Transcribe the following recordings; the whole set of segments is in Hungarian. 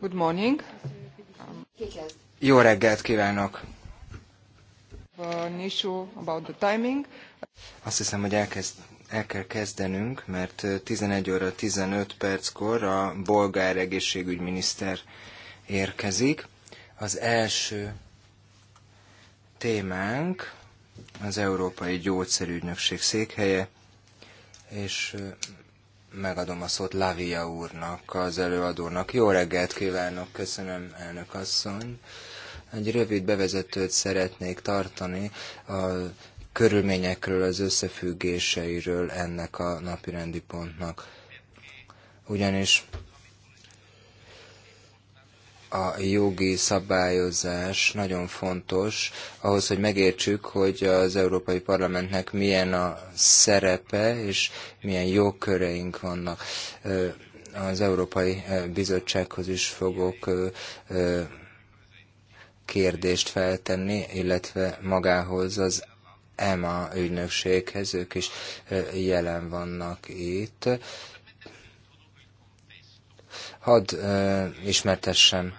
Good, morning. Jó reggelt kívánok! Uh, Azt hiszem, hogy elkezd, el kell kezdenünk, mert 11 uh, óra 15 perckor a bolgár egészségügyminiszter érkezik. Az első témánk az Európai Gyógyszerügynökség székhelye, és uh, megadom a szót Lavia úrnak, az előadónak. Jó reggelt kívánok, köszönöm elnök asszony. Egy rövid bevezetőt szeretnék tartani a körülményekről, az összefüggéseiről ennek a napirendi pontnak. Ugyanis a jogi szabályozás nagyon fontos ahhoz, hogy megértsük, hogy az Európai Parlamentnek milyen a szerepe és milyen jogköreink vannak. Az Európai Bizottsághoz is fogok kérdést feltenni, illetve magához az EMA ügynökséghez, ők is jelen vannak itt. Hadd ismertessem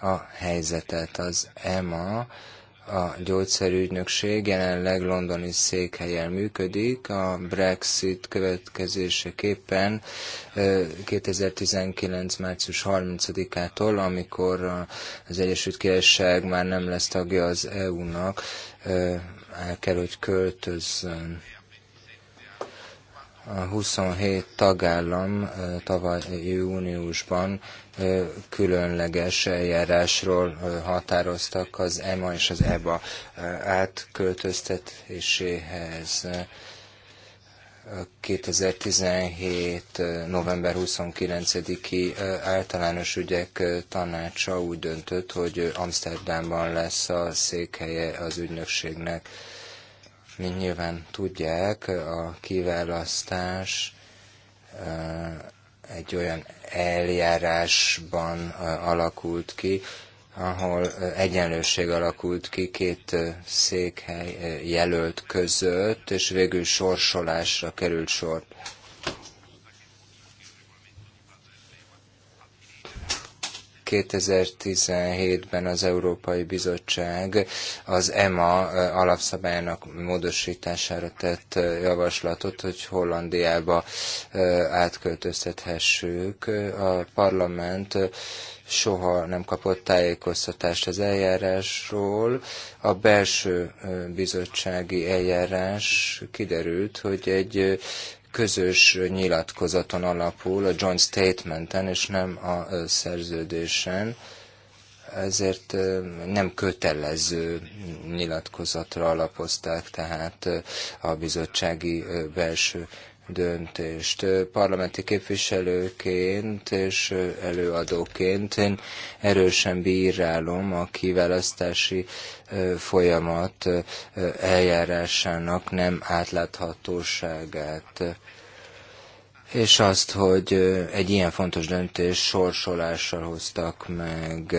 a helyzetet. Az EMA a gyógyszerügynökség jelenleg londoni székhelyen működik. A Brexit következéseképpen 2019. március 30-ától, amikor az Egyesült Királyság már nem lesz tagja az EU-nak, el kell, hogy költözzön. A 27 tagállam tavaly júniusban különleges eljárásról határoztak az EMA és az EBA átköltöztetéséhez. 2017. november 29-i általános ügyek tanácsa úgy döntött, hogy Amsterdamban lesz a székhelye az ügynökségnek. Mint nyilván tudják, a kiválasztás egy olyan eljárásban alakult ki, ahol egyenlőség alakult ki két székhely jelölt között, és végül sorsolásra került sor. 2017-ben az Európai Bizottság az EMA alapszabályának módosítására tett javaslatot, hogy Hollandiába átköltöztethessük. A parlament soha nem kapott tájékoztatást az eljárásról. A belső bizottsági eljárás kiderült, hogy egy közös nyilatkozaton alapul, a joint statementen, és nem a szerződésen, ezért nem kötelező nyilatkozatra alapozták tehát a bizottsági belső döntést. Parlamenti képviselőként és előadóként én erősen bírálom a kiválasztási folyamat eljárásának nem átláthatóságát és azt, hogy egy ilyen fontos döntés sorsolással hoztak meg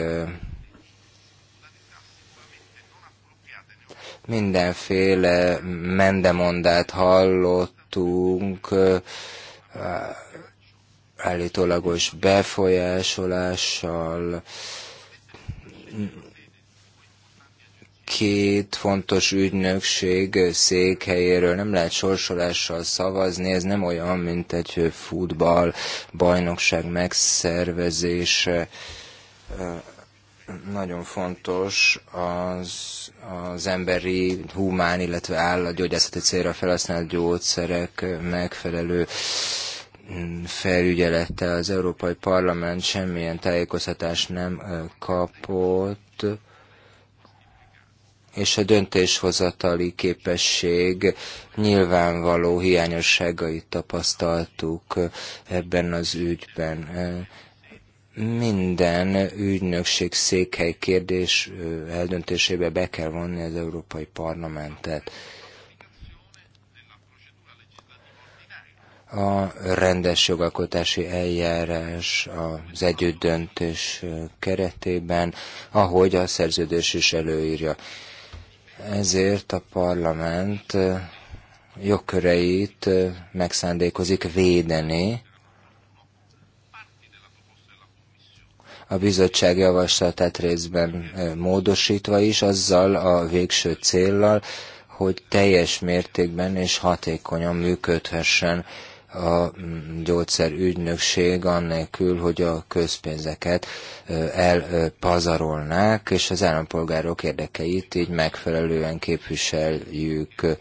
mindenféle mendemondát hallott láttunk, állítólagos befolyásolással, két fontos ügynökség székhelyéről nem lehet sorsolással szavazni, ez nem olyan, mint egy futball bajnokság megszervezése. Nagyon fontos az az emberi, humán, illetve gyógyászati célra felhasznált gyógyszerek megfelelő mm, felügyelete az Európai Parlament semmilyen tájékoztatást nem kapott, és a döntéshozatali képesség nyilvánvaló hiányosságait tapasztaltuk ebben az ügyben minden ügynökség székhely kérdés eldöntésébe be kell vonni az Európai Parlamentet. a rendes jogalkotási eljárás az együttdöntés keretében, ahogy a szerződés is előírja. Ezért a parlament jogköreit megszándékozik védeni, a bizottság javaslatát részben módosítva is, azzal a végső céllal, hogy teljes mértékben és hatékonyan működhessen a mm, gyógyszerügynökség annélkül, hogy a közpénzeket elpazarolnák, és az állampolgárok érdekeit így megfelelően képviseljük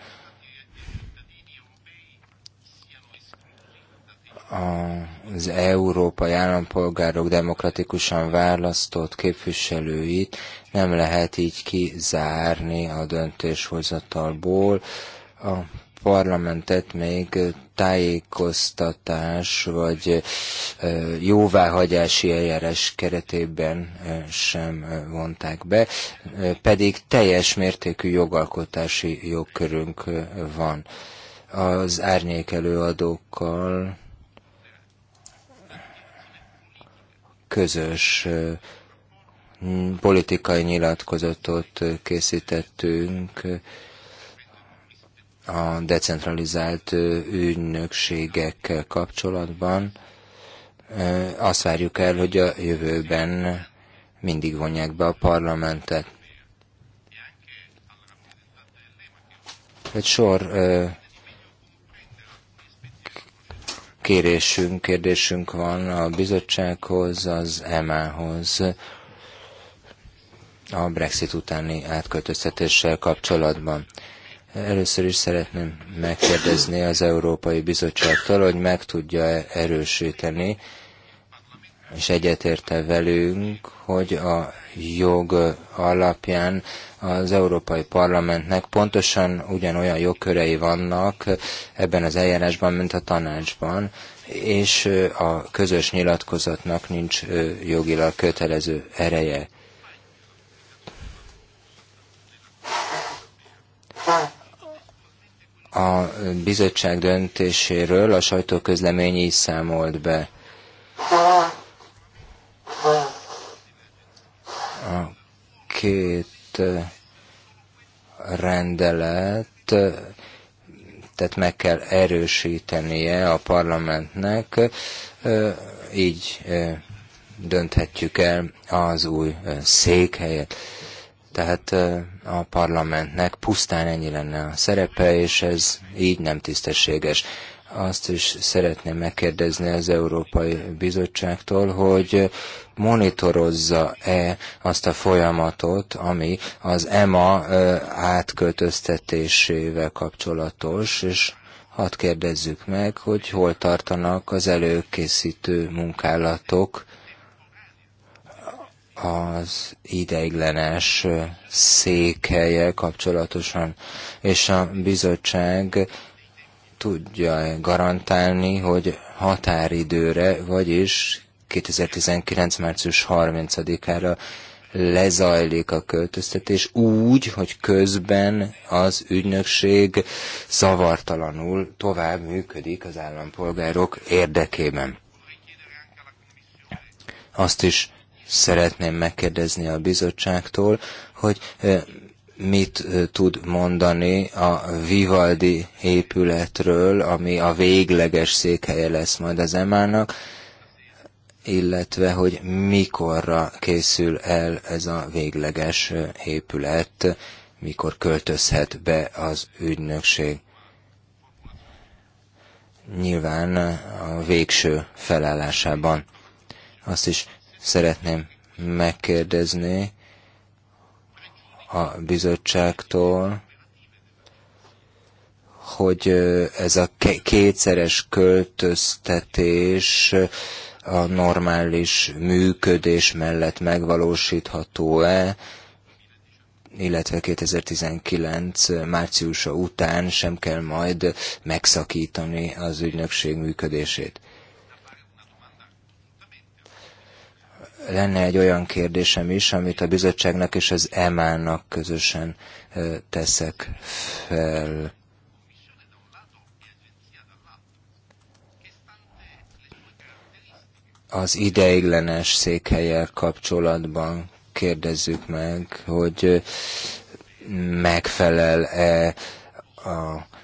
az európai állampolgárok demokratikusan választott képviselőit nem lehet így kizárni a döntéshozatalból. A parlamentet még tájékoztatás vagy jóváhagyási eljárás keretében sem vonták be, pedig teljes mértékű jogalkotási jogkörünk van. Az árnyék előadókkal közös politikai nyilatkozatot készítettünk a decentralizált ügynökségekkel kapcsolatban. Azt várjuk el, hogy a jövőben mindig vonják be a parlamentet. Egy sor kérésünk, kérdésünk van a bizottsághoz, az EMA-hoz a Brexit utáni átköltöztetéssel kapcsolatban. Először is szeretném megkérdezni az Európai Bizottságtól, hogy meg tudja erősíteni, és egyetérte velünk, hogy a jog alapján az Európai Parlamentnek pontosan ugyanolyan jogkörei vannak ebben az eljárásban, mint a tanácsban, és a közös nyilatkozatnak nincs jogilag kötelező ereje. A bizottság döntéséről a sajtóközlemény is számolt be. A két rendelet, tehát meg kell erősítenie a parlamentnek, így dönthetjük el az új székhelyet. Tehát a parlamentnek pusztán ennyi lenne a szerepe, és ez így nem tisztességes azt is szeretném megkérdezni az Európai Bizottságtól, hogy monitorozza-e azt a folyamatot, ami az EMA átköltöztetésével kapcsolatos, és hadd kérdezzük meg, hogy hol tartanak az előkészítő munkálatok az ideiglenes székhelye kapcsolatosan, és a bizottság tudja garantálni, hogy határidőre, vagyis 2019. március 30-ára lezajlik a költöztetés úgy, hogy közben az ügynökség zavartalanul tovább működik az állampolgárok érdekében. Azt is szeretném megkérdezni a bizottságtól, hogy mit tud mondani a Vivaldi épületről, ami a végleges székhelye lesz majd az emának, illetve hogy mikorra készül el ez a végleges épület, mikor költözhet be az ügynökség. Nyilván a végső felállásában. Azt is szeretném megkérdezni, a bizottságtól, hogy ez a kétszeres költöztetés a normális működés mellett megvalósítható-e, illetve 2019 márciusa után sem kell majd megszakítani az ügynökség működését. lenne egy olyan kérdésem is, amit a bizottságnak és az EMA-nak közösen teszek fel. Az ideiglenes székhelyel kapcsolatban kérdezzük meg, hogy megfelel-e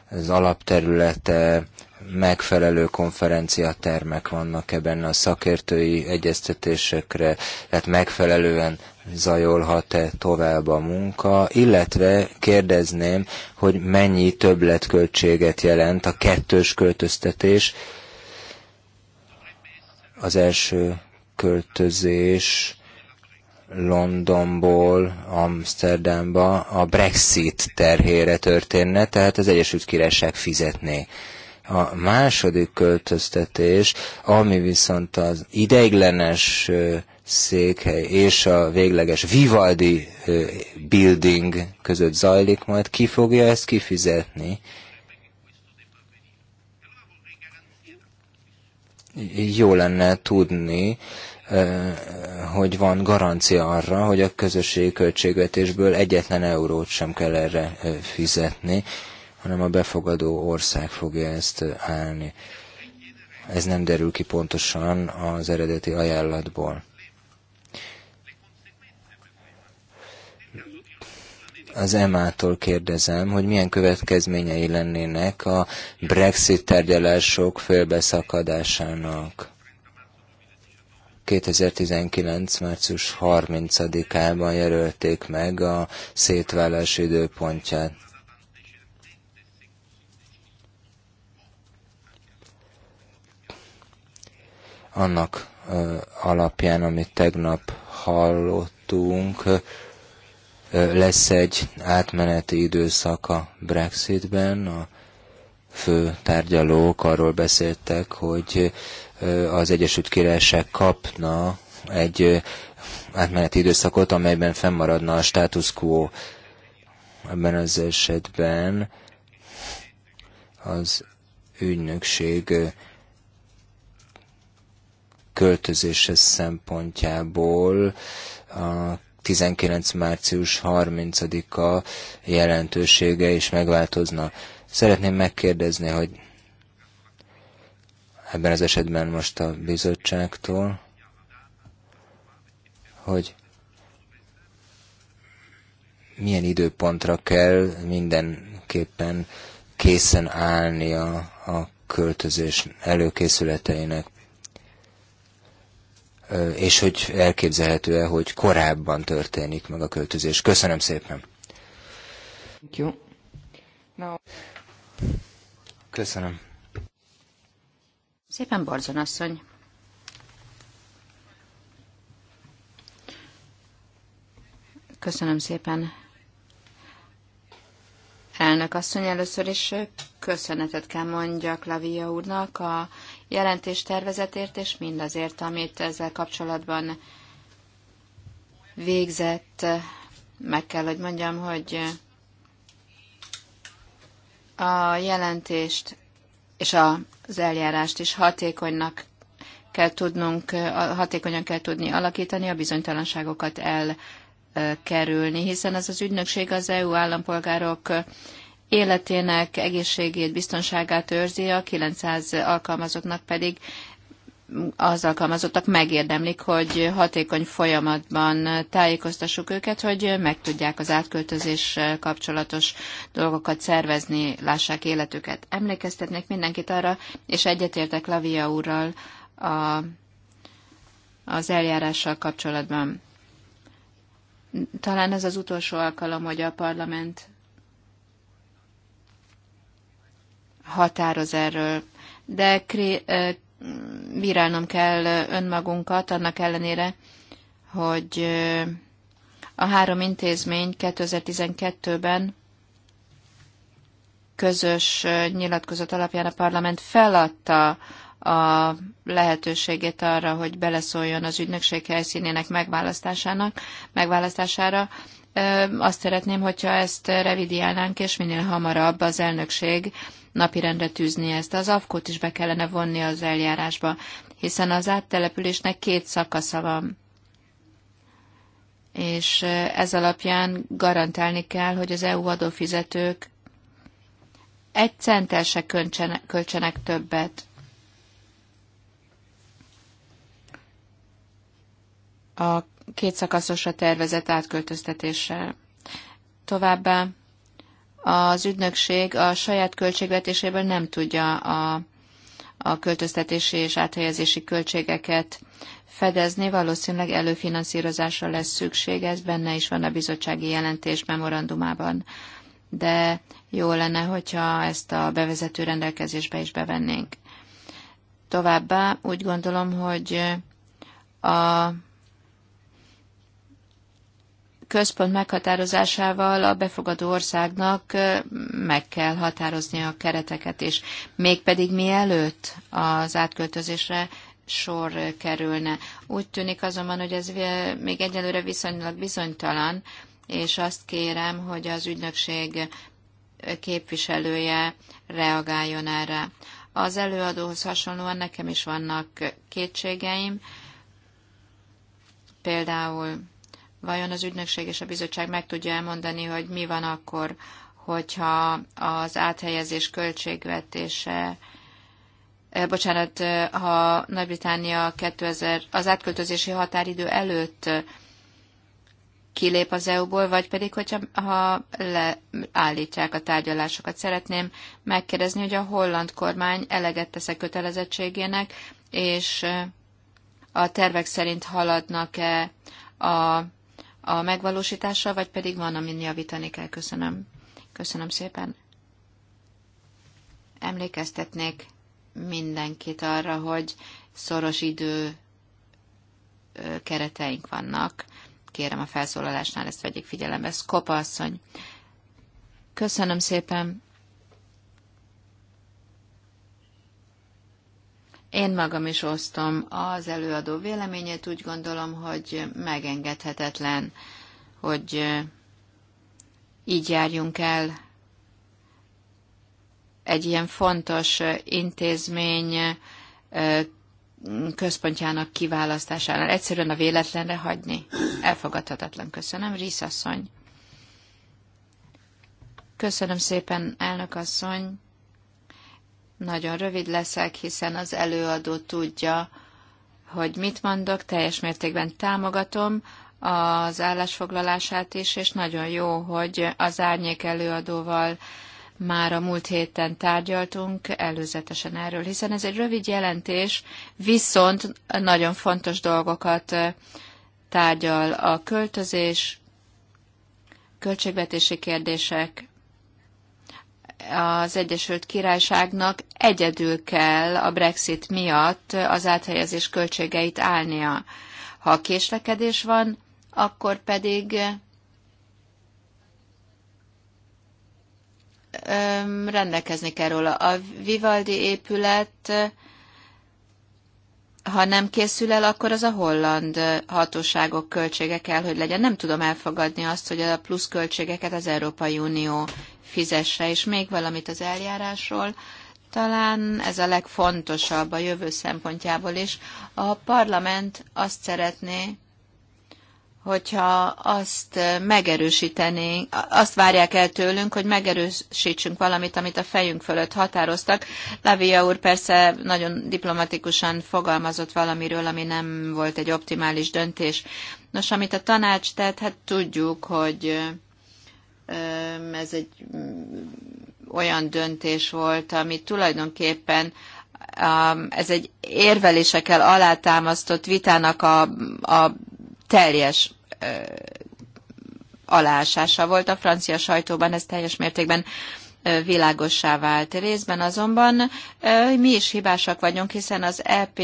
az alapterülete megfelelő konferencia termek vannak-e benne a szakértői egyeztetésekre, tehát megfelelően zajolhat-e tovább a munka, illetve kérdezném, hogy mennyi többletköltséget jelent a kettős költöztetés, az első költözés Londonból Amsterdamba a Brexit terhére történne, tehát az Egyesült Királyság fizetné. A második költöztetés, ami viszont az ideiglenes székhely és a végleges Vivaldi building között zajlik, majd ki fogja ezt kifizetni. Jó lenne tudni, hogy van garancia arra, hogy a közösségi költségvetésből egyetlen eurót sem kell erre fizetni hanem a befogadó ország fogja ezt állni. Ez nem derül ki pontosan az eredeti ajánlatból. az EMA-tól kérdezem, hogy milyen következményei lennének a Brexit tárgyalások félbeszakadásának. 2019. március 30-ában jelölték meg a szétválás időpontját. annak alapján, amit tegnap hallottunk, lesz egy átmeneti időszak a Brexitben. A fő tárgyalók arról beszéltek, hogy az Egyesült Királyság kapna egy átmeneti időszakot, amelyben fennmaradna a status quo. Ebben az esetben az ügynökség költözése szempontjából a 19. március 30-a jelentősége is megváltozna. Szeretném megkérdezni, hogy ebben az esetben most a bizottságtól, hogy milyen időpontra kell mindenképpen készen állnia a költözés előkészületeinek és hogy elképzelhető-e, hogy korábban történik meg a költözés. Köszönöm szépen! Thank you. Köszönöm. Szépen Borzon asszony. Köszönöm szépen. Elnök asszony, először is köszönetet kell mondjak Lavia úrnak a jelentéstervezetért, és mindazért, amit ezzel kapcsolatban végzett. Meg kell, hogy mondjam, hogy a jelentést és az eljárást is hatékonynak kell tudnunk, hatékonyan kell tudni alakítani, a bizonytalanságokat elkerülni, hiszen az az ügynökség az EU állampolgárok életének egészségét, biztonságát őrzi, a 900 alkalmazottnak pedig az alkalmazottak megérdemlik, hogy hatékony folyamatban tájékoztassuk őket, hogy meg tudják az átköltözés kapcsolatos dolgokat szervezni, lássák életüket. Emlékeztetnék mindenkit arra, és egyetértek Lavia úrral a, az eljárással kapcsolatban. Talán ez az utolsó alkalom, hogy a parlament határoz erről. De kré, bírálnom kell önmagunkat annak ellenére, hogy a három intézmény 2012-ben közös nyilatkozat alapján a parlament feladta a lehetőségét arra, hogy beleszóljon az ügynökség helyszínének megválasztásának, megválasztására. Azt szeretném, hogyha ezt revidiálnánk, és minél hamarabb az elnökség napirendre tűzni ezt. Az avkot is be kellene vonni az eljárásba, hiszen az áttelepülésnek két szakasza van. És ez alapján garantálni kell, hogy az EU adófizetők egy centel se költsenek, költsenek többet. A kétszakaszosra tervezett átköltöztetéssel. Továbbá az ügynökség a saját költségvetéséből nem tudja a, a költöztetési és áthelyezési költségeket fedezni, valószínűleg előfinanszírozásra lesz szükség, ez benne is van a bizottsági jelentés memorandumában. De jó lenne, hogyha ezt a bevezető rendelkezésbe is bevennénk. Továbbá úgy gondolom, hogy a központ meghatározásával a befogadó országnak meg kell határozni a kereteket is. Mégpedig mielőtt az átköltözésre sor kerülne. Úgy tűnik azonban, hogy ez még egyelőre viszonylag bizonytalan, és azt kérem, hogy az ügynökség képviselője reagáljon erre. Az előadóhoz hasonlóan nekem is vannak kétségeim, például Vajon az ügynökség és a bizottság meg tudja elmondani, hogy mi van akkor, hogyha az áthelyezés költségvetése eh, bocsánat, eh, ha nagy británia 2000, az átköltözési határidő előtt eh, kilép az EU-ból, vagy pedig, hogyha ha leállítják a tárgyalásokat. Szeretném megkérdezni, hogy a holland kormány eleget tesz -e kötelezettségének, és a tervek szerint haladnak-e a a megvalósítással, vagy pedig van, amin javítani kell. Köszönöm. Köszönöm szépen. Emlékeztetnék mindenkit arra, hogy szoros idő kereteink vannak. Kérem a felszólalásnál ezt vegyék figyelembe. Szkopa asszony. Köszönöm szépen. Én magam is osztom az előadó véleményét, úgy gondolom, hogy megengedhetetlen, hogy így járjunk el egy ilyen fontos intézmény központjának kiválasztásánál egyszerűen a véletlenre hagyni. Elfogadhatatlan. Köszönöm, Rísz asszony. Köszönöm szépen, elnök asszony. Nagyon rövid leszek, hiszen az előadó tudja, hogy mit mondok, teljes mértékben támogatom az állásfoglalását is, és nagyon jó, hogy az árnyék előadóval már a múlt héten tárgyaltunk előzetesen erről, hiszen ez egy rövid jelentés, viszont nagyon fontos dolgokat tárgyal a költözés, költségvetési kérdések, az Egyesült Királyságnak egyedül kell a Brexit miatt az áthelyezés költségeit állnia. Ha késlekedés van, akkor pedig rendelkezni kell róla. A Vivaldi épület, ha nem készül el, akkor az a holland hatóságok költsége kell, hogy legyen. Nem tudom elfogadni azt, hogy a plusz költségeket az Európai Unió fizesse. És még valamit az eljárásról, talán ez a legfontosabb a jövő szempontjából is. A parlament azt szeretné, hogyha azt megerősítenénk, azt várják el tőlünk, hogy megerősítsünk valamit, amit a fejünk fölött határoztak. Lavia úr persze nagyon diplomatikusan fogalmazott valamiről, ami nem volt egy optimális döntés. Nos, amit a tanács tett, hát tudjuk, hogy ez egy mm, olyan döntés volt, ami tulajdonképpen ez egy érvelésekkel alátámasztott vitának a, a teljes alásása volt. A francia sajtóban ez teljes mértékben világossá vált. Részben azonban mi is hibásak vagyunk, hiszen az EP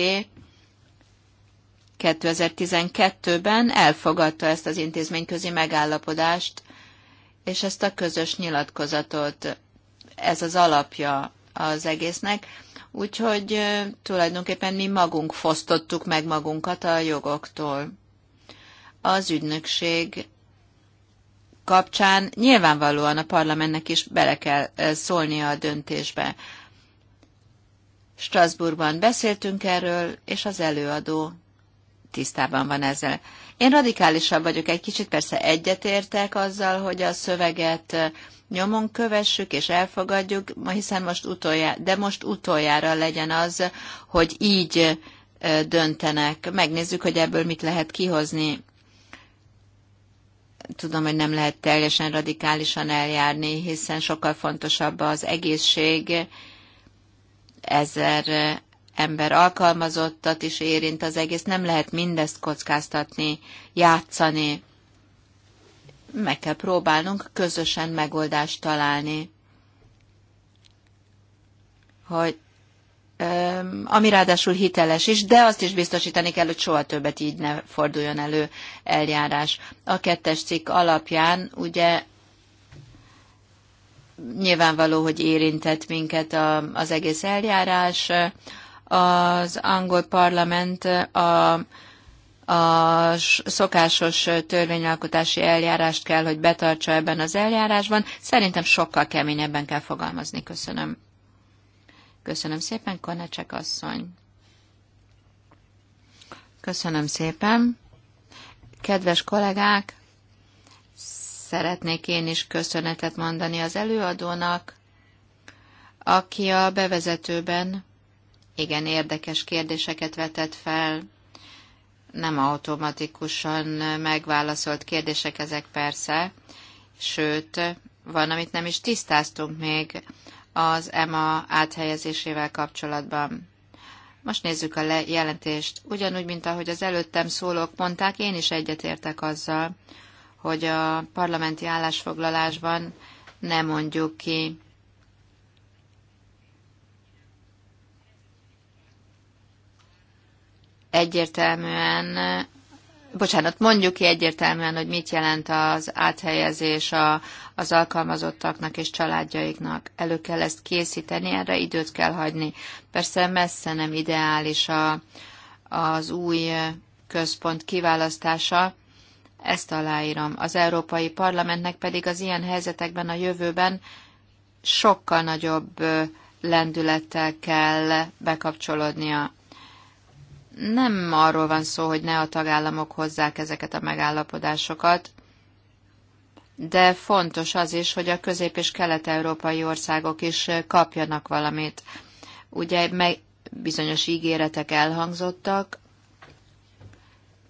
2012-ben elfogadta ezt az intézményközi megállapodást, és ezt a közös nyilatkozatot, ez az alapja az egésznek. Úgyhogy tulajdonképpen mi magunk fosztottuk meg magunkat a jogoktól. Az ügynökség kapcsán nyilvánvalóan a parlamentnek is bele kell szólnia a döntésbe. Strasbourgban beszéltünk erről, és az előadó tisztában van ezzel. Én radikálisabb vagyok egy kicsit, persze egyetértek azzal, hogy a szöveget nyomon kövessük és elfogadjuk, hiszen most utoljára, de most utoljára legyen az, hogy így döntenek. Megnézzük, hogy ebből mit lehet kihozni. Tudom, hogy nem lehet teljesen radikálisan eljárni, hiszen sokkal fontosabb az egészség ezer ember alkalmazottat is érint az egész, nem lehet mindezt kockáztatni, játszani. Meg kell próbálnunk közösen megoldást találni. Hogy ami ráadásul hiteles is, de azt is biztosítani kell, hogy soha többet így ne forduljon elő eljárás. A kettes cikk alapján ugye nyilvánvaló, hogy érintett minket a, az egész eljárás, az angol parlament a, a szokásos törvényalkotási eljárást kell, hogy betartsa ebben az eljárásban. Szerintem sokkal keményebben kell fogalmazni. Köszönöm. Köszönöm szépen, Konecsek asszony. Köszönöm szépen. Kedves kollégák, szeretnék én is köszönetet mondani az előadónak, aki a bevezetőben igen érdekes kérdéseket vetett fel, nem automatikusan megválaszolt kérdések ezek persze, sőt, van, amit nem is tisztáztunk még az EMA áthelyezésével kapcsolatban. Most nézzük a jelentést. Ugyanúgy, mint ahogy az előttem szólók mondták, én is egyetértek azzal, hogy a parlamenti állásfoglalásban nem mondjuk ki egyértelműen, bocsánat, mondjuk ki egyértelműen, hogy mit jelent az áthelyezés a, az alkalmazottaknak és családjaiknak. Elő kell ezt készíteni, erre időt kell hagyni. Persze messze nem ideális a, az új központ kiválasztása, ezt aláírom. Az Európai Parlamentnek pedig az ilyen helyzetekben a jövőben sokkal nagyobb lendülettel kell bekapcsolódnia nem arról van szó, hogy ne a tagállamok hozzák ezeket a megállapodásokat, de fontos az is, hogy a közép- és kelet-európai országok is kapjanak valamit. Ugye meg bizonyos ígéretek elhangzottak,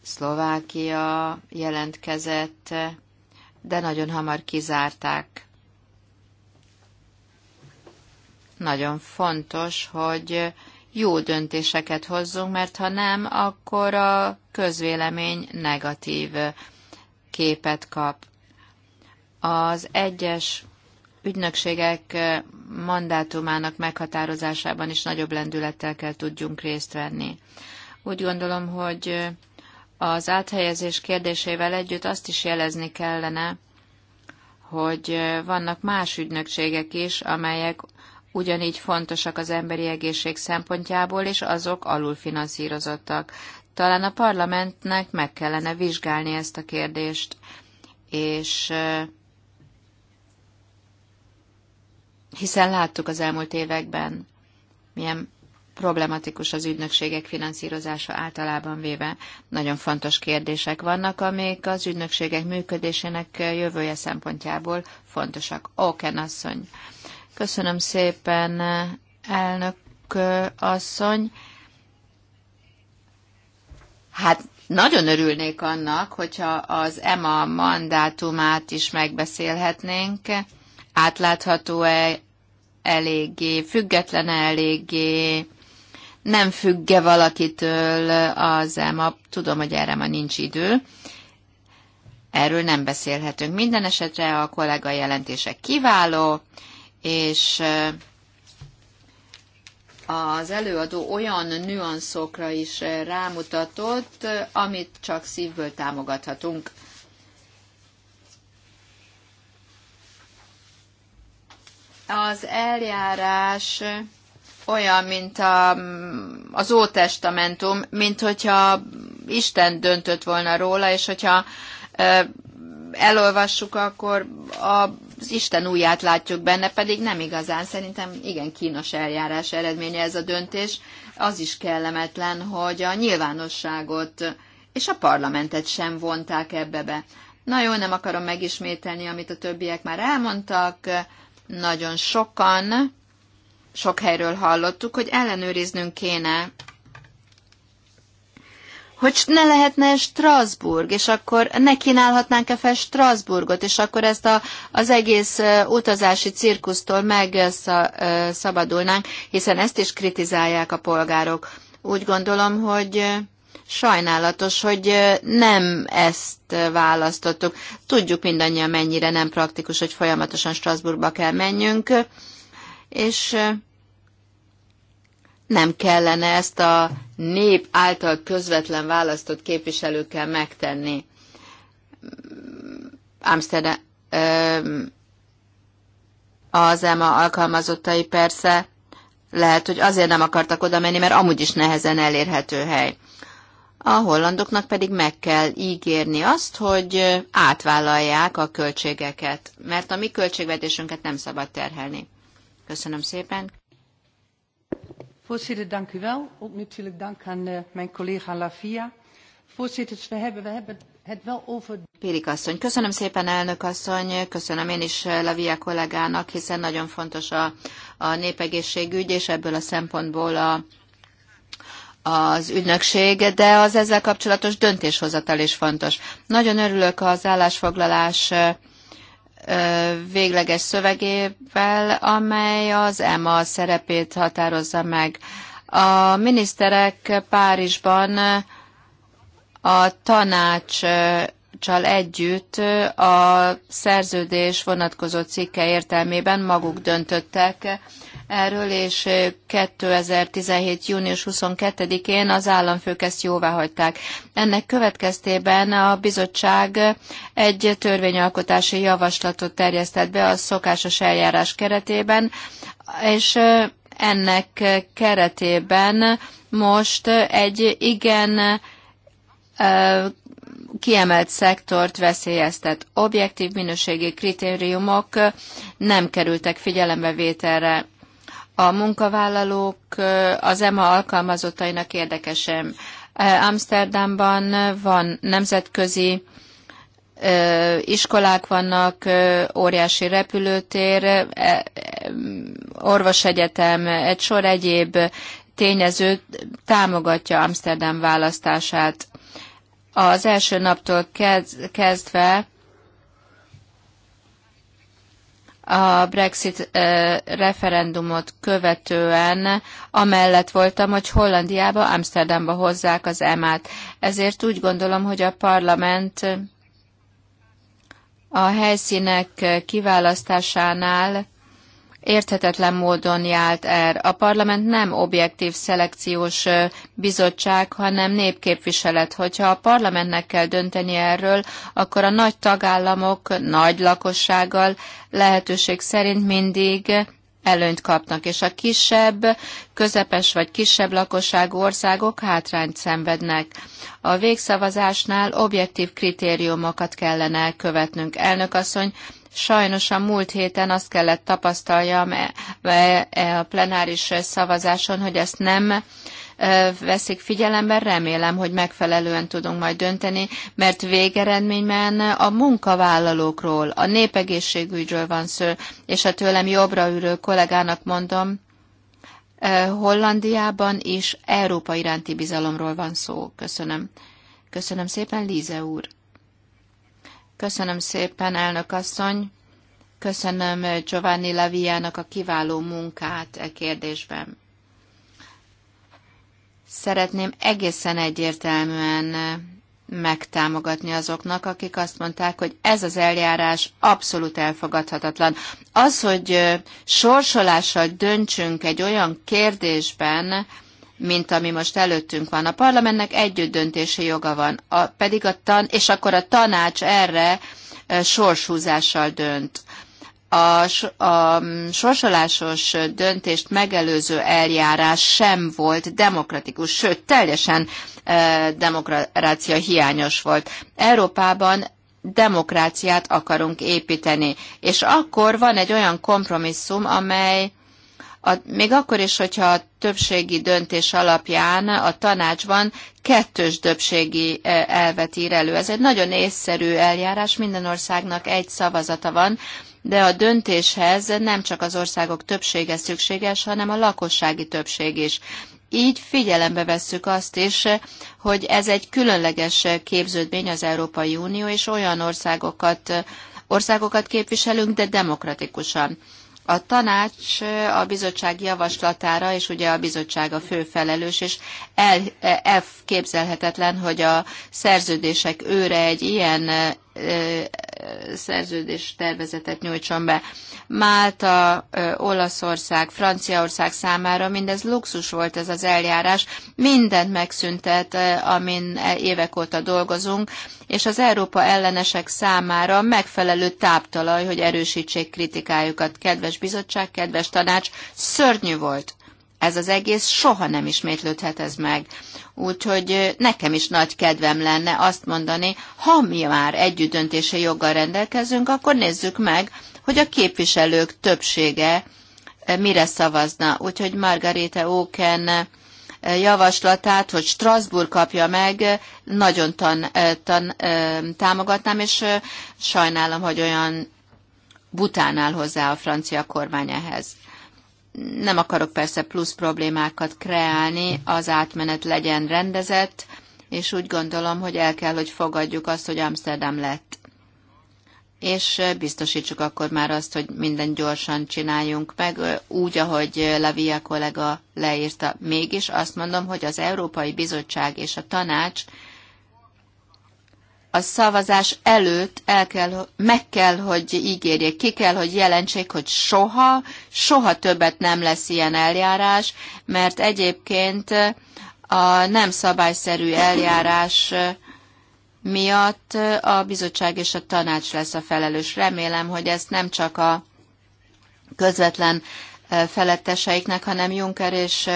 Szlovákia jelentkezett, de nagyon hamar kizárták. Nagyon fontos, hogy jó döntéseket hozzunk, mert ha nem, akkor a közvélemény negatív képet kap. Az egyes ügynökségek mandátumának meghatározásában is nagyobb lendülettel kell tudjunk részt venni. Úgy gondolom, hogy az áthelyezés kérdésével együtt azt is jelezni kellene, hogy vannak más ügynökségek is, amelyek ugyanígy fontosak az emberi egészség szempontjából, és azok alulfinanszírozottak. Talán a parlamentnek meg kellene vizsgálni ezt a kérdést, és hiszen láttuk az elmúlt években, milyen problematikus az ügynökségek finanszírozása általában véve. Nagyon fontos kérdések vannak, amik az ügynökségek működésének jövője szempontjából fontosak. Oken asszony. Okay, Köszönöm szépen, elnök asszony. Hát nagyon örülnék annak, hogyha az EMA mandátumát is megbeszélhetnénk. Átlátható-e eléggé, független -e eléggé, nem függe valakitől az EMA. Tudom, hogy erre ma nincs idő. Erről nem beszélhetünk. Minden esetre a kollega jelentése kiváló, és eh, az előadó olyan nüanszokra is eh, rámutatott, amit csak szívből támogathatunk. Az eljárás olyan, mint a, az Ótestamentum, mint hogyha Isten döntött volna róla, és hogyha eh, elolvassuk, akkor a az Isten úját látjuk benne, pedig nem igazán. Szerintem igen kínos eljárás eredménye ez a döntés. Az is kellemetlen, hogy a nyilvánosságot és a parlamentet sem vonták ebbe be. Na jó, nem akarom megismételni, amit a többiek már elmondtak. Nagyon sokan, sok helyről hallottuk, hogy ellenőriznünk kéne hogy ne lehetne Strasbourg, és akkor ne kínálhatnánk-e fel Strasbourgot, és akkor ezt a, az egész utazási cirkusztól megszabadulnánk, hiszen ezt is kritizálják a polgárok. Úgy gondolom, hogy sajnálatos, hogy nem ezt választottuk. Tudjuk mindannyian, mennyire nem praktikus, hogy folyamatosan Strasbourgba kell menjünk, és nem kellene ezt a nép által közvetlen választott képviselőkkel megtenni. Amsterdam az EMA alkalmazottai persze lehet, hogy azért nem akartak oda menni, mert amúgy is nehezen elérhető hely. A hollandoknak pedig meg kell ígérni azt, hogy átvállalják a költségeket, mert a mi költségvetésünket nem szabad terhelni. Köszönöm szépen. Voorzitter, dank u wel. Ook natuurlijk dank aan uh, mijn collega Lavia. Voorzitters, we hebben, we hebben het wel over... Périk asszony, köszönöm szépen elnök asszony, köszönöm én is eh, Lavia kollégának, hiszen nagyon fontos a, a népegészségügy, és ebből a szempontból a, az ügynökség, de az ezzel kapcsolatos döntéshozatal is fontos. Nagyon örülök az állásfoglalás eh, végleges szövegével, amely az EMA szerepét határozza meg. A miniszterek Párizsban a tanácssal együtt a szerződés vonatkozó cikke értelmében maguk döntöttek erről, és 2017. június 22-én az államfők ezt jóvá hagyták. Ennek következtében a bizottság egy törvényalkotási javaslatot terjesztett be a szokásos eljárás keretében, és ennek keretében most egy igen kiemelt szektort veszélyeztet. Objektív minőségi kritériumok nem kerültek figyelembe vételre a munkavállalók az EMA alkalmazottainak érdekesen. Amsterdamban van nemzetközi iskolák vannak, óriási repülőtér, orvosegyetem, egy sor egyéb tényező támogatja Amsterdam választását. Az első naptól kezdve a Brexit referendumot követően amellett voltam, hogy Hollandiába, Amsterdamba hozzák az emát. Ezért úgy gondolom, hogy a parlament a helyszínek kiválasztásánál érthetetlen módon járt el. A parlament nem objektív szelekciós bizottság, hanem népképviselet. Hogyha a parlamentnek kell dönteni erről, akkor a nagy tagállamok nagy lakossággal lehetőség szerint mindig előnyt kapnak, és a kisebb, közepes vagy kisebb lakosságú országok hátrányt szenvednek. A végszavazásnál objektív kritériumokat kellene követnünk. Elnök asszony, Sajnos a múlt héten azt kellett tapasztaljam e, e, e, a plenáris szavazáson, hogy ezt nem veszik figyelembe, remélem, hogy megfelelően tudunk majd dönteni, mert végeredményben a munkavállalókról, a népegészségügyről van szó, és a tőlem jobbra ülő kollégának mondom, Hollandiában is Európa iránti bizalomról van szó. Köszönöm. Köszönöm szépen, Líze úr. Köszönöm szépen, elnök asszony. Köszönöm eh, Giovanni Leviának a kiváló munkát e kérdésben. Szeretném egészen egyértelműen eh, megtámogatni azoknak, akik azt mondták, hogy ez az eljárás abszolút elfogadhatatlan. Az, hogy eh, sorsolással döntsünk egy olyan kérdésben, mint ami most előttünk van. A parlamentnek együtt döntési joga van, a, pedig a tan, és akkor a tanács erre sorshúzással dönt. A, a sorsolásos döntést megelőző eljárás sem volt demokratikus, sőt, teljesen e, demokrácia hiányos volt. Európában demokráciát akarunk építeni, és akkor van egy olyan kompromisszum, amely a, még akkor is, hogyha a többségi döntés alapján a tanácsban kettős többségi e, elvet ír elő. Ez egy nagyon észszerű eljárás, minden országnak egy szavazata van, de a döntéshez nem csak az országok többsége szükséges, hanem a lakossági többség is. Így figyelembe vesszük azt is, hogy ez egy különleges képződmény az Európai Unió, és olyan országokat, országokat képviselünk, de demokratikusan. A tanács a bizottság javaslatára, és ugye a bizottság a fő felelős, és el, e, hogy a szerződések őre egy ilyen szerződés tervezetet nyújtson be. Málta, Olaszország, Franciaország számára mindez luxus volt ez az eljárás, mindent megszüntet, amin e évek óta dolgozunk, és az Európa ellenesek számára megfelelő táptalaj, hogy erősítsék kritikájukat. Kedves bizottság, kedves tanács, szörnyű volt ez az egész soha nem ismétlődhet ez meg. Úgyhogy nekem is nagy kedvem lenne azt mondani, ha mi már együttdöntési joggal rendelkezünk, akkor nézzük meg, hogy a képviselők többsége mire szavazna. Úgyhogy Margarete Oken javaslatát, hogy Strasbourg kapja meg, nagyon tan, tan, támogatnám, és sajnálom, hogy olyan bután hozzá a francia kormány ehhez nem akarok persze plusz problémákat kreálni, az átmenet legyen rendezett, és úgy gondolom, hogy el kell, hogy fogadjuk azt, hogy Amsterdam lett. És biztosítsuk akkor már azt, hogy minden gyorsan csináljunk meg, úgy, ahogy Lavia kollega leírta. Mégis azt mondom, hogy az Európai Bizottság és a Tanács a szavazás előtt el kell, meg kell, hogy ígérjék, ki kell, hogy jelentsék, hogy soha, soha többet nem lesz ilyen eljárás, mert egyébként a nem szabályszerű eljárás miatt a bizottság és a tanács lesz a felelős. Remélem, hogy ezt nem csak a közvetlen feletteseiknek, hanem Juncker és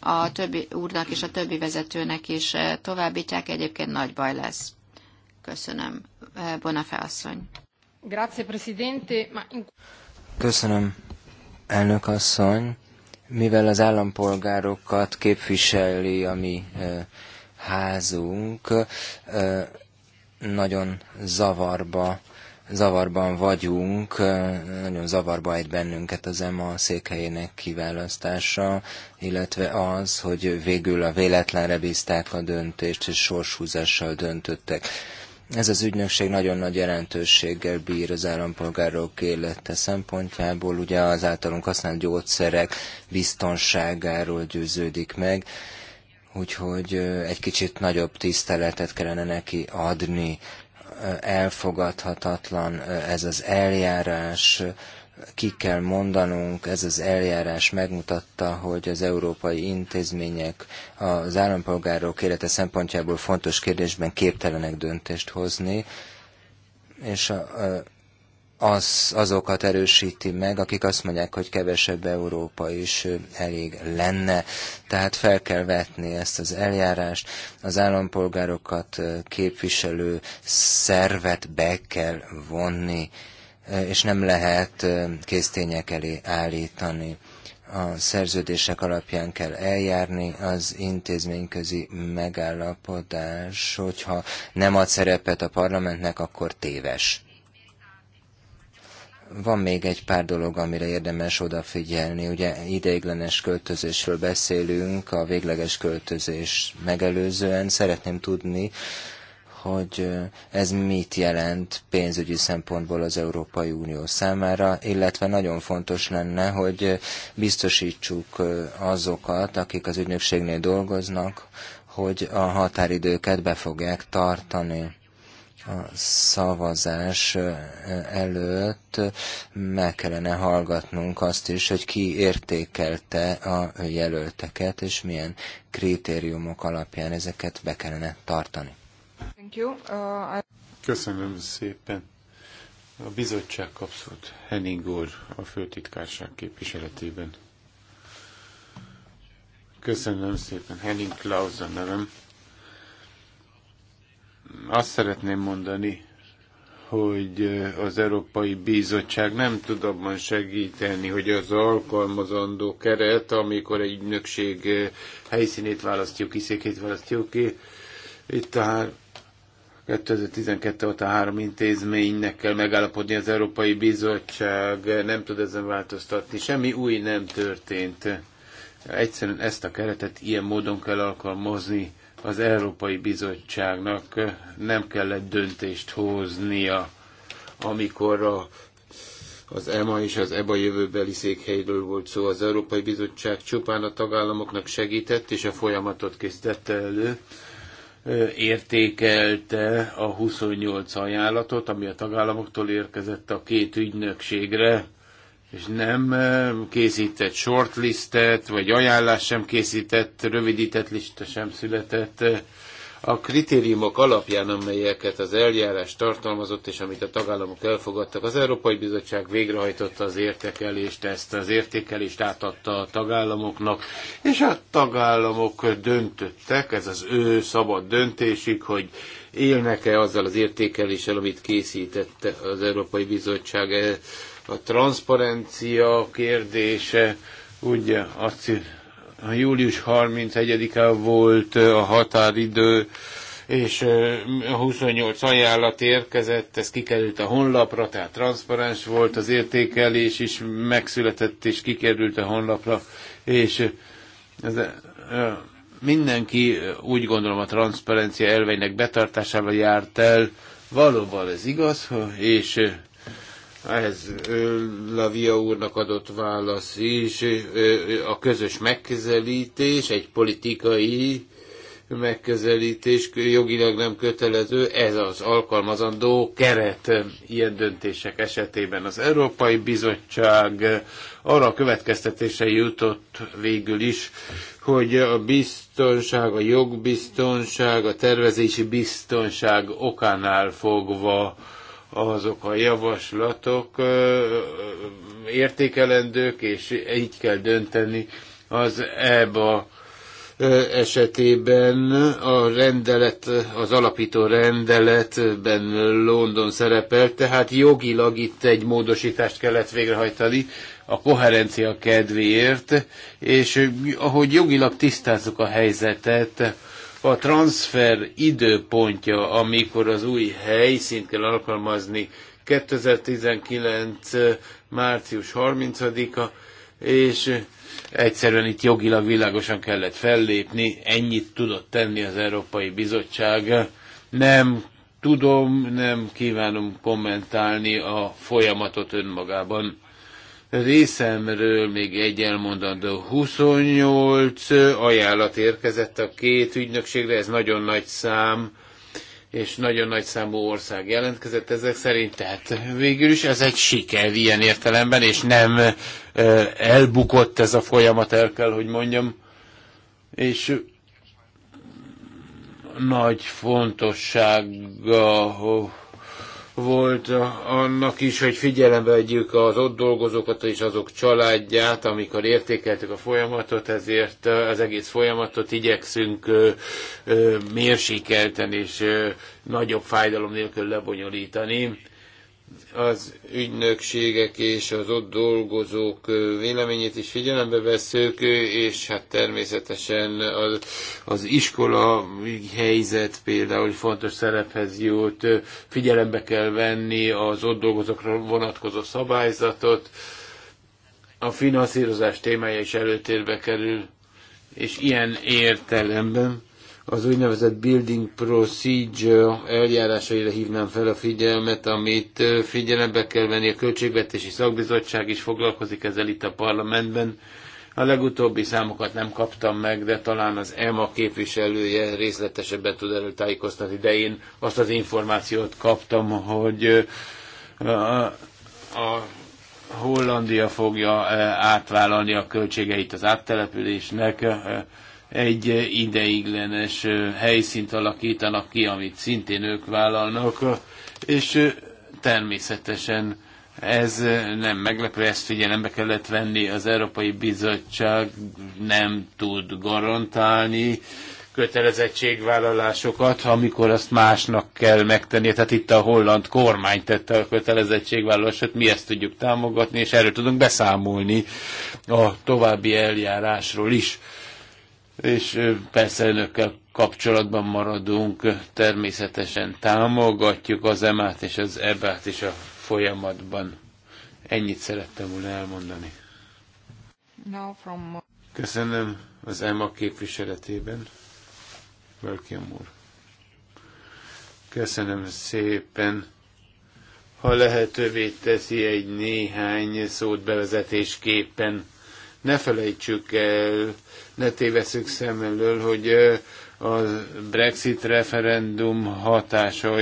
a többi úrnak és a többi vezetőnek is továbbítják, egyébként nagy baj lesz. Köszönöm. Bonafé asszony. Grazie, Presidente. Köszönöm, elnök asszony. Mivel az állampolgárokat képviseli a mi házunk, nagyon zavarba zavarban vagyunk, nagyon zavarba egy bennünket az EMA székhelyének kiválasztása, illetve az, hogy végül a véletlenre bízták a döntést, és sorshúzással döntöttek. Ez az ügynökség nagyon nagy jelentőséggel bír az állampolgárok élete szempontjából, ugye az általunk használt gyógyszerek biztonságáról győződik meg, úgyhogy egy kicsit nagyobb tiszteletet kellene neki adni elfogadhatatlan ez az eljárás, ki kell mondanunk, ez az eljárás megmutatta, hogy az európai intézmények az állampolgárok élete szempontjából fontos kérdésben képtelenek döntést hozni, és a, a az, azokat erősíti meg, akik azt mondják, hogy kevesebb Európa is elég lenne. Tehát fel kell vetni ezt az eljárást, az állampolgárokat képviselő szervet be kell vonni, és nem lehet késztények elé állítani a szerződések alapján kell eljárni, az intézményközi megállapodás, hogyha nem ad szerepet a parlamentnek, akkor téves van még egy pár dolog, amire érdemes odafigyelni. Ugye ideiglenes költözésről beszélünk, a végleges költözés megelőzően. Szeretném tudni, hogy ez mit jelent pénzügyi szempontból az Európai Unió számára, illetve nagyon fontos lenne, hogy biztosítsuk azokat, akik az ügynökségnél dolgoznak, hogy a határidőket be fogják tartani a szavazás előtt meg kellene hallgatnunk azt is, hogy ki értékelte a jelölteket, és milyen kritériumok alapján ezeket be kellene tartani. Thank you. Uh, I... Köszönöm szépen. A bizottság kapszott Henning úr a főtitkárság képviseletében. Köszönöm szépen. Henning a nevem azt szeretném mondani, hogy az Európai Bizottság nem tud abban segíteni, hogy az alkalmazandó keret, amikor egy ügynökség helyszínét választjuk ki, székét választjuk ki, itt a 2012 óta három intézménynek kell megállapodni, az Európai Bizottság nem tud ezen változtatni, semmi új nem történt. Egyszerűen ezt a keretet ilyen módon kell alkalmazni az Európai Bizottságnak nem kellett döntést hoznia, amikor a, az EMA és az EBA jövőbeli székhelyről volt szó. Az Európai Bizottság csupán a tagállamoknak segített, és a folyamatot készítette elő értékelte a 28 ajánlatot, ami a tagállamoktól érkezett a két ügynökségre, és nem eh, készített shortlistet, vagy ajánlás sem készített, rövidített lista sem született. Eh, a kritériumok alapján, amelyeket az eljárás tartalmazott, és amit a tagállamok elfogadtak, az Európai Bizottság végrehajtotta az értékelést, ezt az értékelést átadta a tagállamoknak, és a tagállamok döntöttek, ez az ő szabad döntésük, hogy élnek-e azzal az értékeléssel, amit készítette az Európai Bizottság eh, a transzparencia kérdése, ugye a július 31-e volt a határidő, és a 28 ajánlat érkezett, ez kikerült a honlapra, tehát transzparens volt az értékelés is, megszületett és kikerült a honlapra, és ez, mindenki úgy gondolom a transzparencia elveinek betartásával járt el, valóban ez igaz, és ehhez Lavia úrnak adott válasz is, a közös megközelítés, egy politikai megközelítés, jogilag nem kötelező, ez az alkalmazandó keret ilyen döntések esetében. Az Európai Bizottság arra a következtetése jutott végül is, hogy a biztonság, a jogbiztonság, a tervezési biztonság okánál fogva azok a javaslatok értékelendők, és így kell dönteni az EBA esetében a rendelet, az alapító rendeletben London szerepel, tehát jogilag itt egy módosítást kellett végrehajtani a koherencia kedvéért, és ahogy jogilag tisztázzuk a helyzetet, a transfer időpontja, amikor az új helyszínt kell alkalmazni, 2019. Eh, március 30-a, és eh, egyszerűen itt jogilag világosan kellett fellépni, ennyit tudott tenni az Európai Bizottság. Nem tudom, nem kívánom kommentálni a folyamatot önmagában. Részemről még egy elmondandó. 28 ajánlat érkezett a két ügynökségre, ez nagyon nagy szám, és nagyon nagy számú ország jelentkezett ezek szerint, tehát végül is ez egy siker ilyen értelemben, és nem elbukott ez a folyamat, el kell, hogy mondjam. És nagy fontossága volt eh, annak is, hogy figyelembe vegyük az ott dolgozókat és azok családját, amikor értékeltük a folyamatot, ezért eh, az egész folyamatot igyekszünk eh, mérsékelten és nagyobb fájdalom nélkül lebonyolítani az ügynökségek és az ott dolgozók véleményét is figyelembe veszük, és hát természetesen az, az iskola helyzet például fontos szerephez jut, figyelembe kell venni az ott dolgozókra vonatkozó szabályzatot, a finanszírozás témája is előtérbe kerül, és ilyen értelemben az úgynevezett building procedure eljárásaira hívnám fel a figyelmet, amit figyelembe kell venni. A Költségvetési Szakbizottság is foglalkozik ezzel itt a parlamentben. A legutóbbi számokat nem kaptam meg, de talán az EMA képviselője részletesebben tud erről tájékoztatni, de én azt az információt kaptam, hogy a, a Hollandia fogja átvállalni a költségeit az áttelepülésnek egy ideiglenes helyszínt alakítanak ki, amit szintén ők vállalnak, és természetesen ez nem meglepő, ezt figyelembe kellett venni, az Európai Bizottság nem tud garantálni kötelezettségvállalásokat, amikor azt másnak kell megtennie. Tehát itt a holland kormány tette a kötelezettségvállalásot, mi ezt tudjuk támogatni, és erről tudunk beszámolni a további eljárásról is és persze önökkel kapcsolatban maradunk, természetesen támogatjuk az emát és az ebát is a folyamatban. Ennyit szerettem volna elmondani. Köszönöm az EMA képviseletében. Welcome úr. Köszönöm szépen. Ha lehetővé teszi egy néhány szót bevezetésképpen, ne felejtsük el, ne tévesszük szem elől, hogy a Brexit referendum hatása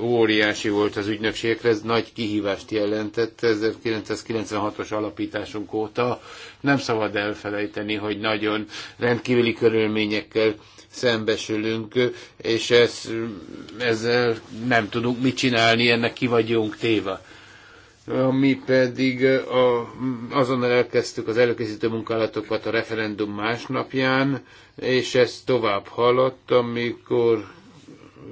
óriási volt az ügynökségekre, ez nagy kihívást jelentett 1996-os alapításunk óta. Nem szabad elfelejteni, hogy nagyon rendkívüli körülményekkel szembesülünk, és ez, ezzel nem tudunk mit csinálni, ennek ki vagyunk téva mi pedig a, azonnal elkezdtük az előkészítő munkálatokat a referendum másnapján, és ez tovább haladt, amikor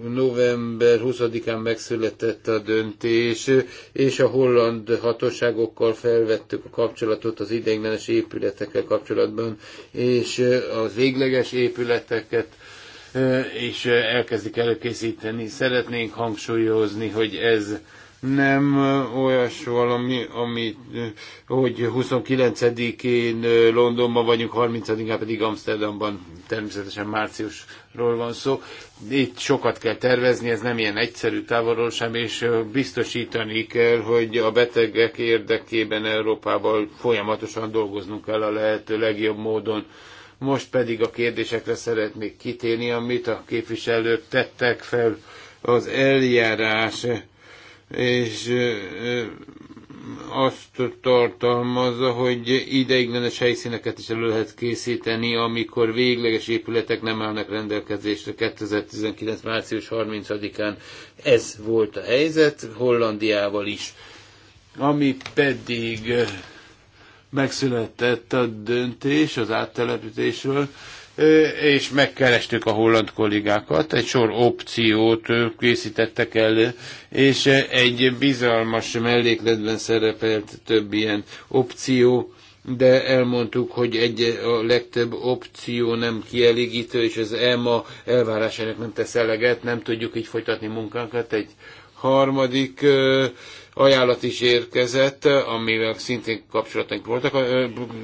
november 20-án megszületett a döntés, és a holland hatóságokkal felvettük a kapcsolatot az ideiglenes épületekkel kapcsolatban, és az végleges épületeket és elkezdik előkészíteni. Szeretnénk hangsúlyozni, hogy ez nem olyas valami, ami, hogy 29-én Londonban vagyunk, 30-án pedig Amsterdamban, természetesen márciusról van szó. Itt sokat kell tervezni, ez nem ilyen egyszerű távolról sem, és biztosítani kell, hogy a betegek érdekében Európával folyamatosan dolgoznunk kell a lehető legjobb módon. Most pedig a kérdésekre szeretnék kitérni, amit a képviselők tettek fel az eljárás és azt tartalmazza, hogy ideiglenes helyszíneket is elő lehet készíteni, amikor végleges épületek nem állnak rendelkezésre 2019. március 30-án. Ez volt a helyzet, Hollandiával is. Ami pedig megszületett a döntés az áttelepítésről, és megkerestük a holland kollégákat, egy sor opciót készítettek elő, és egy bizalmas mellékletben szerepelt több ilyen opció, de elmondtuk, hogy egy, a legtöbb opció nem kielégítő, és az EMA elvárásának nem tesz eleget, nem tudjuk így folytatni munkánkat. Egy harmadik ajánlat is érkezett, amivel szintén kapcsolataink voltak,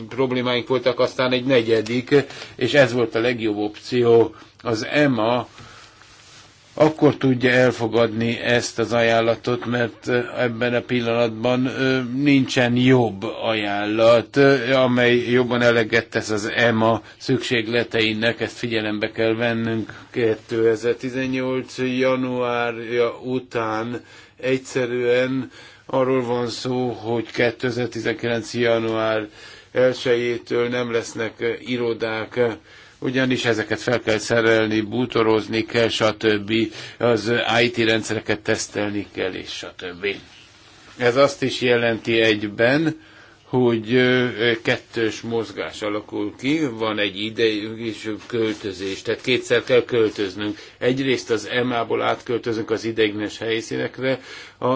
problémáink voltak, aztán egy negyedik, és ez volt a legjobb opció. Az EMA akkor tudja elfogadni ezt az ajánlatot, mert ebben a pillanatban nincsen jobb ajánlat, amely jobban eleget tesz az EMA szükségleteinek, ezt figyelembe kell vennünk 2018. januárja után Egyszerűen arról van szó, hogy 2019. január 1-től nem lesznek eh, irodák, eh, ugyanis ezeket fel kell szerelni, bútorozni kell, stb. Az IT rendszereket tesztelni kell, és stb. Ez azt is jelenti egyben, hogy kettős mozgás alakul ki, van egy idejük és költözés, tehát kétszer kell költöznünk. Egyrészt az EMA-ból átköltözünk az ideiglenes helyszínekre, a,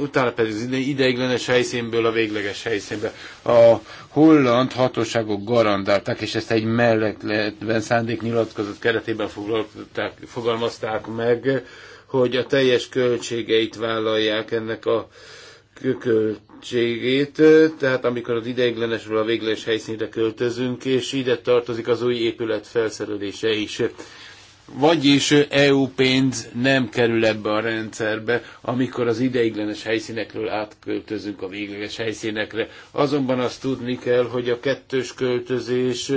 utána pedig az ideiglenes helyszínből a végleges helyszínbe. A holland hatóságok garantálták, és ezt egy melletlen szándéknyilatkozat keretében fogalmazták meg, hogy a teljes költségeit vállalják ennek a költségét, tehát amikor az ideiglenesről a végleges helyszínre költözünk, és ide tartozik az új épület felszerelése is. Vagyis EU pénz nem kerül ebbe a rendszerbe, amikor az ideiglenes helyszínekről átköltözünk a végleges helyszínekre. Azonban azt tudni kell, hogy a kettős költözés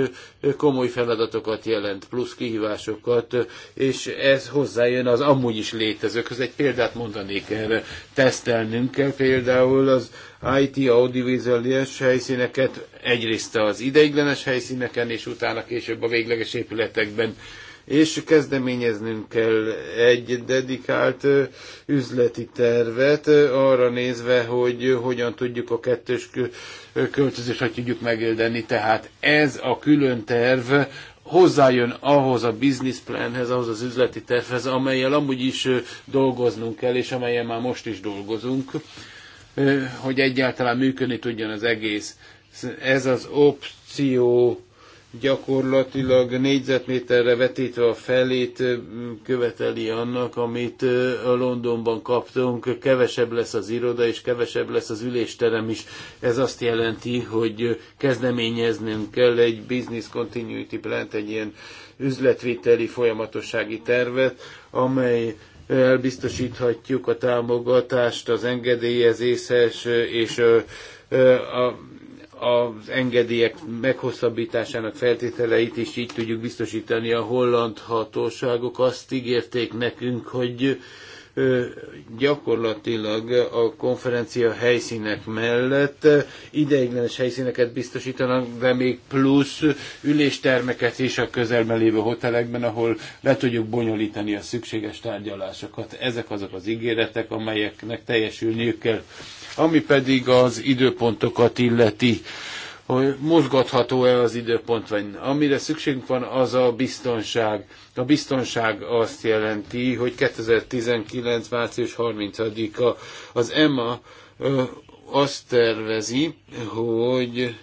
komoly feladatokat jelent, plusz kihívásokat, és ez hozzájön az amúgy is létezőkhöz. Egy példát mondanék erre. Tesztelnünk kell például az IT audiovizuális helyszíneket, egyrészt az ideiglenes helyszíneken, és utána később a végleges épületekben és kezdeményeznünk kell egy dedikált üzleti tervet arra nézve, hogy hogyan tudjuk a kettős költözést, hogy tudjuk megéldeni. Tehát ez a külön terv hozzájön ahhoz a business planhez, ahhoz az üzleti tervhez, amelyel amúgy is dolgoznunk kell, és amelyen már most is dolgozunk, hogy egyáltalán működni tudjon az egész. Ez az opció gyakorlatilag négyzetméterre vetítve a felét követeli annak, amit a Londonban kaptunk. Kevesebb lesz az iroda, és kevesebb lesz az ülésterem is. Ez azt jelenti, hogy kezdeményeznünk kell egy business continuity plan, egy ilyen üzletvételi folyamatossági tervet, amely elbiztosíthatjuk a támogatást az engedélyezéshez és a az engedélyek meghosszabbításának feltételeit is így tudjuk biztosítani. A holland hatóságok azt ígérték nekünk, hogy gyakorlatilag a konferencia helyszínek mellett ideiglenes helyszíneket biztosítanak, de még plusz üléstermeket is a közelben lévő hotelekben, ahol le tudjuk bonyolítani a szükséges tárgyalásokat. Ezek azok az ígéretek, amelyeknek teljesülniük kell. Ami pedig az időpontokat illeti, hogy mozgatható-e az időpont, vagy amire szükségünk van, az a biztonság. A biztonság azt jelenti, hogy 2019. március 30-a az EMA azt tervezi, hogy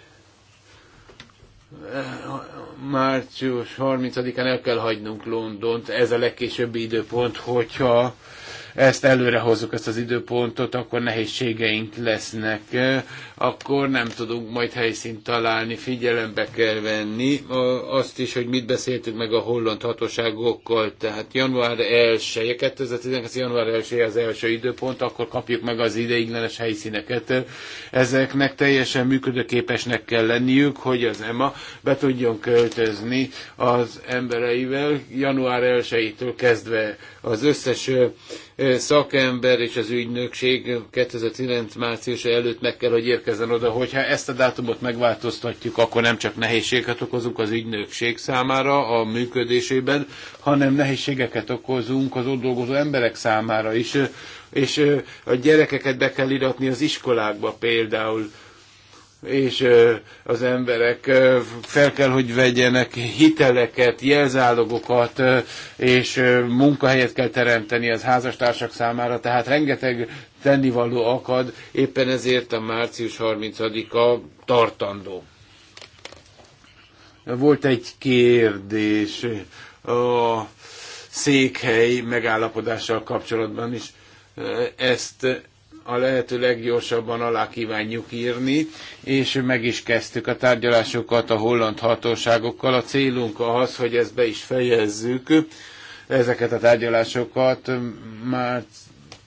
március 30-án el kell hagynunk Londont, ez a legkésőbbi időpont, hogyha ezt előre hozzuk, ezt az időpontot, akkor nehézségeink lesznek, akkor nem tudunk majd helyszínt találni, figyelembe kell venni azt is, hogy mit beszéltünk meg a holland hatóságokkal, tehát január 1 2019. január 1 az első időpont, akkor kapjuk meg az ideiglenes helyszíneket. Ezeknek teljesen működőképesnek kell lenniük, hogy az EMA be tudjon költözni az embereivel január 1-től kezdve az összes szakember és az ügynökség 2019 március előtt meg kell, hogy érkezzen oda. Hogyha ezt a dátumot megváltoztatjuk, akkor nem csak nehézséget okozunk az ügynökség számára a működésében, hanem nehézségeket okozunk az ott dolgozó emberek számára is. És a gyerekeket be kell iratni az iskolákba például és az emberek fel kell, hogy vegyenek hiteleket, jelzálogokat, és munkahelyet kell teremteni az házastársak számára, tehát rengeteg tennivaló akad, éppen ezért a március 30-a tartandó. Volt egy kérdés a székhely megállapodással kapcsolatban is. Ezt a lehető leggyorsabban alá kívánjuk írni, és meg is kezdtük a tárgyalásokat a holland hatóságokkal. A célunk az, hogy ezt be is fejezzük, ezeket a tárgyalásokat már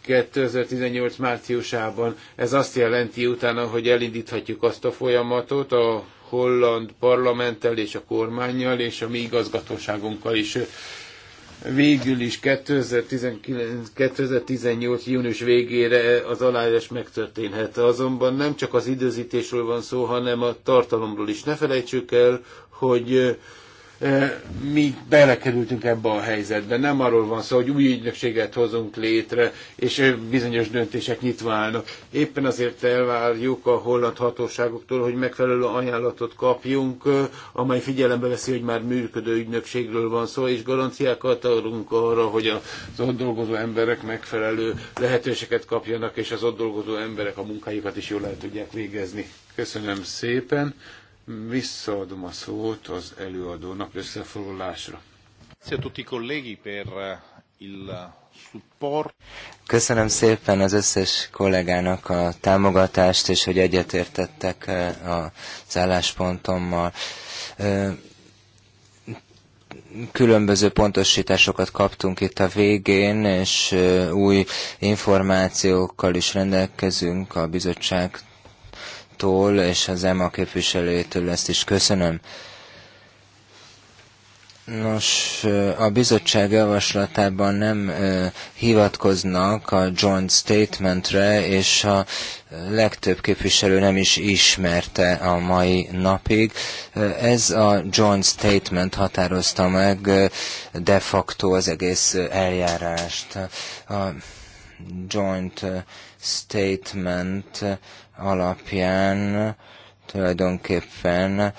2018 márciusában. Ez azt jelenti utána, hogy elindíthatjuk azt a folyamatot a holland parlamenttel és a kormányjal és a mi igazgatóságunkkal is végül is 2019, 2018. június végére az aláírás megtörténhet. Azonban nem csak az időzítésről van szó, hanem a tartalomról is. Ne felejtsük el, hogy mi belekerültünk ebbe a helyzetbe. Nem arról van szó, hogy új ügynökséget hozunk létre, és bizonyos döntések nyitva állnak. Éppen azért elvárjuk a holland hatóságoktól, hogy megfelelő ajánlatot kapjunk, amely figyelembe veszi, hogy már működő ügynökségről van szó, és garanciákat adunk arra, hogy az ott dolgozó emberek megfelelő lehetőséget kapjanak, és az ott dolgozó emberek a munkájukat is jól el tudják végezni. Köszönöm szépen. Visszaadom a szót az előadónak összefoglalásra. Eh, Köszönöm szépen az összes kollégának a támogatást, és hogy egyetértettek eh, az álláspontommal eh, különböző pontosításokat kaptunk itt a végén, és új információkkal is rendelkezünk a bizottság kollégától és az EMA képviselőjétől ezt is köszönöm. Nos, a bizottság javaslatában nem hivatkoznak a joint statementre, és a legtöbb képviselő nem is ismerte a mai napig. Ez a joint statement határozta meg de facto az egész eljárást. A joint statement alapján tulajdonképpen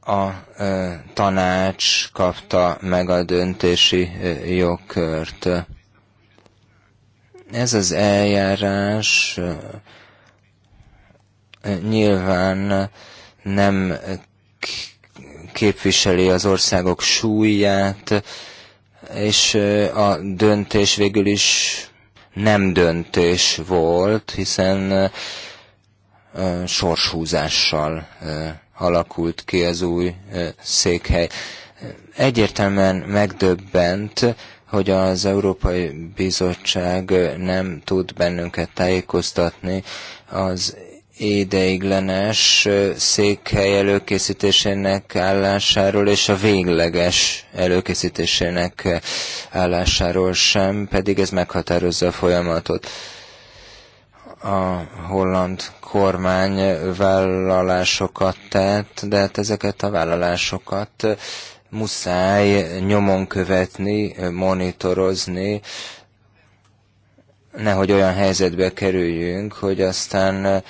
a tanács kapta meg a döntési jogkört. Ez az eljárás nyilván nem képviseli az országok súlyát, és a döntés végül is nem döntés volt, hiszen sorshúzással alakult ki az új székhely. Egyértelműen megdöbbent, hogy az Európai Bizottság nem tud bennünket tájékoztatni az ideiglenes székhely előkészítésének állásáról és a végleges előkészítésének állásáról sem, pedig ez meghatározza a folyamatot a holland kormány vállalásokat tett, de hát ezeket a vállalásokat muszáj nyomon követni, monitorozni, nehogy olyan helyzetbe kerüljünk, hogy aztán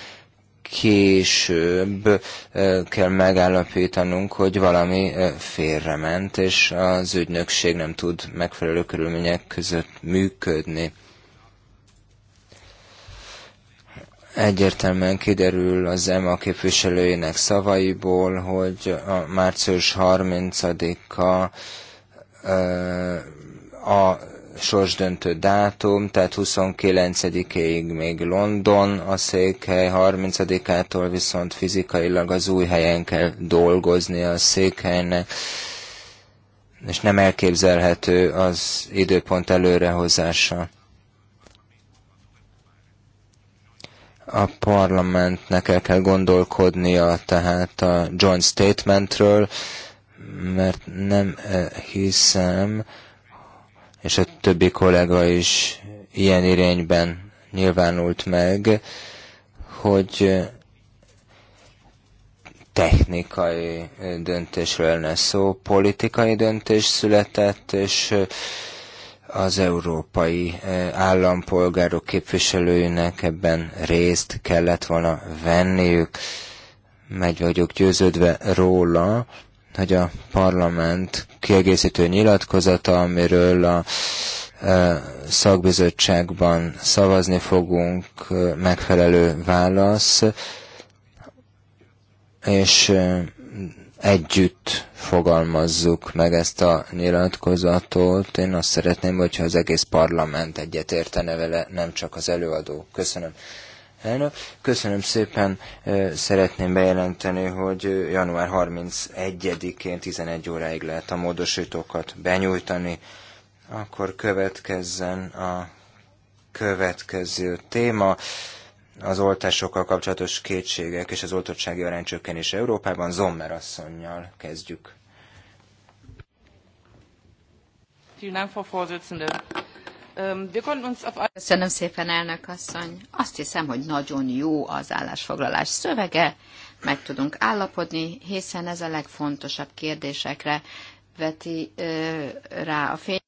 később eh, kell megállapítanunk, hogy valami eh, félrement, és az ügynökség nem tud megfelelő körülmények között működni. Egyértelműen kiderül az EMA képviselőjének szavaiból, hogy a március 30-a a sorsdöntő dátum, tehát 29 éig még London a székhely, 30-ától viszont fizikailag az új helyen kell dolgozni a székhelynek, és nem elképzelhető az időpont előrehozása. a parlamentnek el kell gondolkodnia tehát a joint statementről, mert nem eh, hiszem, és a többi kollega is ilyen irányban nyilvánult meg, hogy eh, technikai eh, döntésről lenne szó, politikai döntés született, és az európai eh, állampolgárok képviselőinek ebben részt kellett volna venniük. Meg vagyok győződve róla, hogy a parlament kiegészítő nyilatkozata, amiről a eh, szakbizottságban szavazni fogunk, eh, megfelelő válasz, és együtt fogalmazzuk meg ezt a nyilatkozatot. Én azt szeretném, hogyha az egész parlament egyet értene vele, nem csak az előadó. Köszönöm. Elnök, köszönöm szépen. Szeretném bejelenteni, hogy január 31-én 11 óráig lehet a módosítókat benyújtani. Akkor következzen a következő téma az oltásokkal kapcsolatos kétségek és az oltottsági aránycsökkenés Európában Zommer asszonynal kezdjük. Ähm, Köszönöm szépen, elnök asszony. Azt hiszem, hogy nagyon jó az állásfoglalás szövege, meg tudunk állapodni, hiszen ez a legfontosabb kérdésekre veti ö, rá a fény.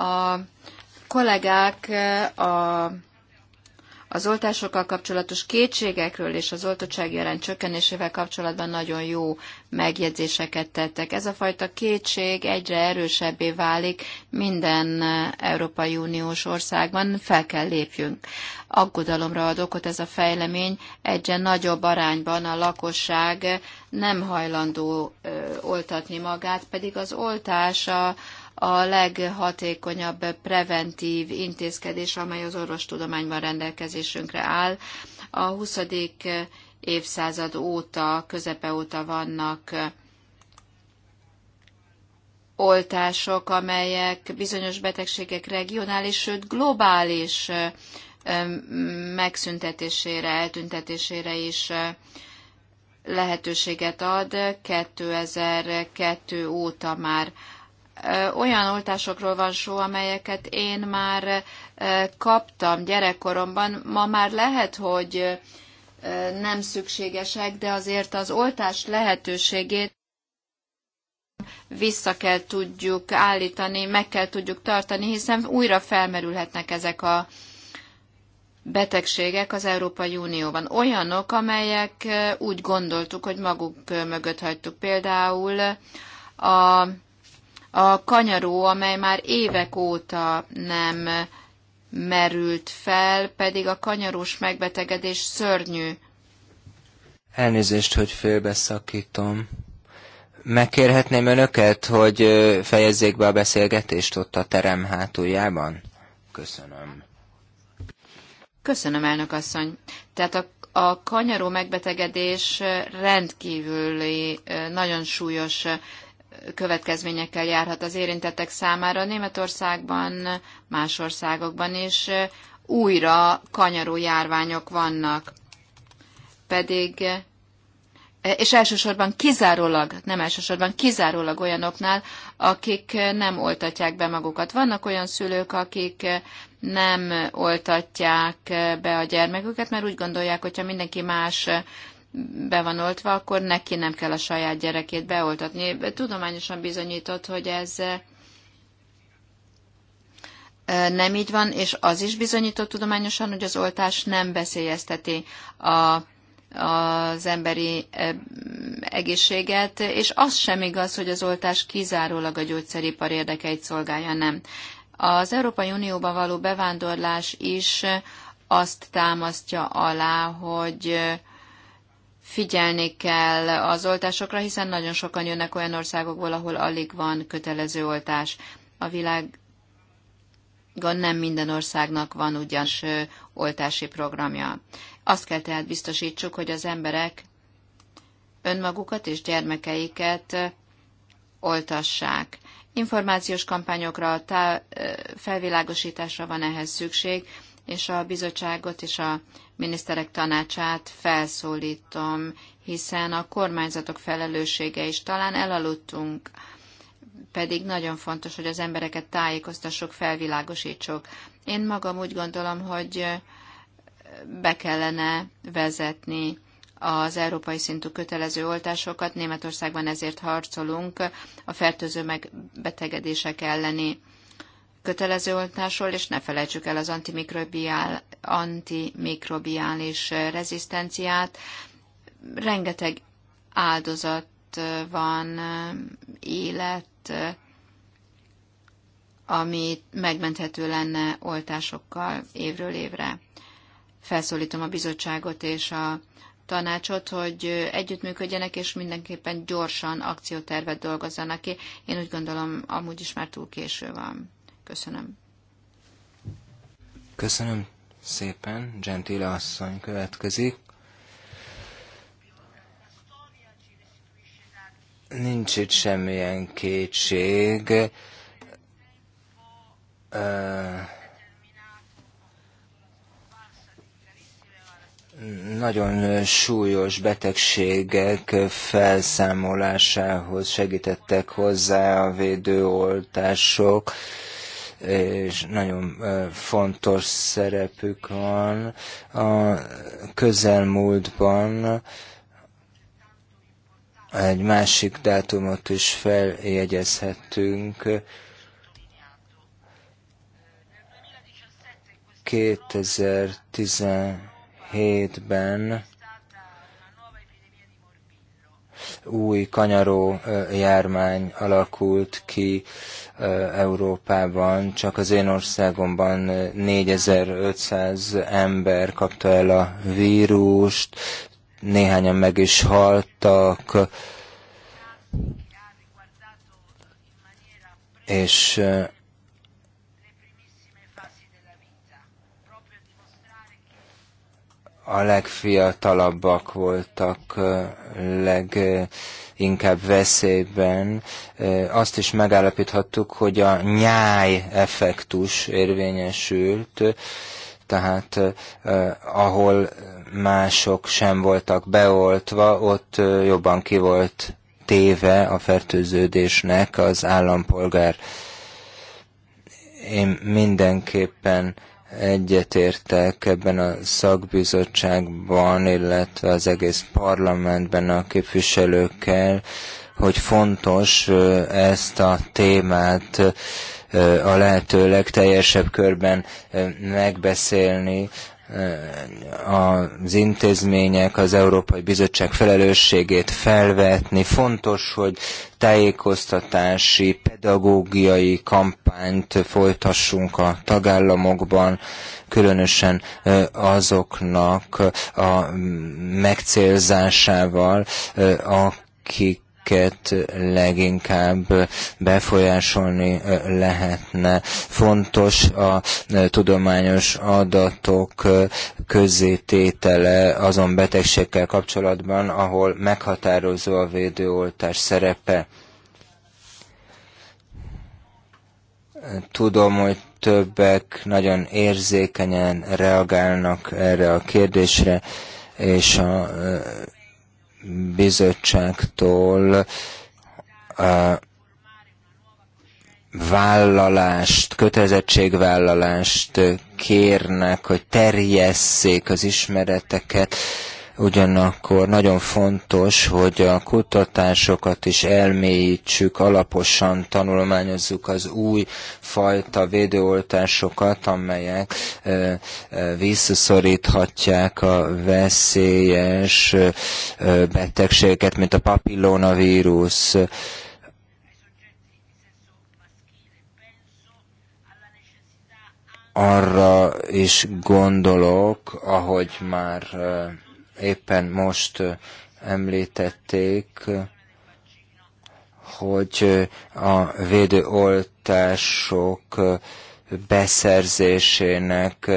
A kollégák a az oltásokkal kapcsolatos kétségekről és az oltottsági arány csökkenésével kapcsolatban nagyon jó megjegyzéseket tettek. Ez a fajta kétség egyre erősebbé válik minden Európai Uniós országban, fel kell lépjünk. Aggodalomra ad okot ez a fejlemény, egyre nagyobb arányban a lakosság nem hajlandó oltatni magát, pedig az oltás a a leghatékonyabb preventív intézkedés, amely az orvostudományban rendelkezésünkre áll. A 20. évszázad óta, közepe óta vannak oltások, amelyek bizonyos betegségek regionális, sőt globális megszüntetésére, eltüntetésére is lehetőséget ad. 2002 óta már olyan oltásokról van szó, amelyeket én már kaptam gyerekkoromban. Ma már lehet, hogy nem szükségesek, de azért az oltás lehetőségét vissza kell tudjuk állítani, meg kell tudjuk tartani, hiszen újra felmerülhetnek ezek a betegségek az Európai Unióban. Olyanok, amelyek úgy gondoltuk, hogy maguk mögött hagytuk. Például a a kanyaró, amely már évek óta nem merült fel, pedig a kanyarós megbetegedés szörnyű. Elnézést, hogy félbeszakítom. Megkérhetném önöket, hogy fejezzék be a beszélgetést ott a terem hátuljában? Köszönöm. Köszönöm, elnök asszony. Tehát a, a kanyaró megbetegedés rendkívüli, nagyon súlyos következményekkel járhat az érintettek számára Németországban, más országokban is eh, újra kanyaró járványok vannak. Pedig, eh, és elsősorban kizárólag, nem elsősorban, kizárólag olyanoknál, akik nem oltatják be magukat. Vannak olyan szülők, akik eh, nem oltatják be a gyermeküket, mert úgy gondolják, hogyha mindenki más be van oltva, akkor neki nem kell a saját gyerekét beoltatni. Tudományosan bizonyított, hogy ez eh, nem így van, és az is bizonyított tudományosan, hogy az oltás nem beszélyezteti a, az emberi eh, egészséget, és az sem igaz, hogy az oltás kizárólag a gyógyszeripar érdekeit szolgálja, nem. Az Európai Unióban való bevándorlás is eh, azt támasztja alá, hogy figyelni kell az oltásokra, hiszen nagyon sokan jönnek olyan országokból, ahol alig van kötelező oltás. A világ nem minden országnak van ugyanis oltási programja. Azt kell tehát biztosítsuk, hogy az emberek önmagukat és gyermekeiket oltassák. Információs kampányokra, tá- felvilágosításra van ehhez szükség, és a bizottságot és a miniszterek tanácsát felszólítom, hiszen a kormányzatok felelőssége is talán elaludtunk, pedig nagyon fontos, hogy az embereket tájékoztassuk, felvilágosítsuk. Én magam úgy gondolom, hogy be kellene vezetni az európai szintű kötelező oltásokat. Németországban ezért harcolunk a fertőző megbetegedések elleni kötelező oltásról, és ne felejtsük el az antimikrobiál, antimikrobiális rezisztenciát. Rengeteg áldozat van, élet, ami megmenthető lenne oltásokkal évről évre. Felszólítom a bizottságot és a tanácsot, hogy együttműködjenek, és mindenképpen gyorsan akciótervet dolgozzanak ki. Én úgy gondolom, amúgy is már túl késő van. Köszönöm. Köszönöm szépen. Gentile asszony következik. Nincs itt semmilyen kétség. nagyon súlyos betegségek felszámolásához segítettek hozzá a védőoltások és nagyon fontos szerepük van a közelmúltban, egy másik dátumot is feljegyezhetünk. 2017-ben új kanyaró jármány alakult ki Európában, csak az én országomban 4500 ember kapta el a vírust, néhányan meg is haltak, és a legfiatalabbak voltak leginkább veszélyben. Azt is megállapíthattuk, hogy a nyáj effektus érvényesült, tehát ahol mások sem voltak beoltva, ott jobban ki volt téve a fertőződésnek az állampolgár. Én mindenképpen egyetértek ebben a szakbizottságban, illetve az egész parlamentben a képviselőkkel, hogy fontos ezt a témát a lehető legteljesebb körben megbeszélni az intézmények, az Európai Bizottság felelősségét felvetni. Fontos, hogy tájékoztatási, pedagógiai kampányt folytassunk a tagállamokban, különösen azoknak a megcélzásával, akik őket leginkább befolyásolni lehetne. Fontos a tudományos adatok közzététele azon betegségekkel kapcsolatban, ahol meghatározó a védőoltás szerepe. Tudom, hogy többek nagyon érzékenyen reagálnak erre a kérdésre, és a bizottságtól vállalást, kötelezettségvállalást kérnek, hogy terjesszék az ismereteket, ugyanakkor nagyon fontos, hogy a kutatásokat is elmélyítsük, alaposan tanulmányozzuk az új fajta védőoltásokat, amelyek visszaszoríthatják a veszélyes betegségeket, mint a papillonavírus. arra is gondolok, ahogy már éppen most említették, hogy a védőoltások beszerzésének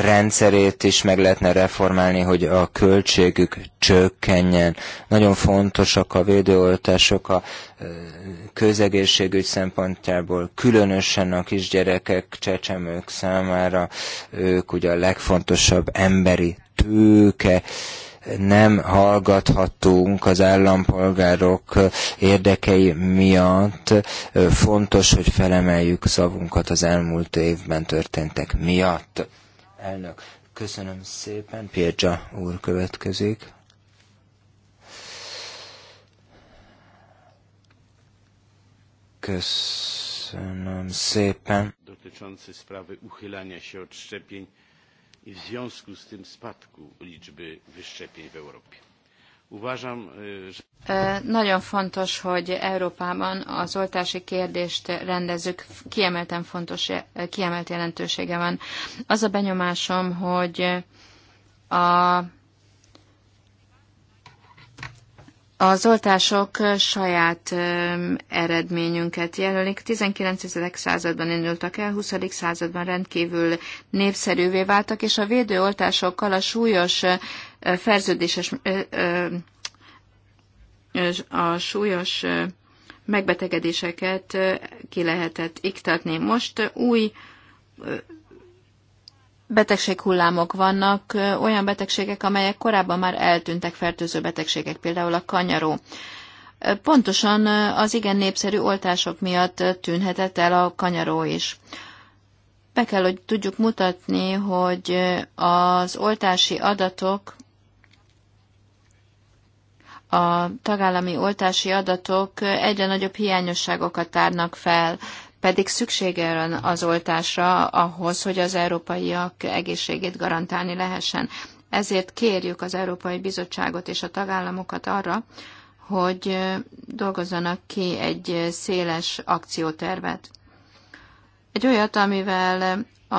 rendszerét is meg lehetne reformálni, hogy a költségük csökkenjen. Nagyon fontosak a védőoltások a közegészségügy szempontjából, különösen a kisgyerekek, csecsemők számára, ők ugye a legfontosabb emberi tőke nem hallgathatunk az állampolgárok érdekei miatt. Fontos, hogy felemeljük szavunkat az elmúlt évben történtek miatt. Elnök, köszönöm szépen. Pircsa úr következik. Köszönöm szépen. Dotyczący sprawy uchylania się od szczepień i w związku z tym spadku liczby wyszczepień w Europie. Uważam, e, że... E, nagyon fontos, hogy Európában az oltási kérdést rendezzük, kiemelten fontos, e, kiemelt jelentősége van. Az a benyomásom, hogy a Az oltások saját eredményünket jelölik. 19. században indultak el, 20. században rendkívül népszerűvé váltak, és a védőoltásokkal a súlyos fertőzéses a súlyos megbetegedéseket ki lehetett iktatni. Most új betegséghullámok vannak, olyan betegségek, amelyek korábban már eltűntek fertőző betegségek, például a kanyaró. Pontosan az igen népszerű oltások miatt tűnhetett el a kanyaró is. Be kell, hogy tudjuk mutatni, hogy az oltási adatok, a tagállami oltási adatok egyre nagyobb hiányosságokat tárnak fel, pedig szüksége van az oltásra ahhoz, hogy az európaiak egészségét garantálni lehessen. Ezért kérjük az Európai Bizottságot és a tagállamokat arra, hogy dolgozzanak ki egy széles akciótervet. Egy olyat, amivel a,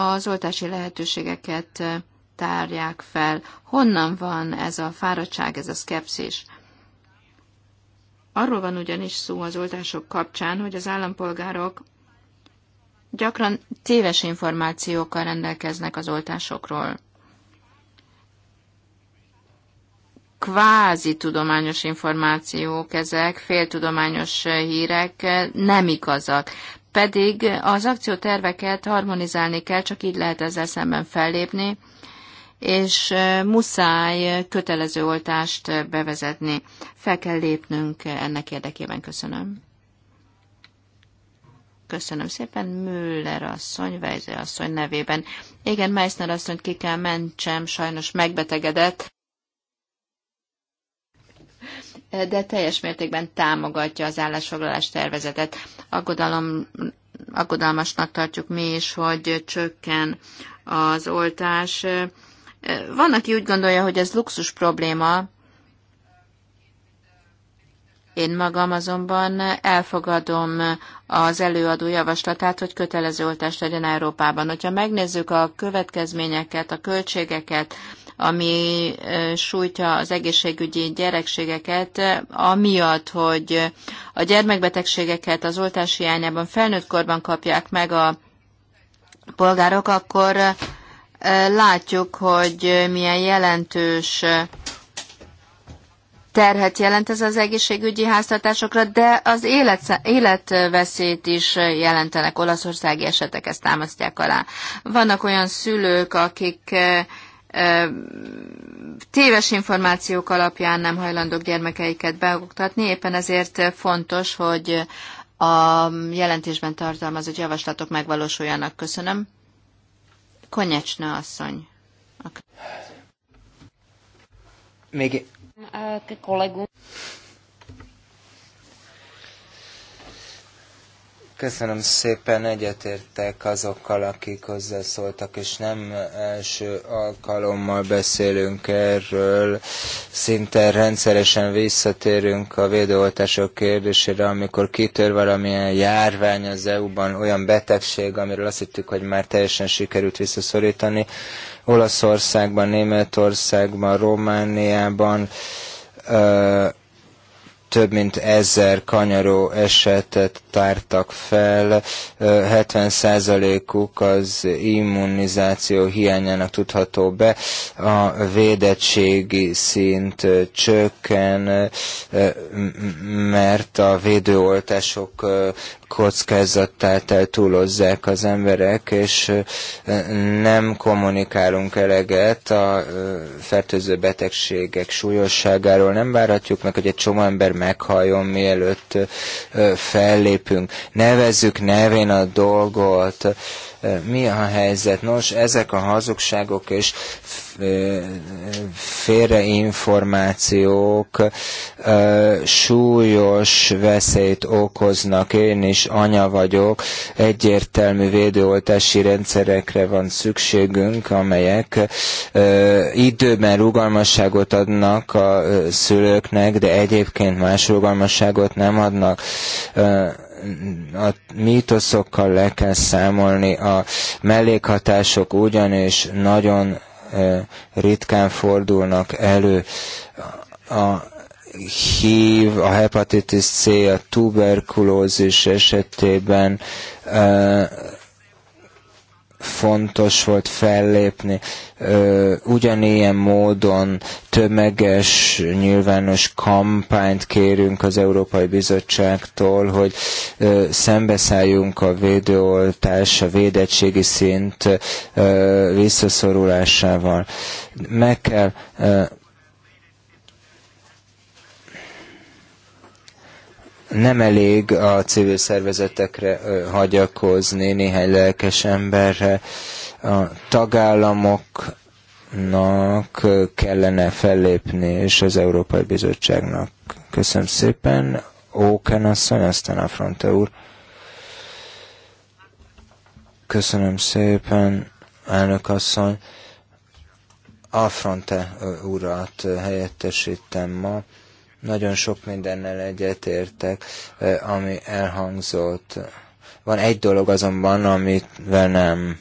az oltási lehetőségeket tárják fel. Honnan van ez a fáradtság, ez a szkepszis? Arról van ugyanis szó az oltások kapcsán, hogy az állampolgárok gyakran téves információkkal rendelkeznek az oltásokról. kvázi tudományos információk ezek, féltudományos hírek nem igazak. Pedig az akcióterveket harmonizálni kell, csak így lehet ezzel szemben fellépni, és muszáj kötelező oltást bevezetni. Fel kell lépnünk ennek érdekében. Köszönöm. Köszönöm szépen Müller asszony, Vejze asszony nevében. Igen, Meissner asszonyt ki kell mentsem, sajnos megbetegedett, de teljes mértékben támogatja az állásfoglalás tervezetet. Aggodalom, aggodalmasnak tartjuk mi is, hogy csökken az oltás van, aki úgy gondolja, hogy ez luxus probléma, én magam azonban elfogadom az előadó javaslatát, hogy kötelező oltást legyen Európában. Hogyha megnézzük a következményeket, a költségeket, ami sújtja az egészségügyi gyerekségeket, amiatt, hogy a gyermekbetegségeket az oltás hiányában felnőtt korban kapják meg a polgárok, akkor látjuk, hogy milyen jelentős terhet jelent ez az egészségügyi háztartásokra, de az élet, életveszélyt is jelentenek olaszországi esetek, ezt támasztják alá. Vannak olyan szülők, akik eh, eh, téves információk alapján nem hajlandók gyermekeiket beoktatni, éppen ezért fontos, hogy a jelentésben tartalmazott javaslatok megvalósuljanak. Köszönöm. Konyecsna asszony. Még... Kollegum. Köszönöm szépen, egyetértek azokkal, akik hozzászóltak, és nem első alkalommal beszélünk erről. Szinte rendszeresen visszatérünk a védőoltások kérdésére, amikor kitör valamilyen járvány az EU-ban, olyan betegség, amiről azt hittük, hogy már teljesen sikerült visszaszorítani. Olaszországban, Németországban, Romániában, ö- több mint ezer kanyaró esetet tártak fel, 70%-uk az immunizáció hiányának tudható be, a védettségi szint csökken, mert a védőoltások kockázattátel túlozzák az emberek, és nem kommunikálunk eleget a fertőző betegségek súlyosságáról. Nem várhatjuk meg, hogy egy csomó ember meghalljon, mielőtt fellépünk. Nevezzük nevén a dolgot mi a helyzet? Nos, ezek a hazugságok és félreinformációk súlyos veszélyt okoznak. Én is anya vagyok. Egyértelmű védőoltási rendszerekre van szükségünk, amelyek időben rugalmasságot adnak a szülőknek, de egyébként más rugalmasságot nem adnak a mítoszokkal le kell számolni, a mellékhatások ugyanis nagyon ritkán fordulnak elő. A HIV, a hepatitis C, a tuberkulózis esetében fontos volt fellépni. Ugyanilyen módon tömeges, nyilvános kampányt kérünk az Európai Bizottságtól, hogy szembeszálljunk a védőoltás, a védettségi szint visszaszorulásával. Meg kell nem elég a civil szervezetekre hagyakozni, néhány lelkes emberre. A tagállamoknak kellene fellépni, és az Európai Bizottságnak. Köszönöm szépen. Óken asszony, aztán a Fronte úr. Köszönöm szépen, elnök asszony. Fronte urat helyettesítem ma. Nagyon sok mindennel egyetértek, ami elhangzott. Van egy dolog azonban, amit velem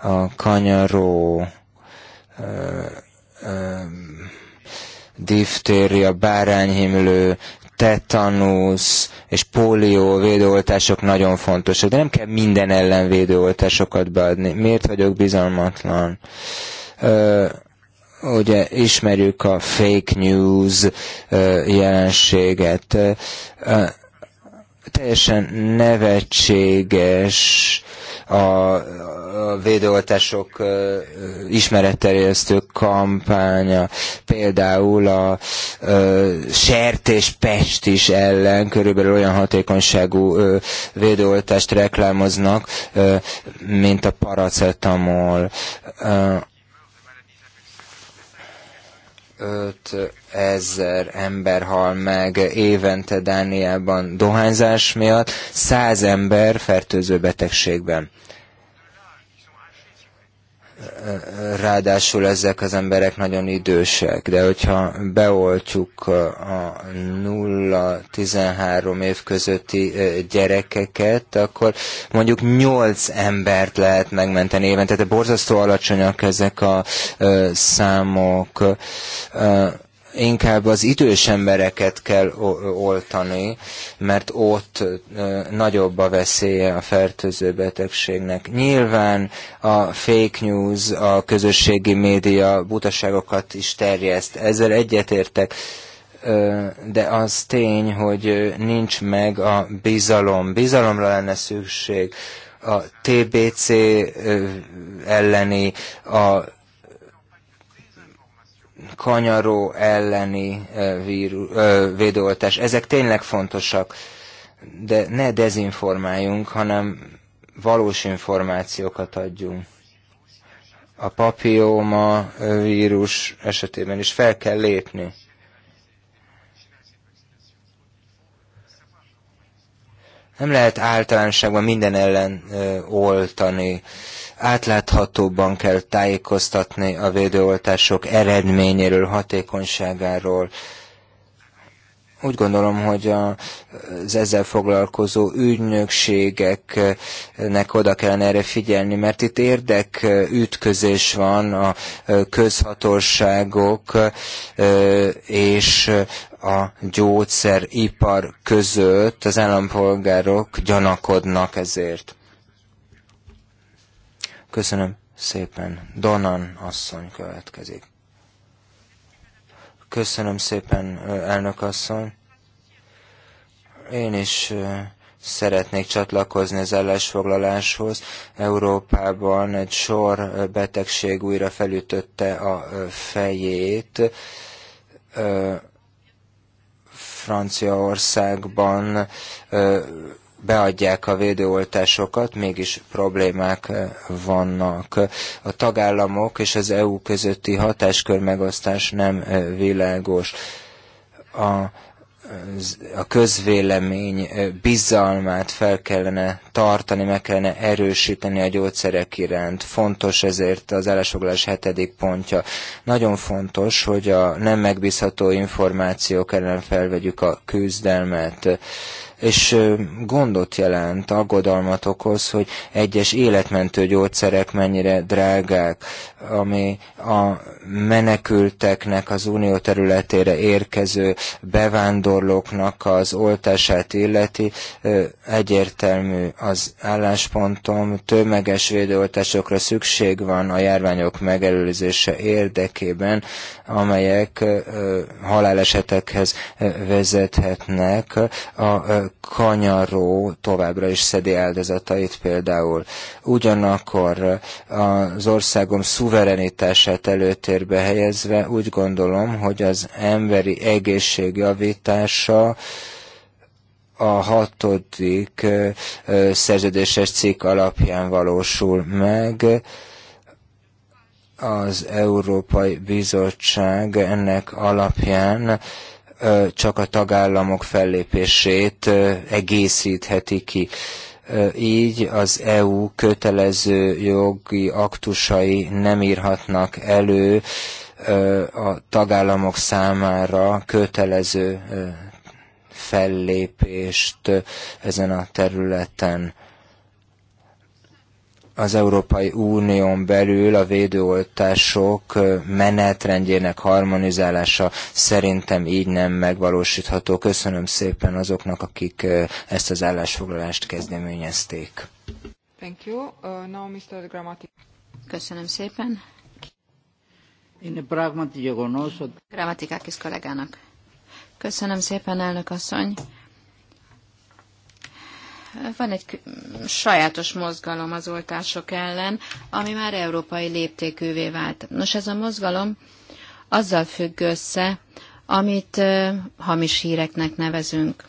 a kanyaró ö, ö, diftéria, bárányhimlő, tetanusz és pólió védőoltások nagyon fontosak, de nem kell minden ellen védőoltásokat beadni. Miért vagyok bizalmatlan? Ö, Ugye ismerjük a fake news jelenséget. Teljesen nevetséges a, a védőoltások ismeretterjesztő kampánya, például a ö, sertéspest is ellen körülbelül olyan hatékonyságú védőoltást reklámoznak, mint a paracetamol. 5 ezer ember hal meg évente Dániában dohányzás miatt, 100 ember fertőző betegségben ráadásul ezek az emberek nagyon idősek, de hogyha beoltjuk a 0-13 év közötti gyerekeket, akkor mondjuk 8 embert lehet megmenteni évente, tehát borzasztó alacsonyak ezek a számok inkább az idős embereket kell oltani, mert ott nagyobb a veszélye a fertőző betegségnek. Nyilván a fake news, a közösségi média butaságokat is terjeszt, ezzel egyetértek, de az tény, hogy nincs meg a bizalom. Bizalomra lenne szükség a TBC elleni, a kanyaró elleni víru, védőoltás. Ezek tényleg fontosak, de ne dezinformáljunk, hanem valós információkat adjunk. A papióma vírus esetében is fel kell lépni. Nem lehet általánosságban minden ellen ö, oltani. Ö, átláthatóban kell tájékoztatni a védőoltások eredményéről, hatékonyságáról. Úgy gondolom, hogy az ezzel foglalkozó ügynökségeknek oda kellene erre figyelni, mert itt érdek ütközés van a közhatóságok és a gyógyszeripar között. Az állampolgárok gyanakodnak ezért. Köszönöm szépen. Donan asszony következik. Köszönöm szépen, elnök asszony. Én is szeretnék csatlakozni az ellensfoglaláshoz. Európában egy sor betegség újra felütötte a fejét. Franciaországban beadják a védőoltásokat, mégis problémák eh, vannak. A tagállamok és az EU közötti hatáskör megosztás nem eh, világos. A, a közvélemény eh, bizalmát fel kellene tartani, meg kellene erősíteni a gyógyszerek iránt. Fontos ezért az állásfoglalás hetedik pontja. Nagyon fontos, hogy a nem megbízható információk ellen felvegyük a küzdelmet és gondot jelent, aggodalmat okoz, hogy egyes életmentő gyógyszerek mennyire drágák, ami a menekülteknek, az unió területére érkező bevándorlóknak az oltását illeti, egyértelmű az álláspontom, tömeges védőoltásokra szükség van a járványok megelőzése érdekében, amelyek halálesetekhez vezethetnek. A kanyaró továbbra is szedi áldozatait például. Ugyanakkor az országom szuverenitását előtt előtérbe helyezve úgy gondolom, hogy az emberi egészség javítása a hatodik szerződéses cikk alapján valósul meg. Az Európai Bizottság ennek alapján csak a tagállamok fellépését egészítheti ki. Így az EU kötelező jogi aktusai nem írhatnak elő a tagállamok számára kötelező fellépést ezen a területen az Európai Unión belül a védőoltások menetrendjének harmonizálása szerintem így nem megvalósítható. Köszönöm szépen azoknak, akik ezt az állásfoglalást kezdeményezték. Thank you. Uh, now Mr. Grammatic. Köszönöm szépen. Grammatikákis kollégának. Köszönöm szépen, elnök asszony. Van egy sajátos mozgalom az oltások ellen, ami már európai léptékűvé vált. Nos, ez a mozgalom azzal függ össze, amit hamis híreknek nevezünk.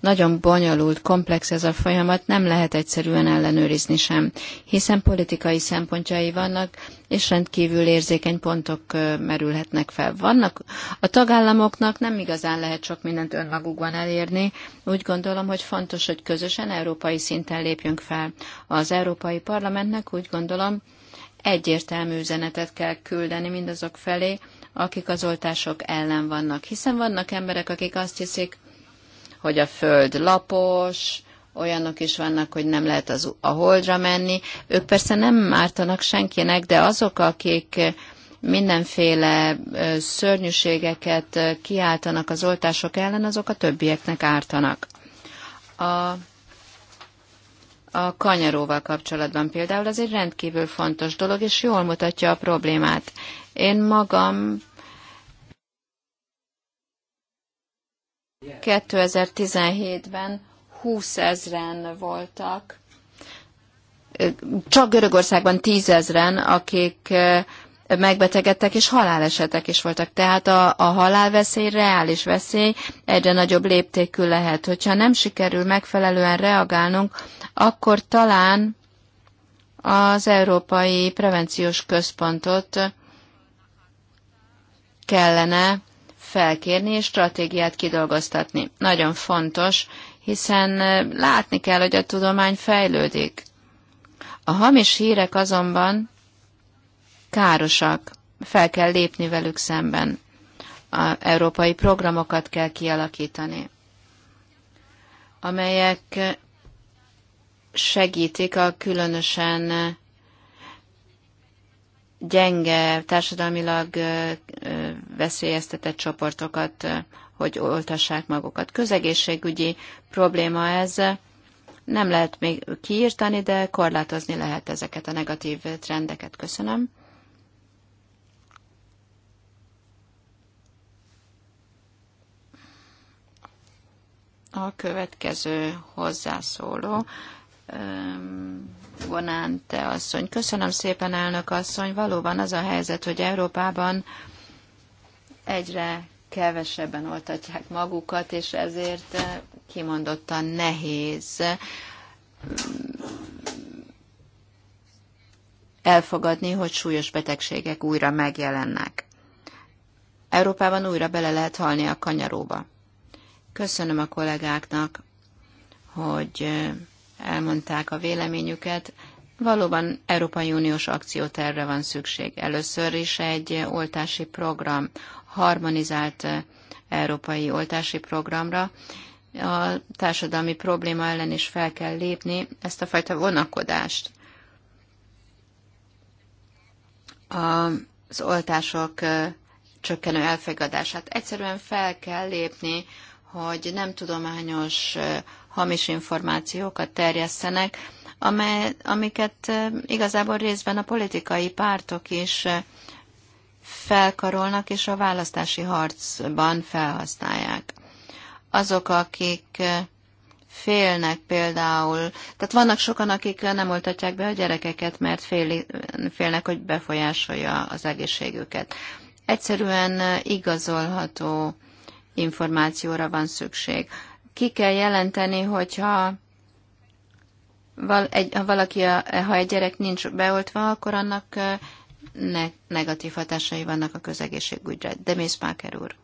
Nagyon bonyolult, komplex ez a folyamat, nem lehet egyszerűen ellenőrizni sem, hiszen politikai szempontjai vannak, és rendkívül érzékeny pontok merülhetnek fel. Vannak a tagállamoknak nem igazán lehet sok mindent önmagukban elérni. Úgy gondolom, hogy fontos, hogy közösen európai szinten lépjünk fel. Az Európai Parlamentnek úgy gondolom, egyértelmű üzenetet kell küldeni mindazok felé, akik az oltások ellen vannak. Hiszen vannak emberek, akik azt hiszik, hogy a föld lapos, olyanok is vannak, hogy nem lehet az, a holdra menni. Ők persze nem ártanak senkinek, de azok, akik mindenféle szörnyűségeket kiáltanak az oltások ellen, azok a többieknek ártanak. A, a kanyaróval kapcsolatban például az egy rendkívül fontos dolog, és jól mutatja a problémát. Én magam 2017-ben 20 ezren voltak, csak Görögországban 10 ezren, akik megbetegedtek és halálesetek is voltak. Tehát a, a halálveszély reális veszély egyre nagyobb léptékű lehet. Hogyha nem sikerül megfelelően reagálnunk, akkor talán az Európai Prevenciós Központot kellene felkérni és stratégiát kidolgoztatni. Nagyon fontos, hiszen látni kell, hogy a tudomány fejlődik. A hamis hírek azonban károsak, fel kell lépni velük szemben. A európai programokat kell kialakítani, amelyek segítik a különösen gyenge, társadalmilag veszélyeztetett csoportokat, hogy oltassák magukat. Közegészségügyi probléma ez, nem lehet még kiírtani, de korlátozni lehet ezeket a negatív trendeket. Köszönöm. A következő hozzászóló, te asszony. Köszönöm szépen, elnök asszony. Valóban az a helyzet, hogy Európában egyre kevesebben oltatják magukat, és ezért eh, kimondottan nehéz mm, elfogadni, hogy súlyos betegségek újra megjelennek. Európában újra bele lehet halni a kanyaróba. Köszönöm a kollégáknak, hogy eh, elmondták a véleményüket. Valóban Európai Uniós akcióterre van szükség. Először is egy eh, oltási program, harmonizált eh, európai oltási programra. A társadalmi probléma ellen is fel kell lépni ezt a fajta vonakodást. Az oltások eh, csökkenő elfogadását. Egyszerűen fel kell lépni, hogy nem tudományos eh, hamis információkat terjesztenek, amely, amiket igazából részben a politikai pártok is felkarolnak és a választási harcban felhasználják. Azok, akik félnek például, tehát vannak sokan, akik nem oltatják be a gyerekeket, mert fél, félnek, hogy befolyásolja az egészségüket. Egyszerűen igazolható információra van szükség. Ki kell jelenteni, hogyha val, egy, ha valaki, ha egy gyerek nincs beoltva, akkor annak ne- negatív hatásai vannak a közegészségügyre. Demész Páker úr.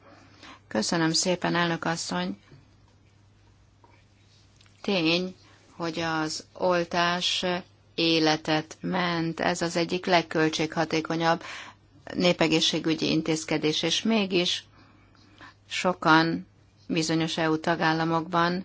Köszönöm szépen, elnök asszony. Tény, hogy az oltás életet ment. Ez az egyik legköltséghatékonyabb népegészségügyi intézkedés, és mégis sokan bizonyos EU tagállamokban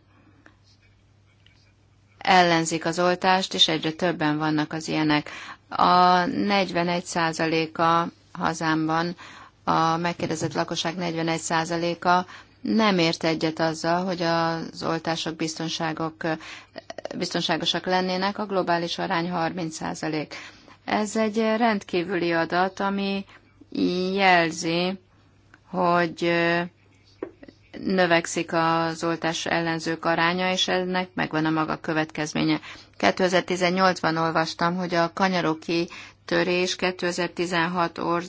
ellenzik az oltást, és egyre többen vannak az ilyenek. A 41%-a hazámban, a megkérdezett lakosság 41%-a nem ért egyet azzal, hogy az oltások biztonságok, biztonságosak lennének, a globális arány 30%. Ez egy rendkívüli adat, ami jelzi, hogy növekszik az oltás ellenzők aránya, és ennek megvan a maga következménye. 2018-ban olvastam, hogy a kanyaroki törés 2016 or-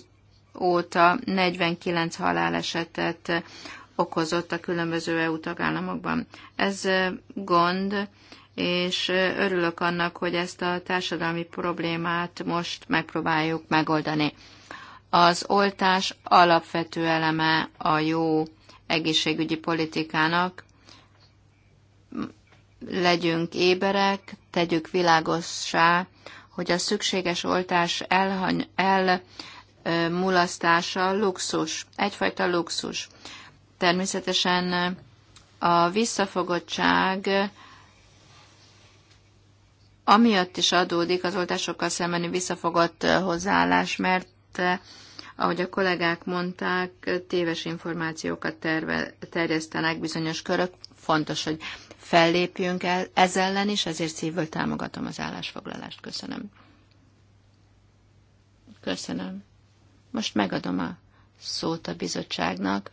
óta 49 halálesetet okozott a különböző EU tagállamokban. Ez gond, és örülök annak, hogy ezt a társadalmi problémát most megpróbáljuk megoldani. Az oltás alapvető eleme a jó egészségügyi politikának, legyünk éberek, tegyük világossá, hogy a szükséges oltás elhany, elmulasztása luxus, egyfajta luxus. Természetesen a visszafogottság amiatt is adódik az oltásokkal szembeni visszafogott hozzáállás, mert ahogy a kollégák mondták, téves információkat terve, terjesztenek bizonyos körök. Fontos, hogy fellépjünk el ez ellen is, ezért szívből támogatom az állásfoglalást. Köszönöm. Köszönöm. Most megadom a szót a bizottságnak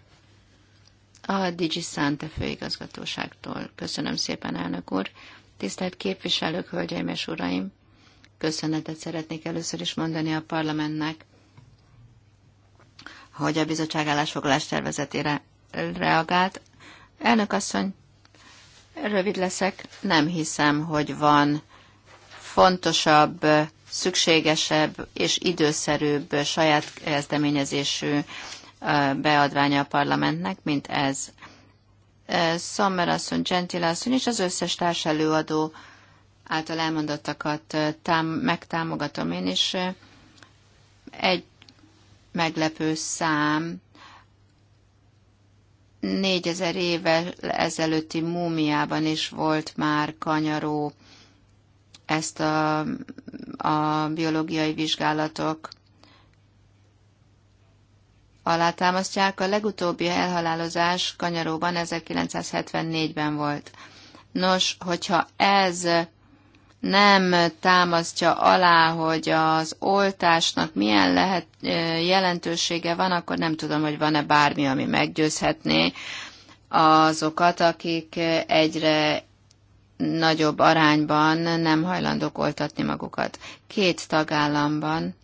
a Digi Szánte főigazgatóságtól. Köszönöm szépen, elnök úr. Tisztelt képviselők, hölgyeim és uraim! Köszönetet szeretnék először is mondani a parlamentnek, hogy a bizottság állásfoglalás tervezetére reagált. Elnök asszony, Rövid leszek. Nem hiszem, hogy van fontosabb, szükségesebb és időszerűbb saját kezdeményezésű beadványa a parlamentnek, mint ez. Sommer asszony, Gentil asszony és az összes társelőadó által elmondottakat tám- megtámogatom én is. Egy meglepő szám négyezer éve ezelőtti múmiában is volt már kanyaró, ezt a, a biológiai vizsgálatok alátámasztják. A legutóbbi elhalálozás kanyaróban 1974-ben volt. Nos, hogyha ez nem támasztja alá, hogy az oltásnak milyen lehet, jelentősége van, akkor nem tudom, hogy van-e bármi, ami meggyőzhetné azokat, akik egyre nagyobb arányban nem hajlandók oltatni magukat. Két tagállamban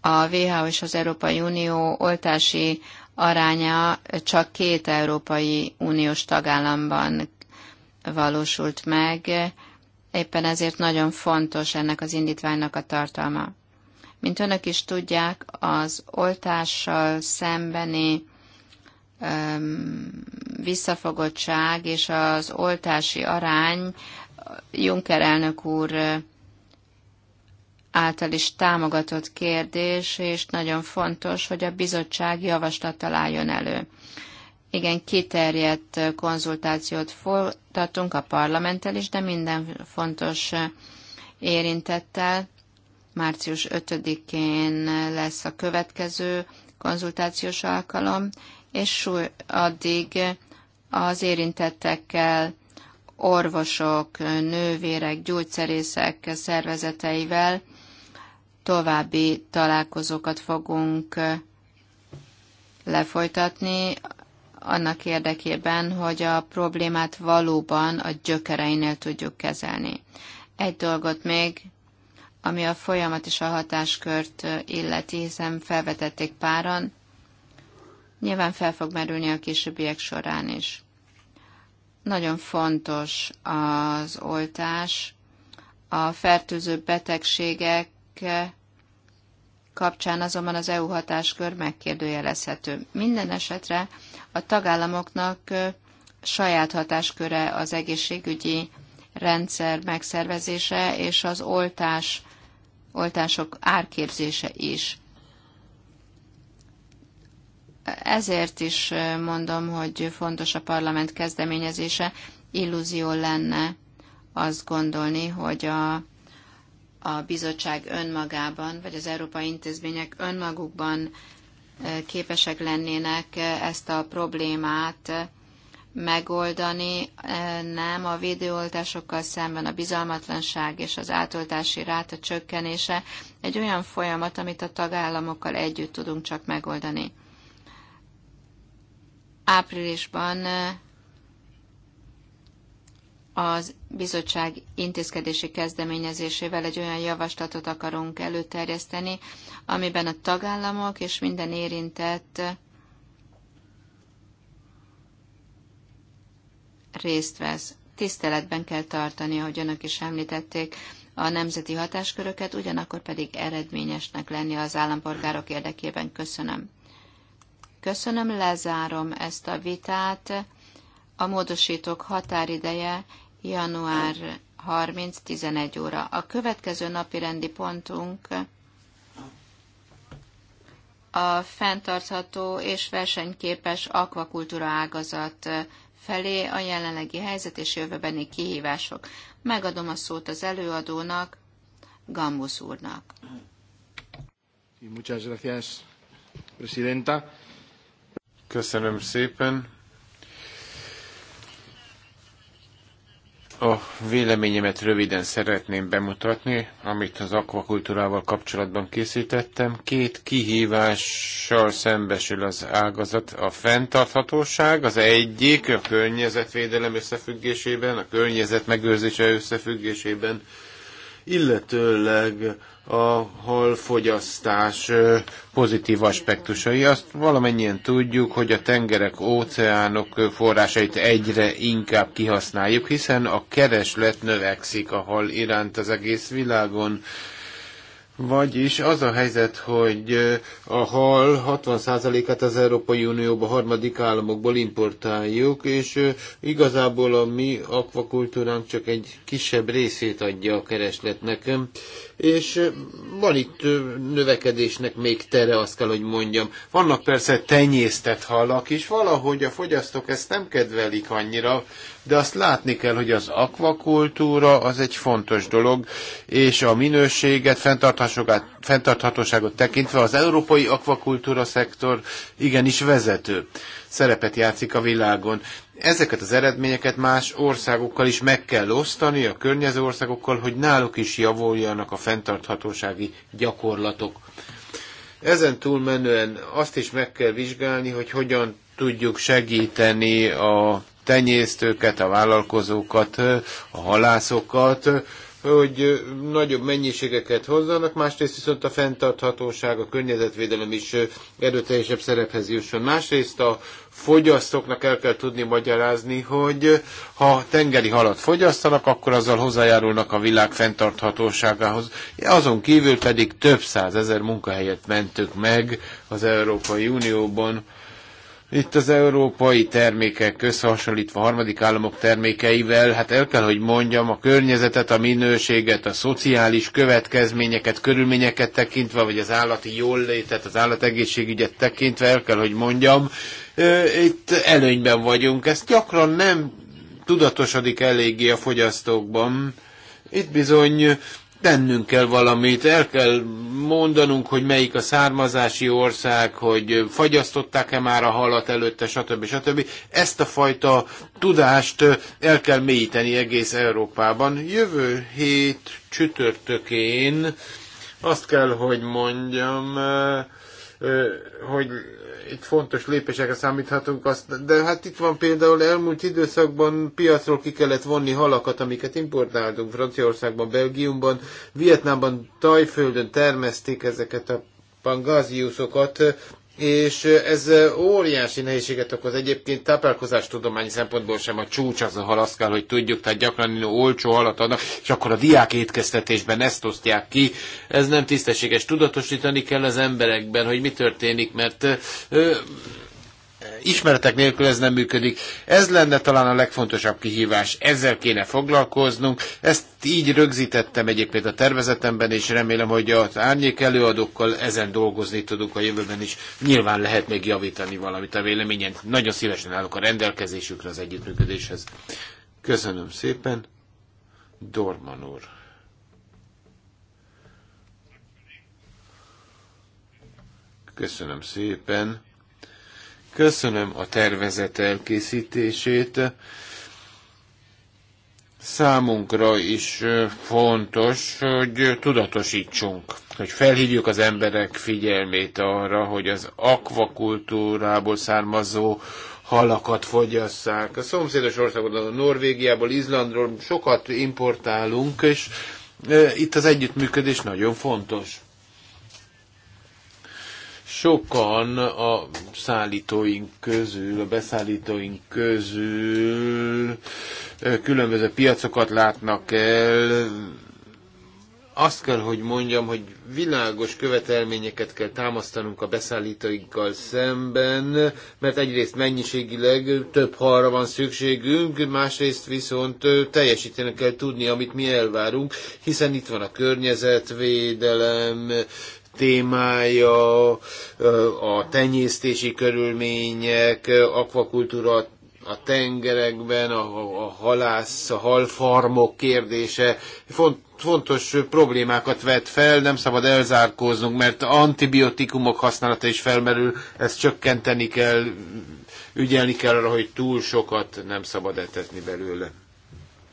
a WHO és az Európai Unió oltási aránya csak két Európai Uniós tagállamban valósult meg, éppen ezért nagyon fontos ennek az indítványnak a tartalma. Mint önök is tudják, az oltással szembeni visszafogottság és az oltási arány Juncker elnök úr által is támogatott kérdés, és nagyon fontos, hogy a bizottság javaslattal álljon elő igen kiterjedt konzultációt folytatunk a parlamenttel is, de minden fontos érintettel. Március 5-én lesz a következő konzultációs alkalom, és addig az érintettekkel, orvosok, nővérek, gyógyszerészek szervezeteivel további találkozókat fogunk lefolytatni annak érdekében, hogy a problémát valóban a gyökereinél tudjuk kezelni. Egy dolgot még, ami a folyamat és a hatáskört illeti, hiszen felvetették páran, nyilván fel fog merülni a későbbiek során is. Nagyon fontos az oltás, a fertőző betegségek kapcsán azonban az EU hatáskör megkérdőjelezhető. Minden esetre a tagállamoknak saját hatásköre az egészségügyi rendszer megszervezése és az oltás, oltások árképzése is. Ezért is mondom, hogy fontos a parlament kezdeményezése. Illúzió lenne azt gondolni, hogy a a bizottság önmagában, vagy az európai intézmények önmagukban eh, képesek lennének eh, ezt a problémát eh, megoldani. Nem, a védőoltásokkal szemben a bizalmatlanság és az átoltási ráta csökkenése egy olyan folyamat, amit a tagállamokkal együtt tudunk csak megoldani. Áprilisban az bizottság intézkedési kezdeményezésével egy olyan javaslatot akarunk előterjeszteni, amiben a tagállamok és minden érintett részt vesz. Tiszteletben kell tartani, ahogy önök is említették, a nemzeti hatásköröket, ugyanakkor pedig eredményesnek lenni az állampolgárok érdekében. Köszönöm. Köszönöm, lezárom ezt a vitát. A módosítók határideje január 30-11 óra. A következő napi rendi pontunk a fenntartható és versenyképes akvakultúra ágazat felé a jelenlegi helyzet és jövőbeni kihívások. Megadom a szót az előadónak, Gambus úrnak. Köszönöm szépen, A véleményemet röviden szeretném bemutatni, amit az akvakultúrával kapcsolatban készítettem. Két kihívással szembesül az ágazat. A fenntarthatóság az egyik, a környezetvédelem összefüggésében, a környezet megőrzése összefüggésében, illetőleg ahol fogyasztás pozitív aspektusai. Azt valamennyien tudjuk, hogy a tengerek, óceánok forrásait egyre inkább kihasználjuk, hiszen a kereslet növekszik a hal iránt az egész világon vagyis az a helyzet, hogy a hal 60%-át az Európai Unióba harmadik államokból importáljuk, és igazából a mi akvakultúránk csak egy kisebb részét adja a keresletnek. És van itt növekedésnek még tere, azt kell, hogy mondjam. Vannak persze tenyésztett halak is, valahogy a fogyasztók ezt nem kedvelik annyira, de azt látni kell, hogy az akvakultúra az egy fontos dolog, és a minőséget fenntartás fenntarthatóságát, fenntarthatóságot tekintve az európai akvakultúra szektor igenis vezető szerepet játszik a világon. Ezeket az eredményeket más országokkal is meg kell osztani, a környező országokkal, hogy náluk is javuljanak a fenntarthatósági gyakorlatok. Ezen túlmenően azt is meg kell vizsgálni, hogy hogyan tudjuk segíteni a tenyésztőket, a vállalkozókat, a halászokat, hogy nagyobb mennyiségeket hozzanak, másrészt viszont a fenntarthatóság, a környezetvédelem is erőteljesebb szerephez jusson. Másrészt a fogyasztóknak el kell tudni magyarázni, hogy ha tengeri halat fogyasztanak, akkor azzal hozzájárulnak a világ fenntarthatóságához. Azon kívül pedig több százezer munkahelyet mentük meg az Európai Unióban itt az európai termékek összehasonlítva harmadik államok termékeivel, hát el kell, hogy mondjam, a környezetet, a minőséget, a szociális következményeket, körülményeket tekintve, vagy az állati jólétet, az állategészségügyet tekintve, el kell, hogy mondjam, itt előnyben vagyunk. Ezt gyakran nem tudatosodik eléggé a fogyasztókban. Itt bizony tennünk kell valamit, el kell mondanunk, hogy melyik a származási ország, hogy fagyasztották-e már a halat előtte, stb. stb. Ezt a fajta tudást el kell mélyíteni egész Európában. Jövő hét csütörtökén azt kell, hogy mondjam, hogy itt fontos lépésekre számíthatunk, azt, de hát itt van például elmúlt időszakban piacról ki kellett vonni halakat, amiket importáltunk Franciaországban, Belgiumban, Vietnámban, Tajföldön termeszték ezeket a pangáziuszokat, és ez óriási nehézséget okoz. Egyébként táplálkozás tudományi szempontból sem a csúcs az a halaszkál, hogy tudjuk, tehát gyakran olcsó halat adnak, és akkor a diák étkeztetésben ezt osztják ki. Ez nem tisztességes. Tudatosítani kell az emberekben, hogy mi történik, mert ö, ismeretek nélkül ez nem működik. Ez lenne talán a legfontosabb kihívás, ezzel kéne foglalkoznunk. Ezt így rögzítettem egyébként a tervezetemben, és remélem, hogy az árnyék előadókkal ezen dolgozni tudunk a jövőben is. Nyilván lehet még javítani valamit a véleményen. Nagyon szívesen állok a rendelkezésükre az együttműködéshez. Köszönöm szépen. Dorman úr. Köszönöm szépen. Köszönöm a tervezet elkészítését. Számunkra is fontos, hogy tudatosítsunk, hogy felhívjuk az emberek figyelmét arra, hogy az akvakultúrából származó halakat fogyasszák. A szomszédos országokban, Norvégiából, Izlandról sokat importálunk, és itt az együttműködés nagyon fontos. Sokan a szállítóink közül, a beszállítóink közül különböző piacokat látnak el. Azt kell, hogy mondjam, hogy világos követelményeket kell támasztanunk a beszállítóinkkal szemben, mert egyrészt mennyiségileg több halra van szükségünk, másrészt viszont teljesítenek kell tudni, amit mi elvárunk, hiszen itt van a környezetvédelem, témája, a tenyésztési körülmények, akvakultúra a tengerekben, a, a halász, a halfarmok kérdése font, fontos problémákat vet fel, nem szabad elzárkóznunk, mert antibiotikumok használata is felmerül, ezt csökkenteni kell, ügyelni kell arra, hogy túl sokat nem szabad etetni belőle.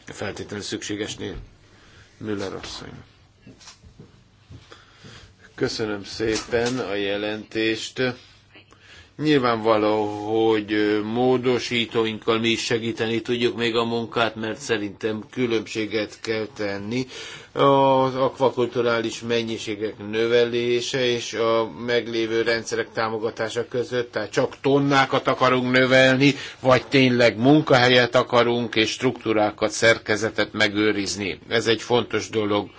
Feltétlenül szükségesnél. Müller asszonynak. Köszönöm szépen a jelentést. Nyilvánvaló, hogy módosítóinkkal mi is segíteni tudjuk még a munkát, mert szerintem különbséget kell tenni. Az akvakulturális mennyiségek növelése és a meglévő rendszerek támogatása között, tehát csak tonnákat akarunk növelni, vagy tényleg munkahelyet akarunk és struktúrákat, szerkezetet megőrizni. Ez egy fontos dolog.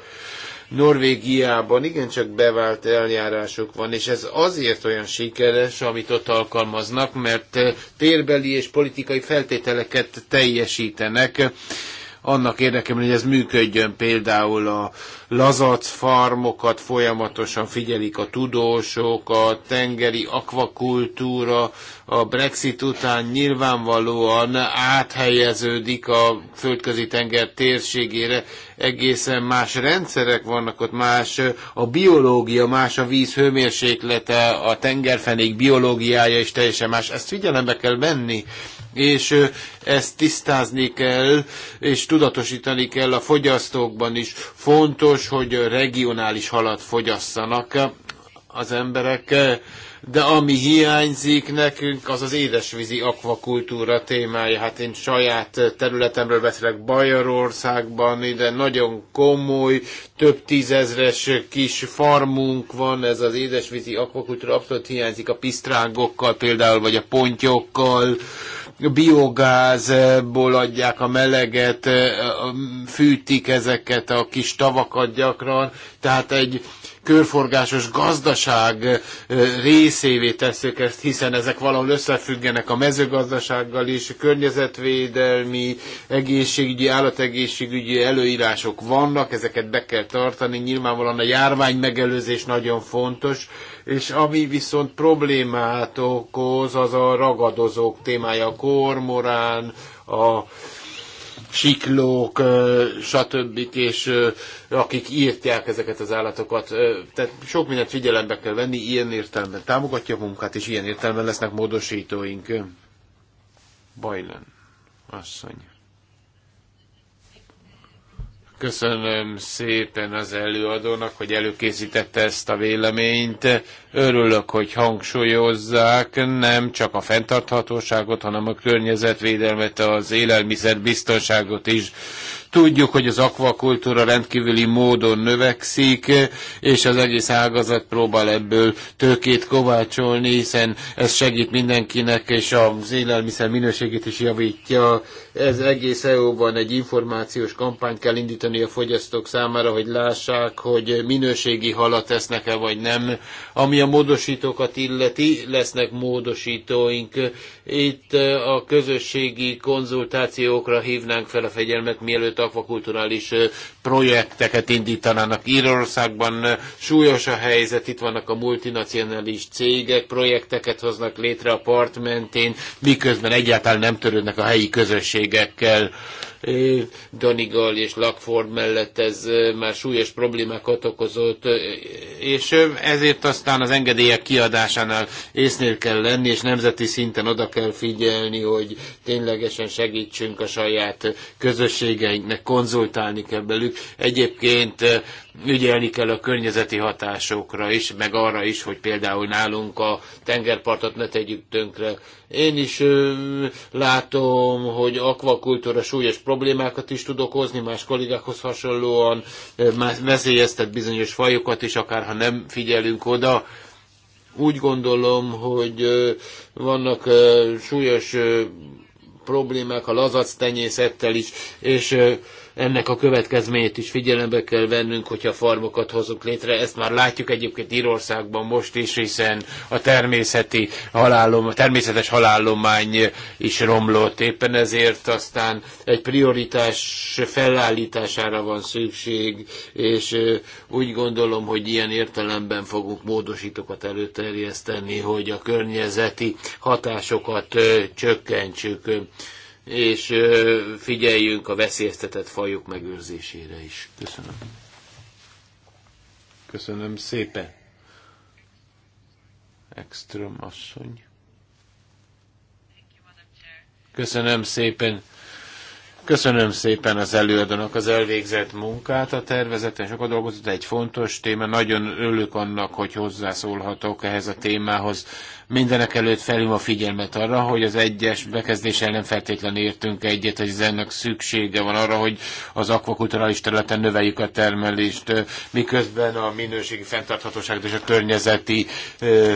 Norvégiában igencsak bevált eljárások van, és ez azért olyan sikeres, amit ott alkalmaznak, mert eh, térbeli és politikai feltételeket teljesítenek annak érdekében, hogy ez működjön. Például a lazac farmokat folyamatosan figyelik a tudósok, a tengeri akvakultúra, a Brexit után nyilvánvalóan áthelyeződik a földközi tenger térségére. Egészen más rendszerek vannak ott, más a biológia, más a víz hőmérséklete, a tengerfenék biológiája is teljesen más. Ezt figyelembe kell venni és ezt tisztázni kell, és tudatosítani kell a fogyasztókban is. Fontos, hogy regionális halat fogyasszanak az emberek, de ami hiányzik nekünk, az az édesvízi akvakultúra témája. Hát én saját területemről beszélek Bajorországban, ide nagyon komoly, több tízezres kis farmunk van, ez az édesvízi akvakultúra abszolút hiányzik a pisztrángokkal például, vagy a pontyokkal, biogázból adják a meleget, fűtik ezeket a kis tavakat gyakran, tehát egy körforgásos gazdaság eh, részévé tesszük ezt, hiszen ezek valahol összefüggenek a mezőgazdasággal is, környezetvédelmi, egészségügyi, állategészségügyi előírások vannak, ezeket be kell tartani, nyilvánvalóan a járvány megelőzés nagyon fontos, és ami viszont problémát okoz, az a ragadozók témája, a kormorán, a siklók, stb. és akik írtják ezeket az állatokat. Tehát sok mindent figyelembe kell venni, ilyen értelemben támogatja a munkát, és ilyen értelemben lesznek módosítóink. Bajlen, asszony. Köszönöm szépen az előadónak, hogy előkészítette ezt a véleményt. Örülök, hogy hangsúlyozzák nem csak a fenntarthatóságot, hanem a környezetvédelmet, az élelmiszerbiztonságot is. Tudjuk, hogy az akvakultúra rendkívüli módon növekszik, és az egész ágazat próbál ebből tőkét kovácsolni, hiszen ez segít mindenkinek, és az élelmiszer minőségét is javítja. Ez egész EU-ban egy információs kampányt kell indítani a fogyasztók számára, hogy lássák, hogy minőségi halat tesznek-e vagy nem. Ami a módosítókat illeti, lesznek módosítóink. Itt a közösségi konzultációkra hívnánk fel a fegyelmet, mielőtt sőt akvakulturális projekteket indítanának. Írországban súlyos a helyzet, itt vannak a multinacionális cégek, projekteket hoznak létre a part mentén, miközben egyáltalán nem törődnek a helyi közösségekkel Donigal és Lakford mellett ez már súlyos problémákat okozott, és ezért aztán az engedélyek kiadásánál észnél kell lenni, és nemzeti szinten oda kell figyelni, hogy ténylegesen segítsünk a saját közösségeinknek, konzultálni kell belük. Egyébként ügyelni kell a környezeti hatásokra is, meg arra is, hogy például nálunk a tengerpartot ne tegyük tönkre. Én is ö, látom, hogy akvakultúra súlyos problémákat is tud okozni, más kollégákhoz hasonlóan veszélyeztet bizonyos fajokat is, akár ha nem figyelünk oda. Úgy gondolom, hogy ö, vannak ö, súlyos ö, problémák a lazac tenyészettel is, és ö, ennek a következményét is figyelembe kell vennünk, hogyha farmokat hozunk létre. Ezt már látjuk egyébként Írországban most is, hiszen a természeti halálom, a természetes halállomány is romlott. Éppen ezért aztán egy prioritás felállítására van szükség, és úgy gondolom, hogy ilyen értelemben fogunk módosítókat előterjeszteni, hogy a környezeti hatásokat csökkentsük és figyeljünk a veszélyeztetett fajok megőrzésére is. Köszönöm. Köszönöm szépen. Extrem asszony. Köszönöm szépen. Köszönöm szépen az előadónak az elvégzett munkát, a tervezeten sokat dolgozott, egy fontos téma. Nagyon örülök annak, hogy hozzászólhatok ehhez a témához. Mindenek előtt felhívom a figyelmet arra, hogy az egyes bekezdés ellen feltétlenül értünk egyet, hogy ennek szüksége van arra, hogy az akvakulturális területen növeljük a termelést, miközben a minőségi fenntarthatóságot és a környezeti ö,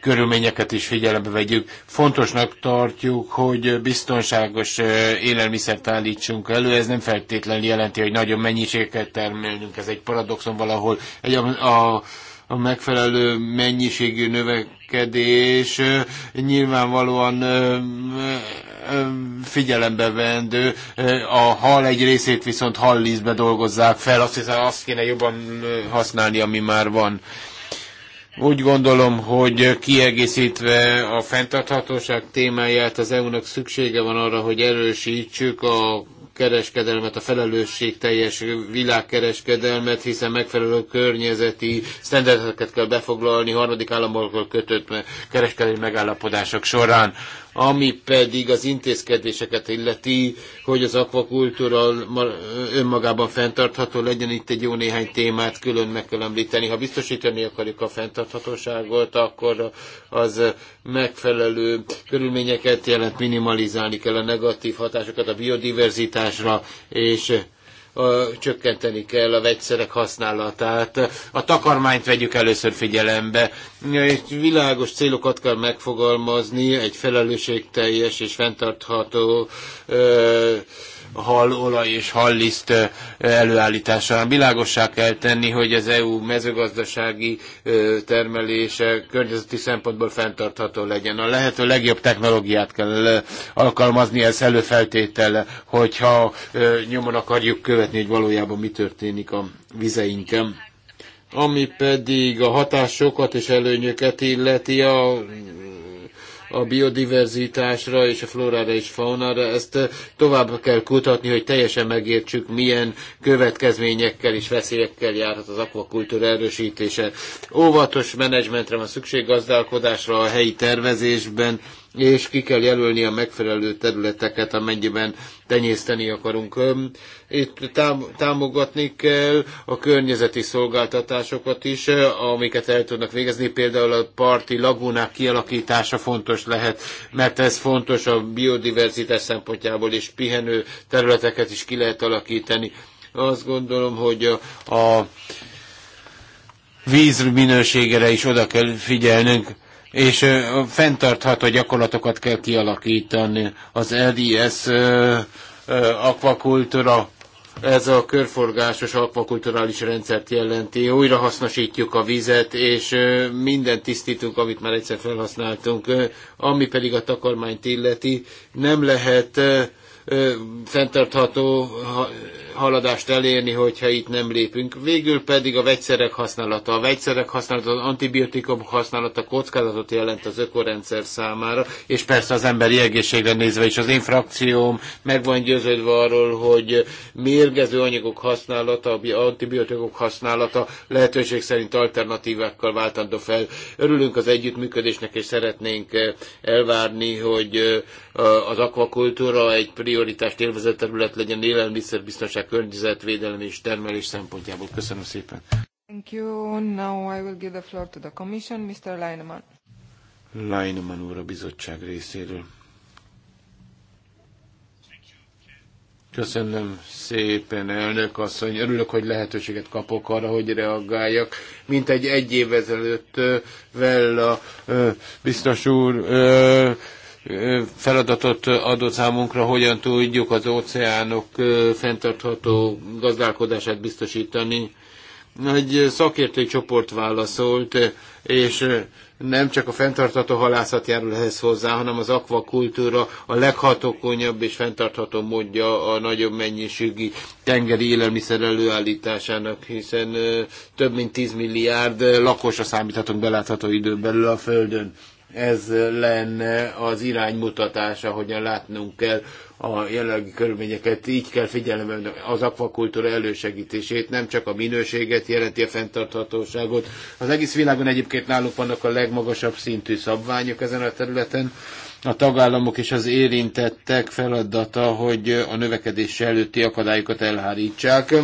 körülményeket is figyelembe vegyük. Fontosnak tartjuk, hogy biztonságos élelmiszert állítsunk elő, ez nem feltétlenül jelenti, hogy nagyon mennyiséget termelünk, ez egy paradoxon valahol, egy a, a a megfelelő mennyiségű növek, viselkedés nyilvánvalóan figyelembe vendő. A hal egy részét viszont hallizbe dolgozzák fel, azt hiszem azt kéne jobban használni, ami már van. Úgy gondolom, hogy kiegészítve a fenntarthatóság témáját, az EU-nak szüksége van arra, hogy erősítsük a kereskedelmet, a felelősség teljes világkereskedelmet, hiszen megfelelő környezeti sztenderdeket kell befoglalni harmadik államokkal kötött kereskedelmi megállapodások során ami pedig az intézkedéseket illeti, hogy az akvakultúra önmagában fenntartható legyen, itt egy jó néhány témát külön meg kell említeni. Ha biztosítani akarjuk a fenntarthatóságot, akkor az megfelelő körülményeket jelent minimalizálni kell a negatív hatásokat a biodiverzitásra, és csökkenteni kell a vegyszerek használatát. A takarmányt vegyük először figyelembe. Egy világos célokat kell megfogalmazni, egy felelősségteljes és fenntartható ö, halolaj és halliszt előállítására. Világossá kell tenni, hogy az EU mezőgazdasági termelése környezeti szempontból fenntartható legyen. A lehető legjobb technológiát kell alkalmazni, ez előfeltétele, hogyha nyomon akarjuk követni, hogy valójában mi történik a vizeinken ami pedig a hatásokat és előnyöket illeti a a biodiverzitásra és a florára és faunára, ezt tovább kell kutatni, hogy teljesen megértsük, milyen következményekkel és veszélyekkel járhat az akvakultúra erősítése. Óvatos menedzsmentre van szükség gazdálkodásra a helyi tervezésben, és ki kell jelölni a megfelelő területeket, amennyiben tenyészteni akarunk. Itt támogatni kell a környezeti szolgáltatásokat is, amiket el tudnak végezni, például a parti lagúnák kialakítása fontos lehet, mert ez fontos a biodiverzitás szempontjából, és pihenő területeket is ki lehet alakítani. Azt gondolom, hogy a, a víz minőségére is oda kell figyelnünk és fenntartható gyakorlatokat kell kialakítani. Az LIS akvakultúra ez a körforgásos akvakulturális rendszert jelenti. Újra hasznosítjuk a vizet, és mindent tisztítunk, amit már egyszer felhasználtunk. Ami pedig a takarmányt illeti, nem lehet fenntartható haladást elérni, hogyha itt nem lépünk. Végül pedig a vegyszerek használata. A vegyszerek használata, az antibiotikum használata kockázatot jelent az ökorendszer számára, és persze az emberi egészségre nézve is az infrakcióm meg van győződve arról, hogy miért mérgező anyagok használata, antibiotikumok használata lehetőség szerint alternatívákkal váltandó fel. Örülünk az együttműködésnek, és szeretnénk eh, elvárni, hogy eh, az akvakultúra egy prioritást élvező terület legyen élelmiszerbiztonság, környezetvédelem és termelés szempontjából. Köszönöm szépen. Thank you. Now I will give the floor to the commission, Mr. Leinemann. Leinemann úr a bizottság részéről. Köszönöm szépen, elnök asszony. Örülök, hogy lehetőséget kapok arra, hogy reagáljak. Mint egy egy év ezelőtt Vella biztos úr feladatot adott számunkra, hogyan tudjuk az óceánok fenntartható gazdálkodását biztosítani. Egy szakértői csoport válaszolt, és nem csak a fenntartható halászat járul ehhez hozzá, hanem az akvakultúra a leghatókonyabb és fenntartható módja a nagyobb mennyiségű tengeri élelmiszer előállításának, hiszen több mint 10 milliárd lakosra számíthatunk belátható időn belül a Földön. Ez lenne az iránymutatása, hogyan látnunk kell a jelenlegi körülményeket így kell figyelni, az akvakultúra elősegítését, nem csak a minőséget jelenti a fenntarthatóságot. Az egész világon egyébként náluk vannak a legmagasabb szintű szabványok ezen a területen. A tagállamok és az érintettek feladata, hogy a növekedés előtti akadályokat elhárítsák.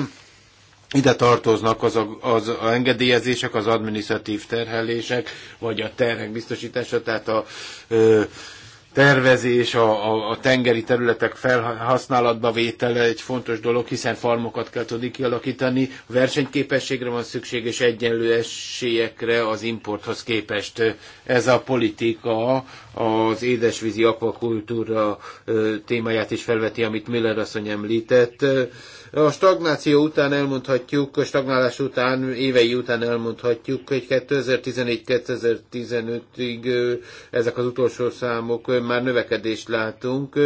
Ide tartoznak az, az engedélyezések, az adminisztratív terhelések, vagy a terhek biztosítása, tehát a ö, tervezés, a, a, a tengeri területek felhasználatba vétele egy fontos dolog, hiszen farmokat kell tudni kialakítani, a versenyképességre van szükség, és egyenlő esélyekre az importhoz képest. Ez a politika az édesvízi akvakultúra témáját is felveti, amit Miller asszony említett. A stagnáció után elmondhatjuk, a stagnálás után, évei után elmondhatjuk, hogy 2014-2015-ig ezek az utolsó számok már növekedést látunk.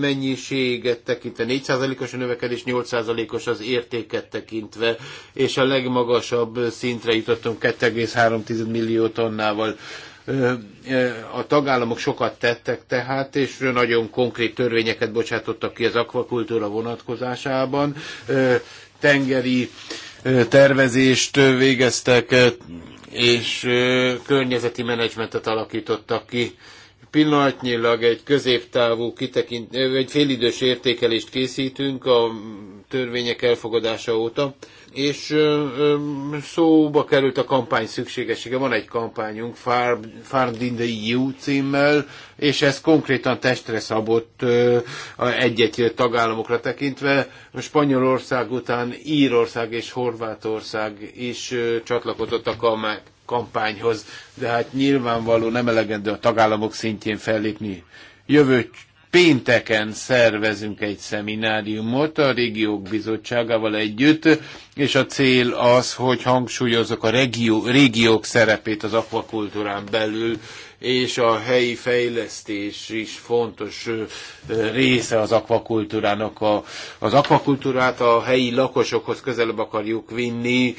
Mennyiséget tekintve 4%-os a növekedés, 8%-os az értéket tekintve, és a legmagasabb szintre jutottunk 2,3 millió tonnával. A tagállamok sokat tettek tehát, és nagyon konkrét törvényeket bocsátottak ki az akvakultúra vonatkozásában. Tengeri tervezést végeztek, és környezeti menedzsmentet alakítottak ki pillanatnyilag egy középtávú kitekint, egy félidős értékelést készítünk a törvények elfogadása óta, és szóba került a kampány szükségessége. Van egy kampányunk, Farm in the EU címmel, és ez konkrétan testre szabott egy-egy tagállamokra tekintve. Spanyolország után Írország és Horvátország is csatlakozott a kampányhoz, de hát nyilvánvaló nem elegendő a tagállamok szintjén fellépni. Jövő pénteken szervezünk egy szemináriumot a régiók bizottságával együtt, és a cél az, hogy hangsúlyozok a regió, régiók szerepét az akvakultúrán belül, és a helyi fejlesztés is fontos része az akvakultúrának. A, az akvakultúrát a helyi lakosokhoz közelebb akarjuk vinni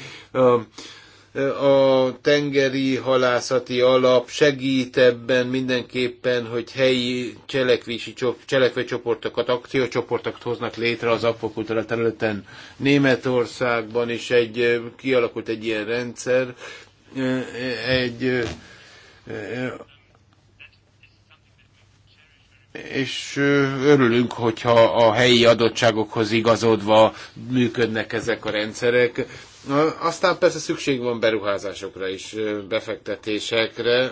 a tengeri halászati alap segít ebben mindenképpen, hogy helyi cselekvési, cselekvőcsoportokat, akciócsoportokat hoznak létre az akvakultúra területen. Németországban is egy, kialakult egy ilyen rendszer, egy és örülünk, hogyha a helyi adottságokhoz igazodva működnek ezek a rendszerek. Aztán persze szükség van beruházásokra is, befektetésekre.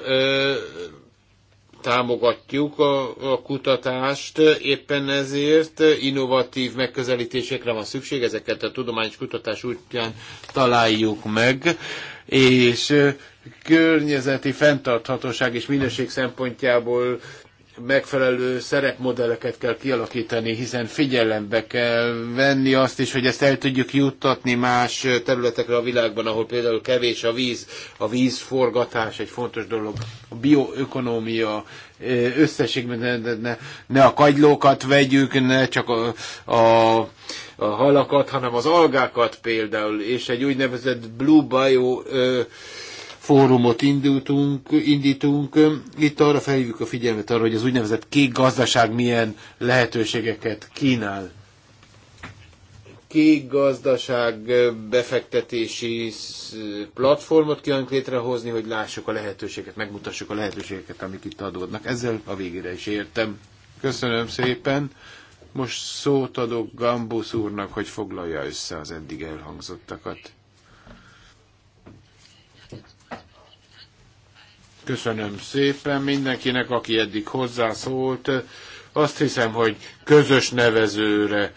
Támogatjuk a, a kutatást, éppen ezért innovatív megközelítésekre van szükség, ezeket a tudományos kutatás útján találjuk meg, és környezeti fenntarthatóság és minőség szempontjából megfelelő szerepmodelleket kell kialakítani, hiszen figyelembe kell venni azt is, hogy ezt el tudjuk juttatni más területekre a világban, ahol például kevés a víz, a vízforgatás egy fontos dolog, a bioökonomia összességben ne, ne, ne a kagylókat vegyük, ne csak a, a, a halakat, hanem az algákat például, és egy úgynevezett blue bio ö, fórumot indultunk, indítunk. Itt arra felhívjuk a figyelmet arra, hogy az úgynevezett kék gazdaság milyen lehetőségeket kínál. Kék gazdaság befektetési platformot kívánunk létrehozni, hogy lássuk a lehetőséget, megmutassuk a lehetőségeket, amik itt adódnak. Ezzel a végére is értem. Köszönöm szépen. Most szót adok Gambusz úrnak, hogy foglalja össze az eddig elhangzottakat. Köszönöm szépen mindenkinek, aki eddig hozzászólt. Azt hiszem, hogy közös nevezőre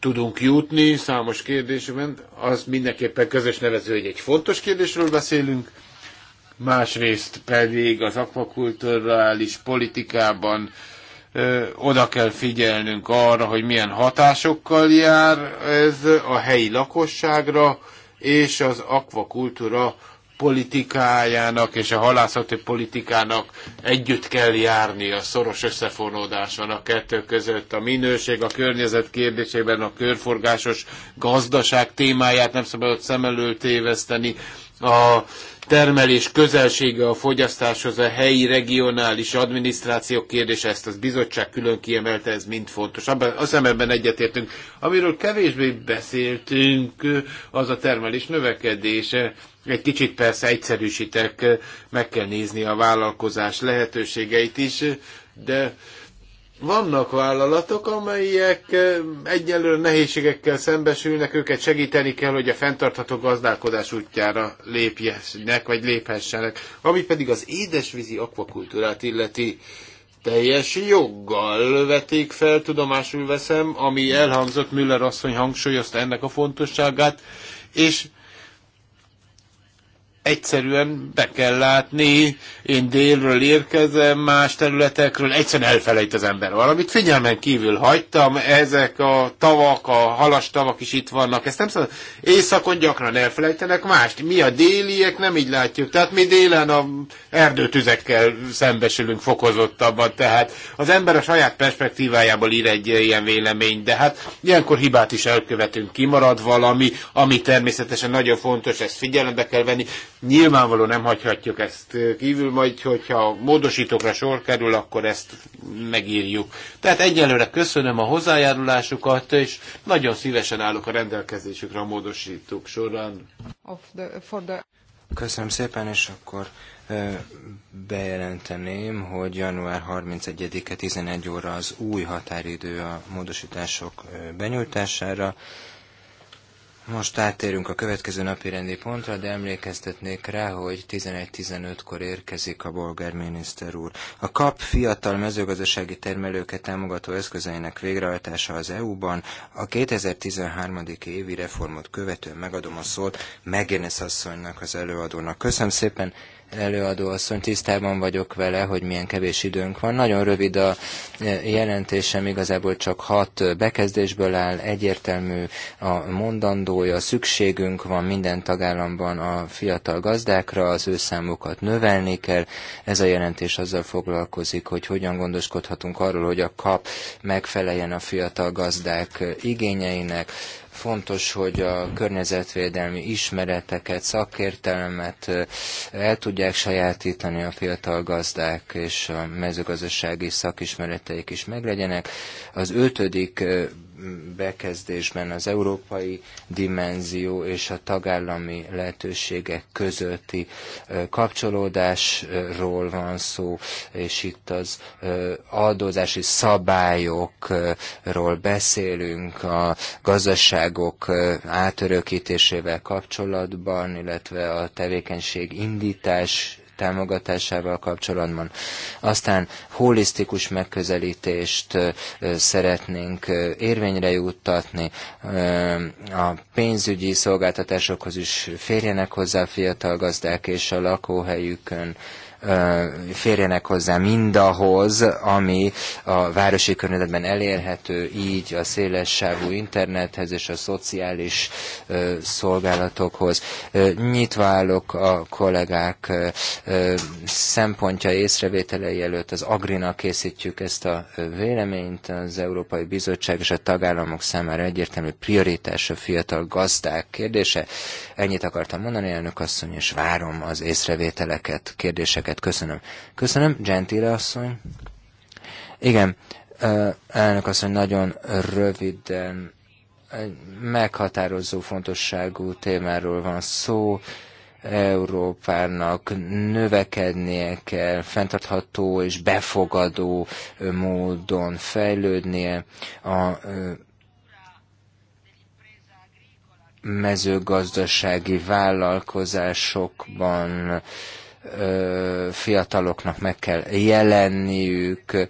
tudunk jutni számos kérdésben. Az mindenképpen közös nevező, hogy egy fontos kérdésről beszélünk, másrészt pedig az akvakulturális politikában ö, oda kell figyelnünk arra, hogy milyen hatásokkal jár ez a helyi lakosságra, és az akvakultúra politikájának és a halászati politikának együtt kell járni a szoros összefonódás van a kettő között. A minőség a környezet kérdésében a körforgásos gazdaság témáját nem szabad szem elől téveszteni. A termelés közelsége a fogyasztáshoz, a helyi regionális adminisztrációk kérdése, ezt az bizottság külön kiemelte, ez mind fontos. Abban, azt hiszem ebben egyetértünk. Amiről kevésbé beszéltünk, az a termelés növekedése. Egy kicsit persze egyszerűsítek, meg kell nézni a vállalkozás lehetőségeit is, de vannak vállalatok, amelyek egyelőre nehézségekkel szembesülnek, őket segíteni kell, hogy a fenntartható gazdálkodás útjára lépjenek, vagy léphessenek. Ami pedig az édesvízi akvakultúrát illeti, teljes joggal vetik fel, tudomásul veszem, ami elhangzott, Müller asszony hangsúlyozta ennek a fontosságát, és egyszerűen be kell látni, én délről érkezem, más területekről, egyszerűen elfelejt az ember valamit, figyelmen kívül hagytam, ezek a tavak, a halas tavak is itt vannak, ezt nem szabad, éjszakon gyakran elfelejtenek mást, mi a déliek, nem így látjuk, tehát mi délen a erdőtüzekkel szembesülünk fokozottabban, tehát az ember a saját perspektívájából ír egy ilyen vélemény, de hát ilyenkor hibát is elkövetünk, kimarad valami, ami természetesen nagyon fontos, ezt figyelembe kell venni, Nyilvánvaló nem hagyhatjuk ezt kívül, majd hogyha módosítókra sor kerül, akkor ezt megírjuk. Tehát egyelőre köszönöm a hozzájárulásukat, és nagyon szívesen állok a rendelkezésükre a módosítók során. Köszönöm szépen, és akkor bejelenteném, hogy január 31-e 11 óra az új határidő a módosítások benyújtására. Most áttérünk a következő napi rendi pontra, de emlékeztetnék rá, hogy 11.15-kor érkezik a miniszter úr. A KAP fiatal mezőgazdasági termelőket támogató eszközeinek végrehajtása az EU-ban a 2013. évi reformot követően megadom a szót Megénesz asszonynak, az előadónak. Köszönöm szépen! előadó asszony, tisztában vagyok vele, hogy milyen kevés időnk van. Nagyon rövid a e, jelentésem, igazából csak hat bekezdésből áll, egyértelmű a mondandója, szükségünk van minden tagállamban a fiatal gazdákra, az ő számukat növelni kell. Ez a jelentés azzal foglalkozik, hogy hogyan gondoskodhatunk arról, hogy a kap megfeleljen a fiatal gazdák igényeinek, Fontos, hogy a környezetvédelmi ismereteket, szakértelmet el tudják sajátítani a fiatal gazdák, és a mezőgazdasági szakismereteik is meglegyenek. Az ötödik bekezdésben az európai dimenzió és a tagállami lehetőségek közötti kapcsolódásról van szó, és itt az adózási szabályokról beszélünk a gazdaságok átörökítésével kapcsolatban, illetve a tevékenység indítás támogatásával kapcsolatban. Aztán holisztikus megközelítést szeretnénk érvényre juttatni, a pénzügyi szolgáltatásokhoz is férjenek hozzá fiatal gazdák és a lakóhelyükön férjenek hozzá mindahhoz, ami a városi környezetben elérhető, így a széles sávú internethez és a szociális szolgálatokhoz. Nyitva állok a kollégák szempontja észrevételei előtt, az Agrinak készítjük ezt a véleményt, az Európai Bizottság és a tagállamok számára egyértelmű prioritás a fiatal gazdák kérdése. Ennyit akartam mondani, elnök asszony, és várom az észrevételeket, kérdéseket ezeket. Köszönöm. Köszönöm, Gentile asszony. Igen, elnök asszony, nagyon röviden meghatározó fontosságú témáról van szó. Európának növekednie kell, fenntartható és befogadó módon fejlődnie. A mezőgazdasági vállalkozásokban fiataloknak meg kell jelenniük,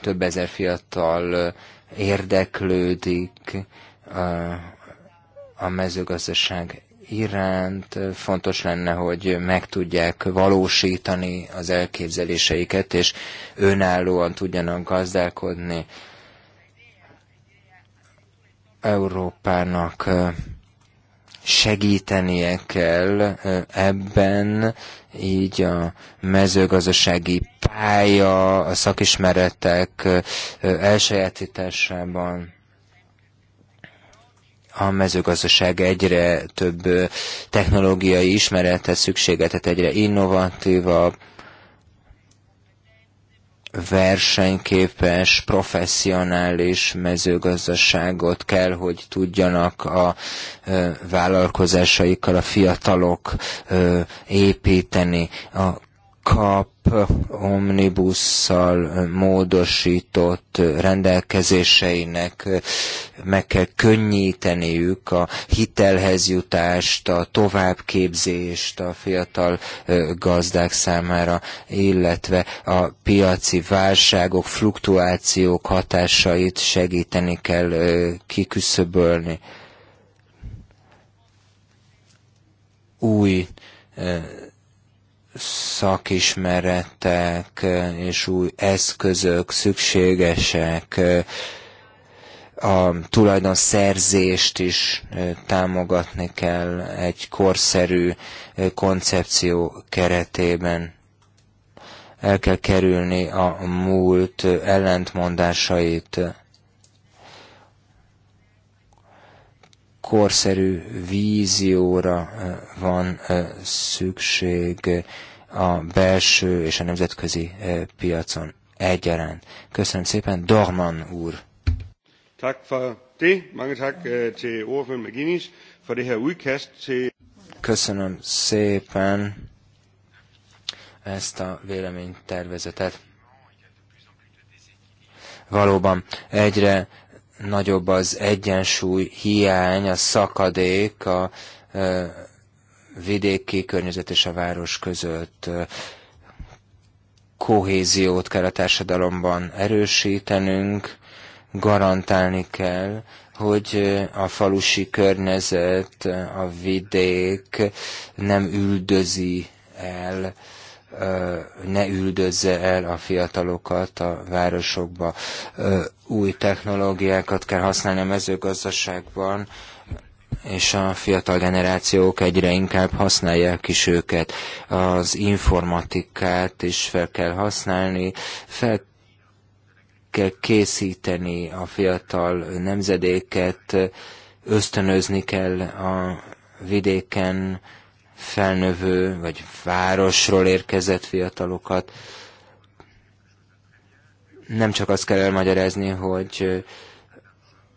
több ezer fiatal érdeklődik a mezőgazdaság iránt. Fontos lenne, hogy meg tudják valósítani az elképzeléseiket, és önállóan tudjanak gazdálkodni. Európának segítenie kell ebben, így a mezőgazdasági pálya, a szakismeretek elsajátításában a mezőgazdaság egyre több technológiai ismerethez tehát egyre innovatívabb, versenyképes, professzionális mezőgazdaságot kell, hogy tudjanak a vállalkozásaikkal a fiatalok építeni. A kap omnibusszal módosított rendelkezéseinek meg kell könnyíteniük a hitelhez jutást, a továbbképzést a fiatal gazdák számára, illetve a piaci válságok, fluktuációk hatásait segíteni kell kiküszöbölni. Új szakismeretek és új eszközök szükségesek, a tulajdonszerzést is támogatni kell egy korszerű koncepció keretében. El kell kerülni a múlt ellentmondásait, korszerű vízióra van szükség a belső és a nemzetközi piacon egyaránt. Köszönöm szépen, Dorman úr! Tak for det. Mange tak øh, til for det her udkast til... Köszönöm szépen ezt a véleménytervezetet. Valóban egyre nagyobb az egyensúly hiány, a szakadék a vidéki környezet és a város között kohéziót kell a társadalomban erősítenünk, garantálni kell, hogy a falusi környezet, a vidék nem üldözi el ne üldözze el a fiatalokat a városokba. Új technológiákat kell használni a mezőgazdaságban, és a fiatal generációk egyre inkább használják is őket. Az informatikát is fel kell használni, fel kell készíteni a fiatal nemzedéket, ösztönözni kell a vidéken felnövő vagy városról érkezett fiatalokat. Nem csak azt kell elmagyarázni, hogy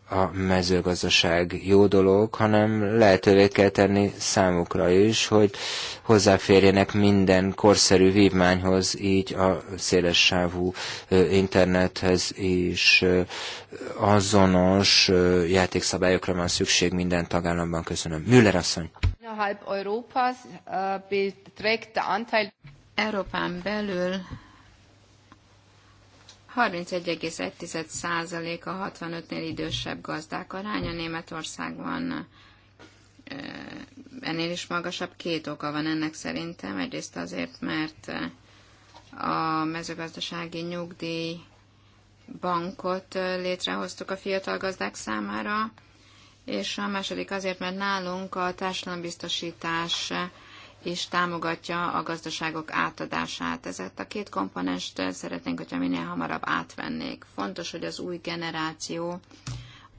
a mezőgazdaság jó dolog, hanem lehetővé kell tenni számukra is, hogy hozzáférjenek minden korszerű vívmányhoz, így a széles sávú internethez is azonos játékszabályokra van szükség minden tagállamban. Köszönöm. Müller asszony! außerhalb Europas äh, beträgt der Anteil Európán belül 31,1% a 65-nél idősebb gazdák aránya Németországban ennél is magasabb. Két oka van ennek szerintem. Egyrészt azért, mert a mezőgazdasági nyugdíj bankot létrehoztuk a fiatal gazdák számára, és a második azért, mert nálunk a társadalombiztosítás is támogatja a gazdaságok átadását. Ezért a két komponest szeretnénk, hogyha minél hamarabb átvennék. Fontos, hogy az új generáció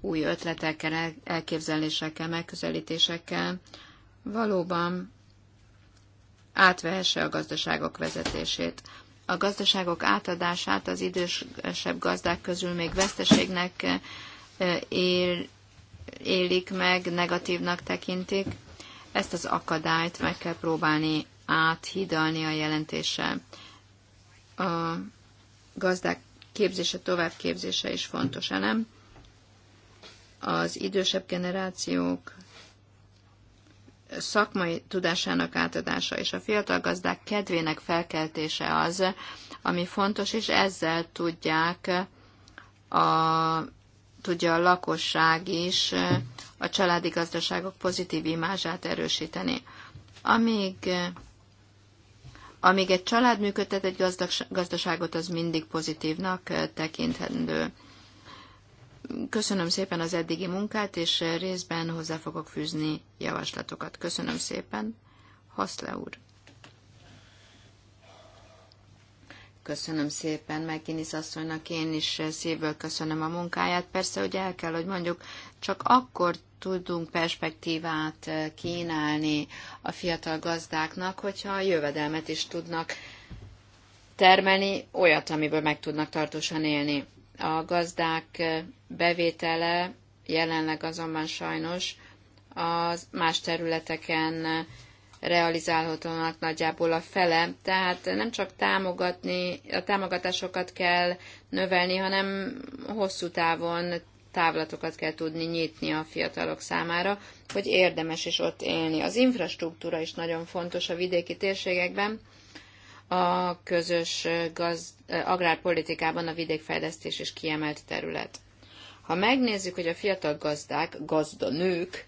új ötletekkel, elképzelésekkel, megközelítésekkel valóban átvehesse a gazdaságok vezetését. A gazdaságok átadását az idősebb gazdák közül még veszteségnek eh, ér, élik meg, negatívnak tekintik. Ezt az akadályt meg kell próbálni áthidalni a jelentéssel. A gazdák képzése, továbbképzése is fontos elem. Az idősebb generációk szakmai tudásának átadása és a fiatal gazdák kedvének felkeltése az, ami fontos, és ezzel tudják a tudja a lakosság is a családi gazdaságok pozitív imázsát erősíteni. Amíg, amíg egy család működtet egy gazdaságot, az mindig pozitívnak tekinthető. Köszönöm szépen az eddigi munkát, és részben hozzá fogok fűzni javaslatokat. Köszönöm szépen, Haszle úr! Köszönöm szépen Megginis asszonynak, én is szívből köszönöm a munkáját. Persze, hogy el kell, hogy mondjuk, csak akkor tudunk perspektívát eh, kínálni a fiatal gazdáknak, hogyha a jövedelmet is tudnak termelni, olyat, amiből meg tudnak tartósan élni. A gazdák eh, bevétele jelenleg azonban sajnos az más területeken eh, realizálhatónak nagyjából a fele. Tehát nem csak támogatni, a támogatásokat kell növelni, hanem hosszú távon távlatokat kell tudni nyitni a fiatalok számára, hogy érdemes is ott élni. Az infrastruktúra is nagyon fontos a vidéki térségekben, a közös gaz, agrárpolitikában a vidékfejlesztés is kiemelt terület. Ha megnézzük, hogy a fiatal gazdák, gazdanők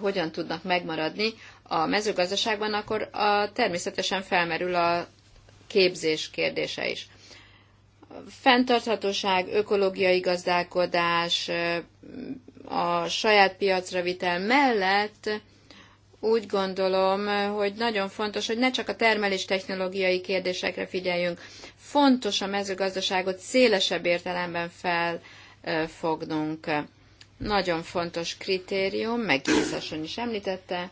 hogyan tudnak megmaradni a mezőgazdaságban, akkor a, természetesen felmerül a képzés kérdése is. Fentarthatóság, ökológiai gazdálkodás, a saját piacra vitel mellett úgy gondolom, hogy nagyon fontos, hogy ne csak a termelés technológiai kérdésekre figyeljünk. Fontos a mezőgazdaságot szélesebb értelemben felfognunk. Nagyon fontos kritérium, meg Jézuson is említette,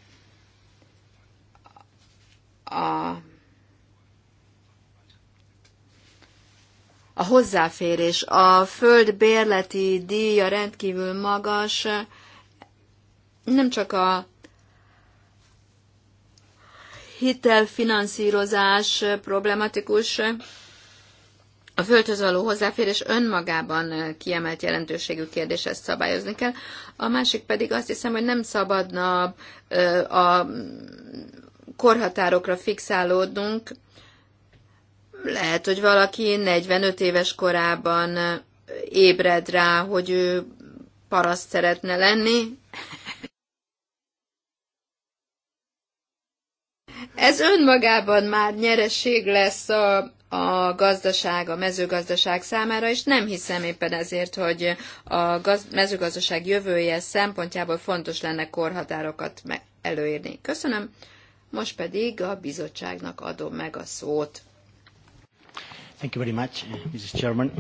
a, a hozzáférés. A föld bérleti díja rendkívül magas, nem csak a hitelfinanszírozás problematikus, a földhöz való hozzáférés önmagában kiemelt jelentőségű kérdés, ezt szabályozni kell. A másik pedig azt hiszem, hogy nem szabadna a korhatárokra fixálódnunk. Lehet, hogy valaki 45 éves korában ébred rá, hogy ő paraszt szeretne lenni. Ez önmagában már nyereség lesz a, a gazdaság, a mezőgazdaság számára, és nem hiszem éppen ezért, hogy a gaz- mezőgazdaság jövője szempontjából fontos lenne korhatárokat előírni. Köszönöm. Most pedig a bizottságnak adom meg a szót. Thank you very much, Mrs. Chairman.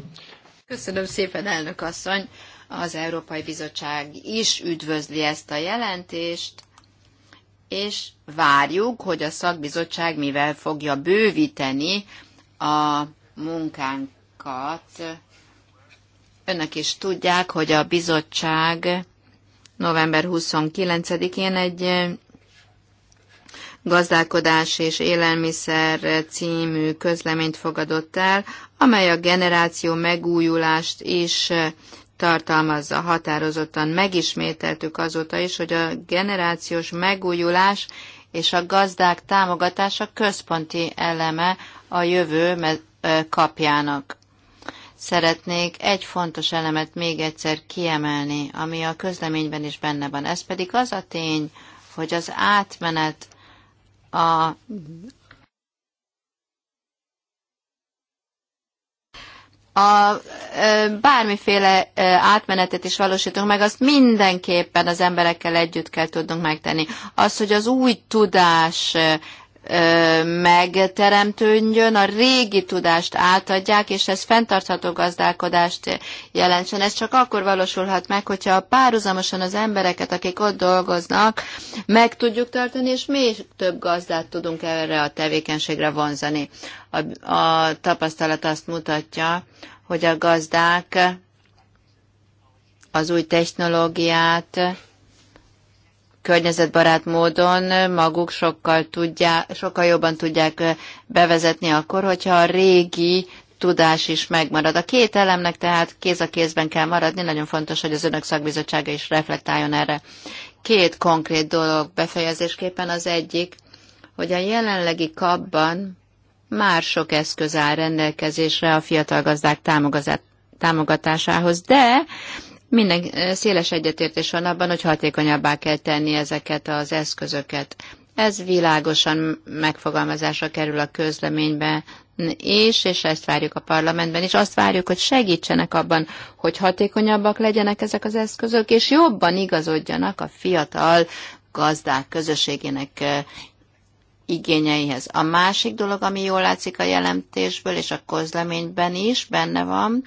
Köszönöm szépen, elnök asszony. Az Európai Bizottság is üdvözli ezt a jelentést, és várjuk, hogy a szakbizottság mivel fogja bővíteni a munkánkat. Önök is tudják, hogy a bizottság november 29-én egy gazdálkodás és élelmiszer című közleményt fogadott el, amely a generáció megújulást is tartalmazza. Határozottan megismételtük azóta is, hogy a generációs megújulás és a gazdák támogatása központi eleme a jövő kapjának. Szeretnék egy fontos elemet még egyszer kiemelni, ami a közleményben is benne van. Ez pedig az a tény, hogy az átmenet a a bármiféle átmenetet is valósítunk meg, azt mindenképpen az emberekkel együtt kell tudnunk megtenni. Az, hogy az új tudás megteremtődjön, a régi tudást átadják, és ez fenntartható gazdálkodást jelentsen. Ez csak akkor valósulhat meg, hogyha párhuzamosan az embereket, akik ott dolgoznak, meg tudjuk tartani, és még több gazdát tudunk erre a tevékenységre vonzani. A, a tapasztalat azt mutatja, hogy a gazdák az új technológiát, környezetbarát módon maguk sokkal, tudja, sokkal jobban tudják bevezetni akkor, hogyha a régi tudás is megmarad. A két elemnek tehát kéz a kézben kell maradni, nagyon fontos, hogy az önök szakbizottsága is reflektáljon erre. Két konkrét dolog befejezésképpen az egyik, hogy a jelenlegi kapban már sok eszköz áll rendelkezésre a fiatal gazdák támogatásához, de minden széles egyetértés van abban, hogy hatékonyabbá kell tenni ezeket az eszközöket. Ez világosan megfogalmazásra kerül a közleménybe, és, és ezt várjuk a parlamentben, és azt várjuk, hogy segítsenek abban, hogy hatékonyabbak legyenek ezek az eszközök, és jobban igazodjanak a fiatal gazdák közösségének igényeihez. A másik dolog, ami jól látszik a jelentésből, és a közleményben is benne van,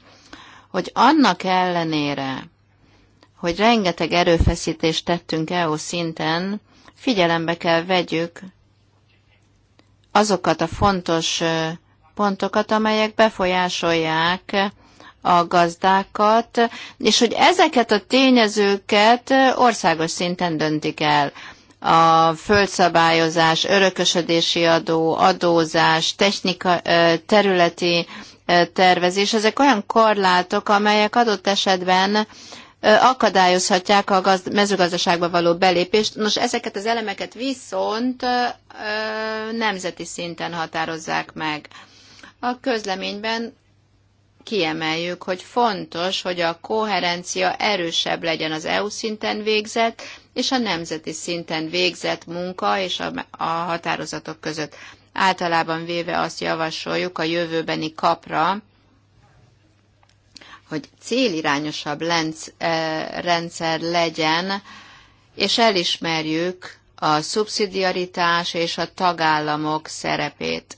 hogy annak ellenére, hogy rengeteg erőfeszítést tettünk EU szinten, figyelembe kell vegyük azokat a fontos pontokat, amelyek befolyásolják a gazdákat, és hogy ezeket a tényezőket országos szinten döntik el. A földszabályozás, örökösödési adó, adózás, technika, területi tervezés, ezek olyan korlátok, amelyek adott esetben akadályozhatják a gazd- mezőgazdaságba való belépést. Nos, ezeket az elemeket viszont nemzeti szinten határozzák meg. A közleményben kiemeljük, hogy fontos, hogy a koherencia erősebb legyen az EU szinten végzett és a nemzeti szinten végzett munka és a, a határozatok között. Általában véve azt javasoljuk a jövőbeni kapra, hogy célirányosabb lenc, eh, rendszer legyen, és elismerjük a szubszidiaritás és a tagállamok szerepét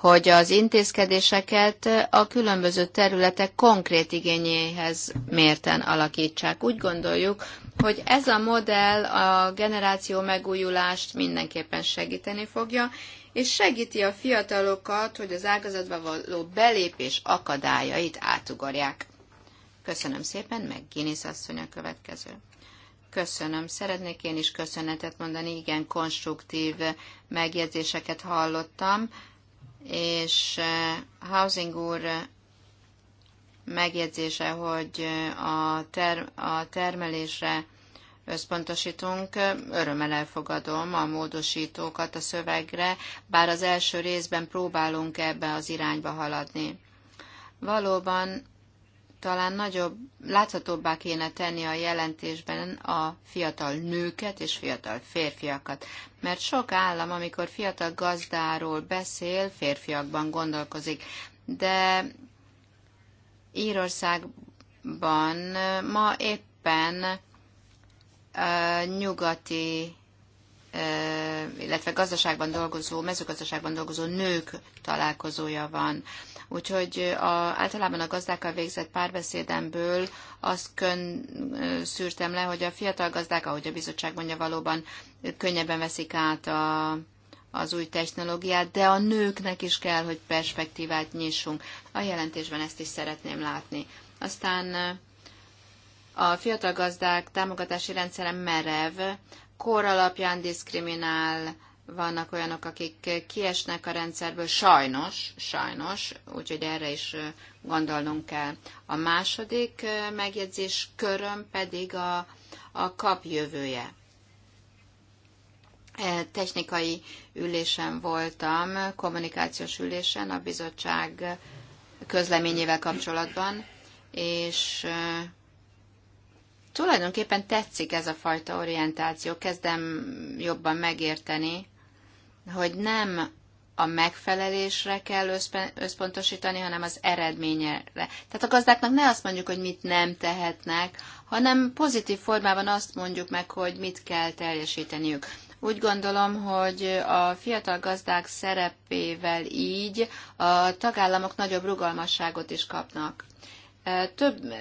hogy az intézkedéseket a különböző területek konkrét igényéhez mérten alakítsák. Úgy gondoljuk, hogy ez a modell a generáció megújulást mindenképpen segíteni fogja, és segíti a fiatalokat, hogy az ágazatba való belépés akadályait átugorják. Köszönöm szépen, meg Guinness asszony a következő. Köszönöm. Szeretnék én is köszönetet mondani. Igen, konstruktív megjegyzéseket hallottam, és eh, Housing úr megjegyzése, hogy eh, a, ter- a termelésre összpontosítunk. Örömmel elfogadom a módosítókat a szövegre, bár az első részben próbálunk ebbe az irányba haladni. Valóban talán nagyobb, láthatóbbá kéne tenni a jelentésben a fiatal nőket és fiatal férfiakat. Mert sok állam, amikor fiatal gazdáról beszél, férfiakban gondolkozik. De Írországban ma éppen nyugati, illetve gazdaságban dolgozó, mezőgazdaságban dolgozó nők találkozója van. Úgyhogy a, általában a gazdákkal végzett párbeszédemből azt kön, szűrtem le, hogy a fiatal gazdák, ahogy a bizottság mondja, valóban könnyebben veszik át a, az új technológiát, de a nőknek is kell, hogy perspektívát nyissunk. A jelentésben ezt is szeretném látni. Aztán a fiatal gazdák támogatási rendszere merev, kor alapján diszkriminál, vannak olyanok, akik kiesnek a rendszerből, sajnos, sajnos, úgyhogy erre is gondolnunk kell. A második megjegyzés köröm pedig a, a kap jövője. Technikai ülésen voltam, kommunikációs ülésen a bizottság közleményével kapcsolatban, és Tulajdonképpen tetszik ez a fajta orientáció, kezdem jobban megérteni, hogy nem a megfelelésre kell összpontosítani, hanem az eredményre. Tehát a gazdáknak ne azt mondjuk, hogy mit nem tehetnek, hanem pozitív formában azt mondjuk meg, hogy mit kell teljesíteniük. Úgy gondolom, hogy a fiatal gazdák szerepével így a tagállamok nagyobb rugalmasságot is kapnak több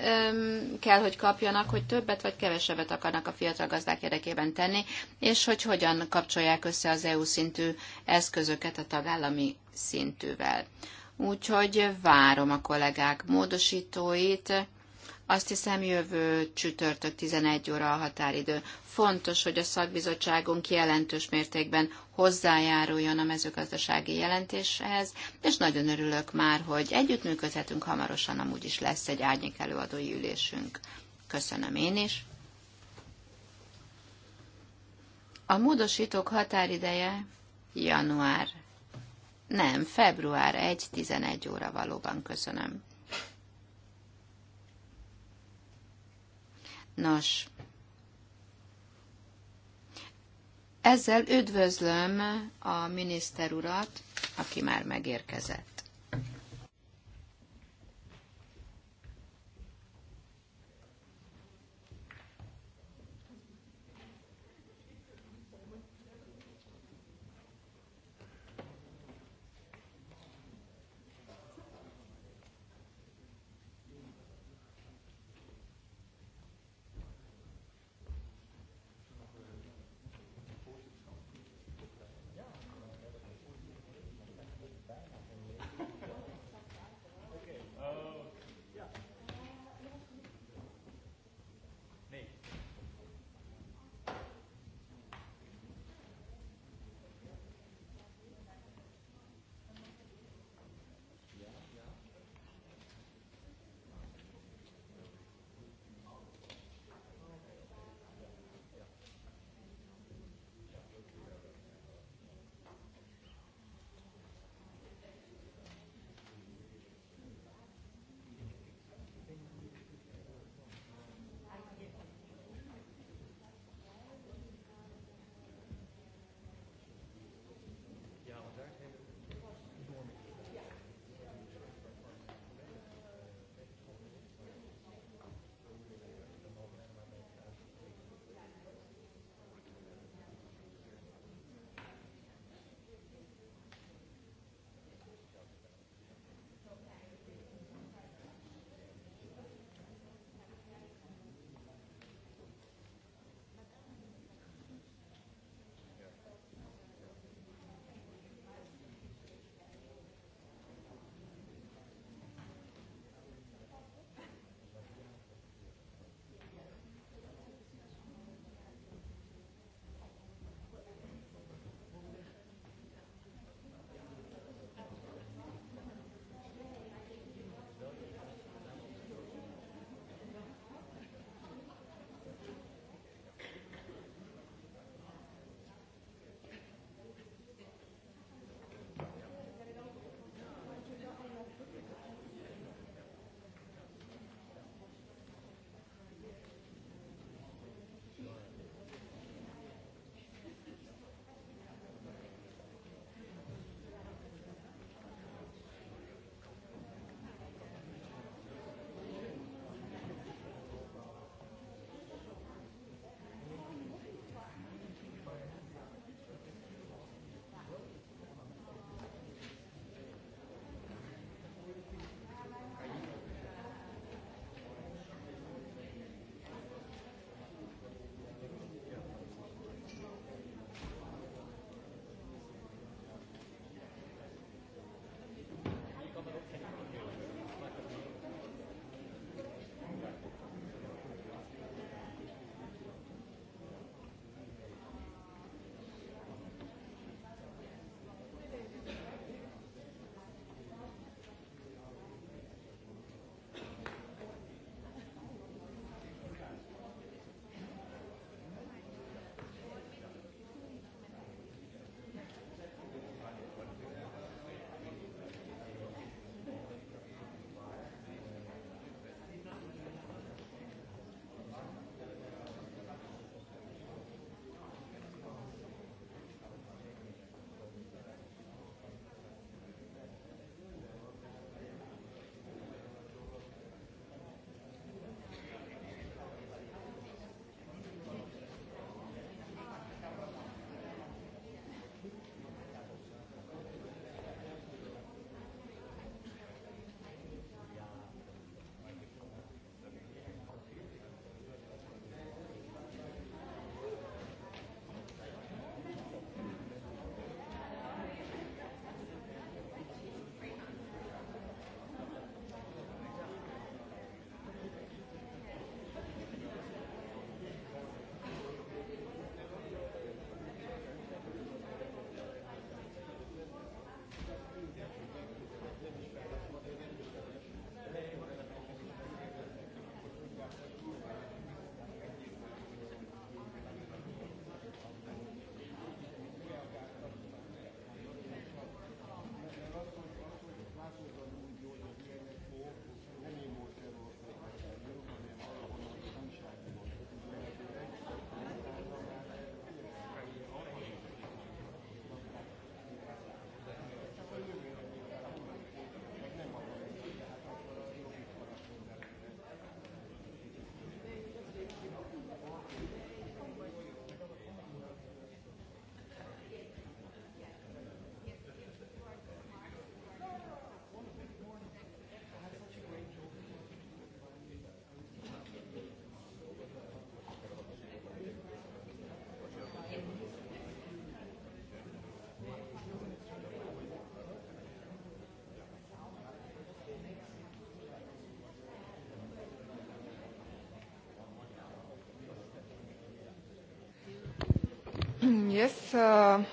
kell, hogy kapjanak, hogy többet vagy kevesebbet akarnak a fiatal gazdák érdekében tenni, és hogy hogyan kapcsolják össze az EU szintű eszközöket a tagállami szintűvel. Úgyhogy várom a kollégák módosítóit, azt hiszem jövő csütörtök 11 óra a határidő. Fontos, hogy a szakbizottságunk jelentős mértékben hozzájáruljon a mezőgazdasági jelentéshez, és nagyon örülök már, hogy együttműködhetünk hamarosan, amúgy is lesz egy árnyék előadói ülésünk. Köszönöm én is. A módosítók határideje január, nem, február 1-11 óra valóban köszönöm. Nos, ezzel üdvözlöm a miniszter urat, aki már megérkezett. Yes. Uh,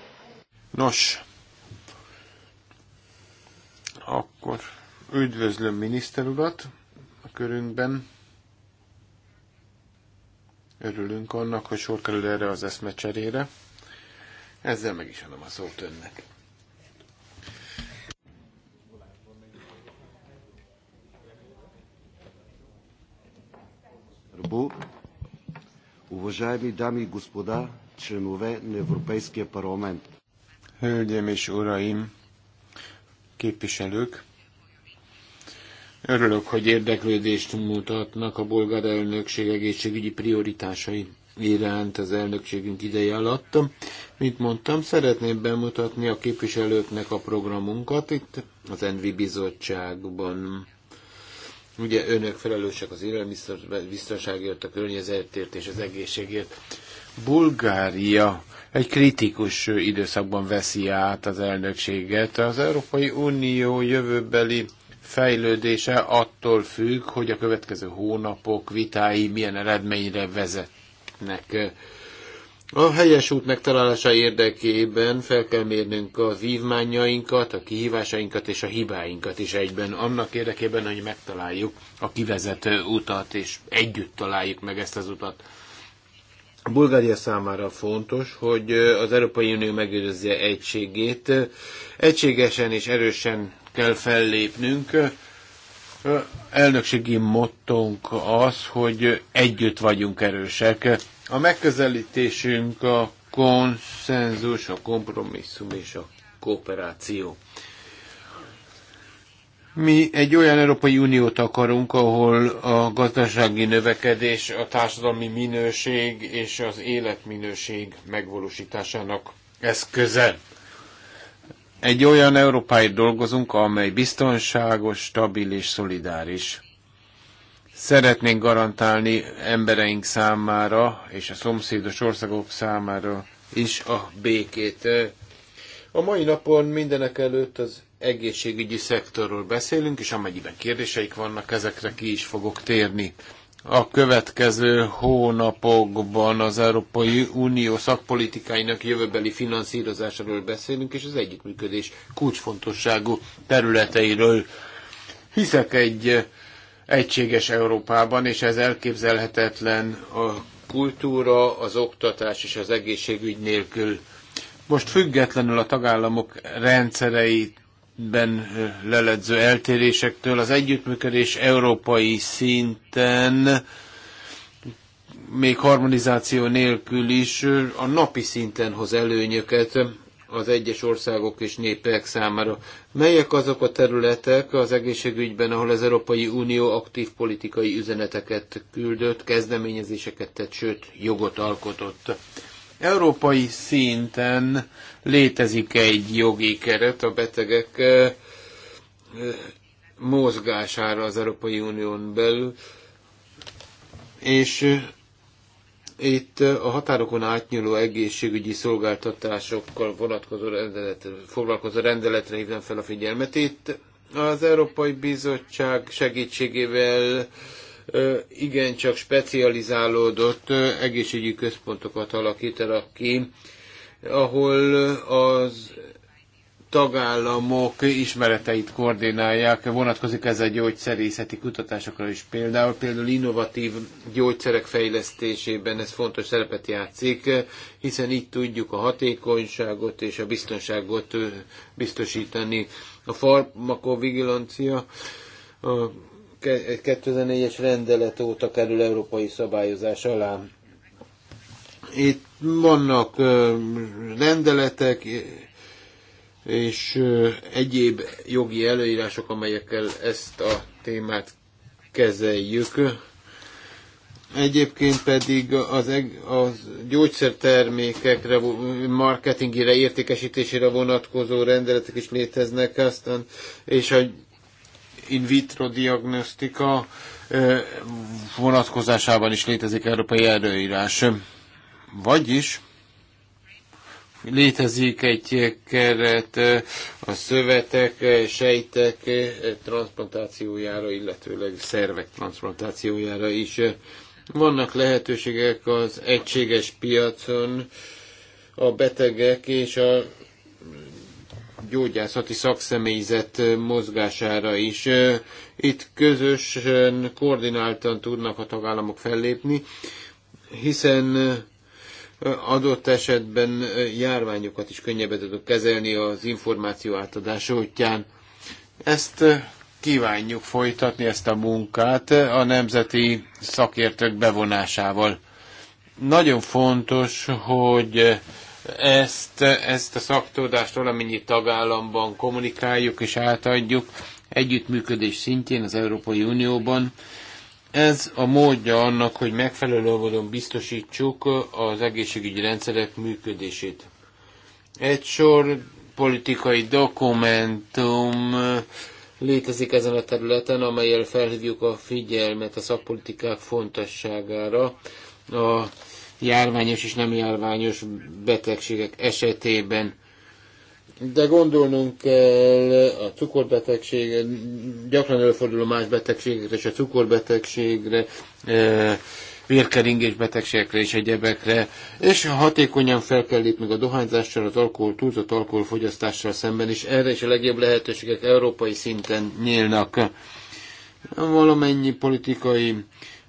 Nos, akkor üdvözlöm miniszter urat a körünkben. Örülünk annak, hogy sor kerül erre az eszmecserére. Ezzel meg is adom a szót önnek. Уважаеми дами и господа, Hölgyeim és uraim, képviselők, örülök, hogy érdeklődést mutatnak a bolgár elnökség egészségügyi prioritásai iránt az elnökségünk ideje alatt. Mint mondtam, szeretném bemutatni a képviselőknek a programunkat itt az Envi Bizottságban. Ugye önök felelősek az élelmiszerbiztonságért, a környezetért és az egészségért. Bulgária egy kritikus időszakban veszi át az elnökséget. Az Európai Unió jövőbeli fejlődése attól függ, hogy a következő hónapok vitái milyen eredményre vezetnek. A helyes út megtalálása érdekében fel kell mérnünk a vívmányainkat, a kihívásainkat és a hibáinkat is egyben. Annak érdekében, hogy megtaláljuk a kivezető utat, és együtt találjuk meg ezt az utat. Bulgária számára fontos, hogy az Európai Unió megőrizze egységét. Egységesen és erősen kell fellépnünk. Elnökségi mottónk az, hogy együtt vagyunk erősek. A megközelítésünk a konszenzus, a kompromisszum és a kooperáció. Mi egy olyan Európai Uniót akarunk, ahol a gazdasági növekedés, a társadalmi minőség és az életminőség megvalósításának eszköze. Egy olyan Európáért dolgozunk, amely biztonságos, stabil és szolidáris. Szeretnénk garantálni embereink számára és a szomszédos országok számára is a békét. A mai napon mindenek előtt az egészségügyi szektorról beszélünk, és amennyiben kérdéseik vannak, ezekre ki is fogok térni. A következő hónapokban az Európai Unió szakpolitikáinak jövőbeli finanszírozásáról beszélünk, és az együttműködés kulcsfontosságú területeiről. Hiszek egy egységes Európában, és ez elképzelhetetlen a kultúra, az oktatás és az egészségügy nélkül. Most függetlenül a tagállamok rendszereit ben leledző eltérésektől. Az együttműködés európai szinten még harmonizáció nélkül is a napi szinten hoz előnyöket az egyes országok és népek számára. Melyek azok a területek az egészségügyben, ahol az Európai Unió aktív politikai üzeneteket küldött, kezdeményezéseket tett, sőt, jogot alkotott? Európai szinten létezik egy jogi keret a betegek mozgására az Európai Unión belül, és itt a határokon átnyúló egészségügyi szolgáltatásokkal vonatkozó rendelet, foglalkozó rendeletre hívnám fel a figyelmet. Itt az Európai Bizottság segítségével igencsak specializálódott egészségügyi központokat alakítanak ki, ahol az tagállamok ismereteit koordinálják. Vonatkozik ez a gyógyszerészeti kutatásokra is például. Például innovatív gyógyszerek fejlesztésében ez fontos szerepet játszik, hiszen így tudjuk a hatékonyságot és a biztonságot biztosítani. A farmakovigilancia a 2004-es rendelet óta kerül európai szabályozás alá. Itt vannak rendeletek és egyéb jogi előírások, amelyekkel ezt a témát kezeljük. Egyébként pedig az, az gyógyszertermékekre, marketingére, értékesítésére vonatkozó rendeletek is léteznek aztán, és a in vitro diagnosztika eh, vonatkozásában is létezik európai előírás. Vagyis létezik egy keret eh, a szövetek, eh, sejtek transplantációjára, illetőleg szervek transplantációjára is. Vannak lehetőségek az egységes piacon, a betegek és a gyógyászati szakszemélyzet mozgására is. Itt közösen, koordináltan tudnak a tagállamok fellépni, hiszen adott esetben járványokat is könnyebben tudok kezelni az információ átadás útján. Ezt kívánjuk folytatni, ezt a munkát a nemzeti szakértők bevonásával. Nagyon fontos, hogy ezt, ezt a szaktudást valamennyi tagállamban kommunikáljuk és átadjuk együttműködés szintjén az Európai Unióban. Ez a módja annak, hogy megfelelő módon biztosítsuk az egészségügyi rendszerek működését. Egy sor politikai dokumentum létezik ezen a területen, amelyel felhívjuk a figyelmet a szakpolitikák fontosságára. A járványos és nem járványos betegségek esetében. De gondolnunk kell a cukorbetegségre gyakran előforduló más betegségekre és a cukorbetegségre, e, vérkeringés betegségekre és egyebekre, és hatékonyan fel kell lépni a dohányzással, az alkohol, túlzott alkoholfogyasztással szemben is. Erre is a legjobb lehetőségek európai szinten nyílnak. Valamennyi politikai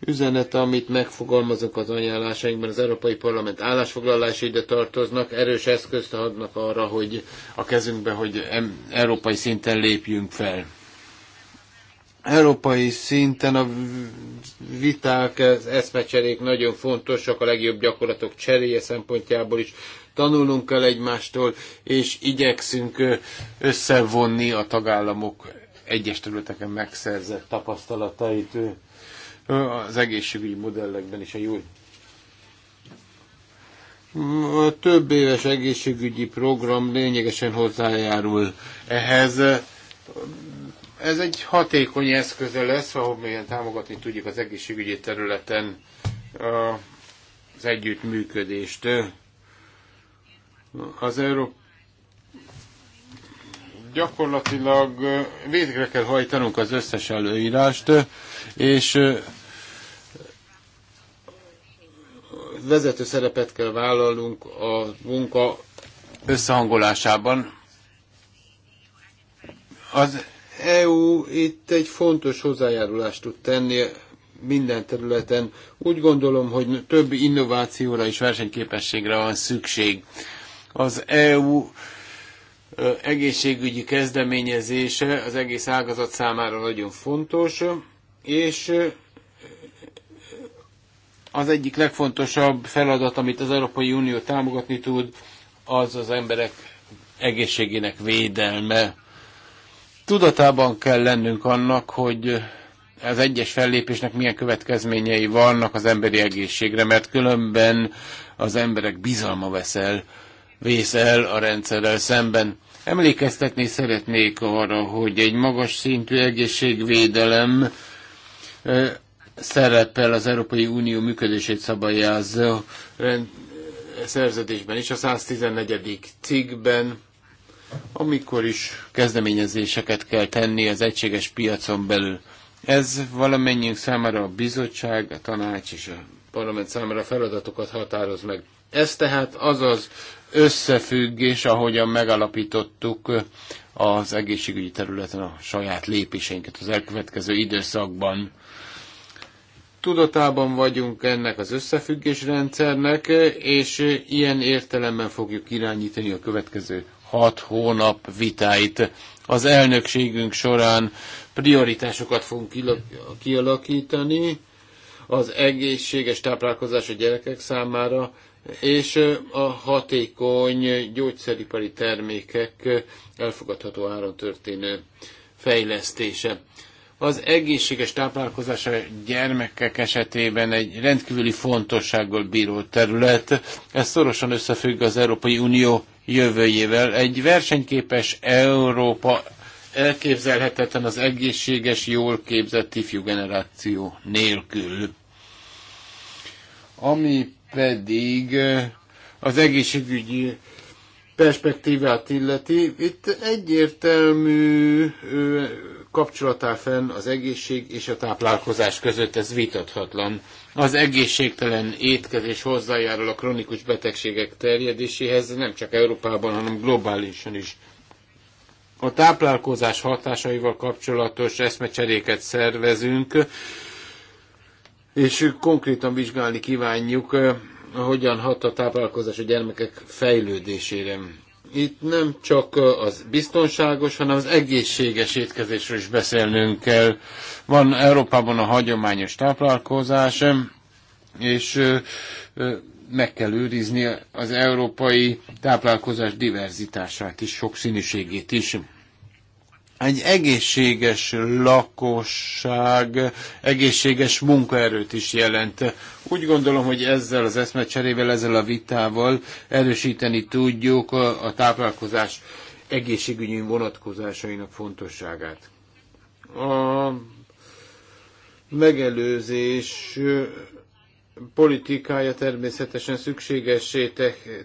üzenete, amit megfogalmazok az ajánlásainkban, az Európai Parlament állásfoglalása ide tartoznak, erős eszközt adnak arra, hogy a kezünkbe, hogy európai szinten lépjünk fel. Európai szinten a viták, az eszmecserék nagyon fontosak, a legjobb gyakorlatok cseréje szempontjából is. Tanulnunk kell egymástól, és igyekszünk összevonni a tagállamok egyes területeken megszerzett tapasztalatait az egészségügyi modellekben is a jó. A több éves egészségügyi program lényegesen hozzájárul ehhez. Ez egy hatékony eszköze lesz, ahol milyen támogatni tudjuk az egészségügyi területen az együttműködést. Az Európa gyakorlatilag végre kell hajtanunk az összes előírást, és vezető szerepet kell vállalnunk a munka összehangolásában. Az EU itt egy fontos hozzájárulást tud tenni minden területen. Úgy gondolom, hogy több innovációra és versenyképességre van szükség. Az EU egészségügyi kezdeményezése az egész ágazat számára nagyon fontos és az egyik legfontosabb feladat, amit az Európai Unió támogatni tud, az az emberek egészségének védelme. Tudatában kell lennünk annak, hogy az egyes fellépésnek milyen következményei vannak az emberi egészségre, mert különben az emberek bizalma veszel, vész el a rendszerrel szemben. Emlékeztetni szeretnék arra, hogy egy magas szintű egészségvédelem szerepel az Európai Unió működését szabályázó szerződésben is, a 114. cikkben, amikor is kezdeményezéseket kell tenni az egységes piacon belül. Ez valamennyiünk számára a bizottság, a tanács és a parlament számára feladatokat határoz meg. Ez tehát az az összefüggés, ahogyan megalapítottuk az egészségügyi területen a saját lépéseinket az elkövetkező időszakban. Tudatában vagyunk ennek az összefüggésrendszernek, és ilyen értelemben fogjuk irányítani a következő hat hónap vitáit. Az elnökségünk során prioritásokat fogunk kialakítani, az egészséges táplálkozás a gyerekek számára, és a hatékony gyógyszeripari termékek elfogadható áron történő fejlesztése. Az egészséges táplálkozás a gyermekek esetében egy rendkívüli fontossággal bíró terület. Ez szorosan összefügg az Európai Unió jövőjével. Egy versenyképes Európa elképzelhetetlen az egészséges, jól képzett ifjú generáció nélkül. Ami pedig az egészségügyi perspektívát illeti, itt egyértelmű kapcsolatá fenn az egészség és a táplálkozás között, ez vitathatlan. Az egészségtelen étkezés hozzájárul a kronikus betegségek terjedéséhez, nem csak Európában, hanem globálisan is. A táplálkozás hatásaival kapcsolatos eszmecseréket szervezünk, és konkrétan vizsgálni kívánjuk, eh, hogyan hat a táplálkozás a gyermekek fejlődésére. Itt nem csak eh, az biztonságos, hanem az egészséges étkezésről is beszélnünk kell. Van Európában a hagyományos táplálkozás, eh, és meg kell őrizni az európai táplálkozás diverzitását is, sokszínűségét is egy egészséges lakosság, egészséges munkaerőt is jelent. Úgy gondolom, hogy ezzel az eszmecserével, ezzel a vitával erősíteni tudjuk a, a táplálkozás egészségügyi vonatkozásainak fontosságát. A megelőzés politikája természetesen szükségessé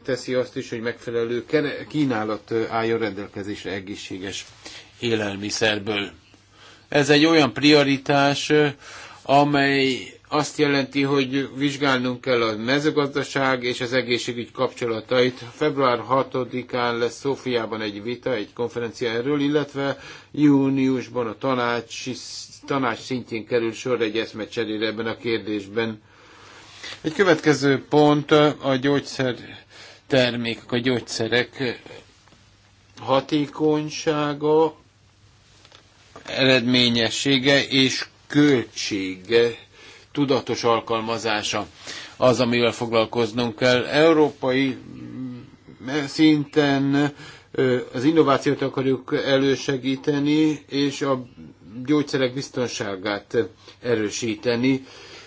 teszi azt is, hogy megfelelő kínálat álljon rendelkezésre egészséges élelmiszerből. Ez egy olyan prioritás, amely azt jelenti, hogy vizsgálnunk kell a mezőgazdaság és az egészségügy kapcsolatait. Február 6-án lesz Szófiában egy vita, egy konferencia erről, illetve júniusban a tanács, tanács szintjén kerül sor egy eszmecserére ebben a kérdésben. Egy következő pont a gyógyszer termékek, a gyógyszerek hatékonysága eredményessége és költsége tudatos alkalmazása az, amivel foglalkoznunk kell. Európai szinten az innovációt akarjuk elősegíteni, és a gyógyszerek biztonságát erősíteni,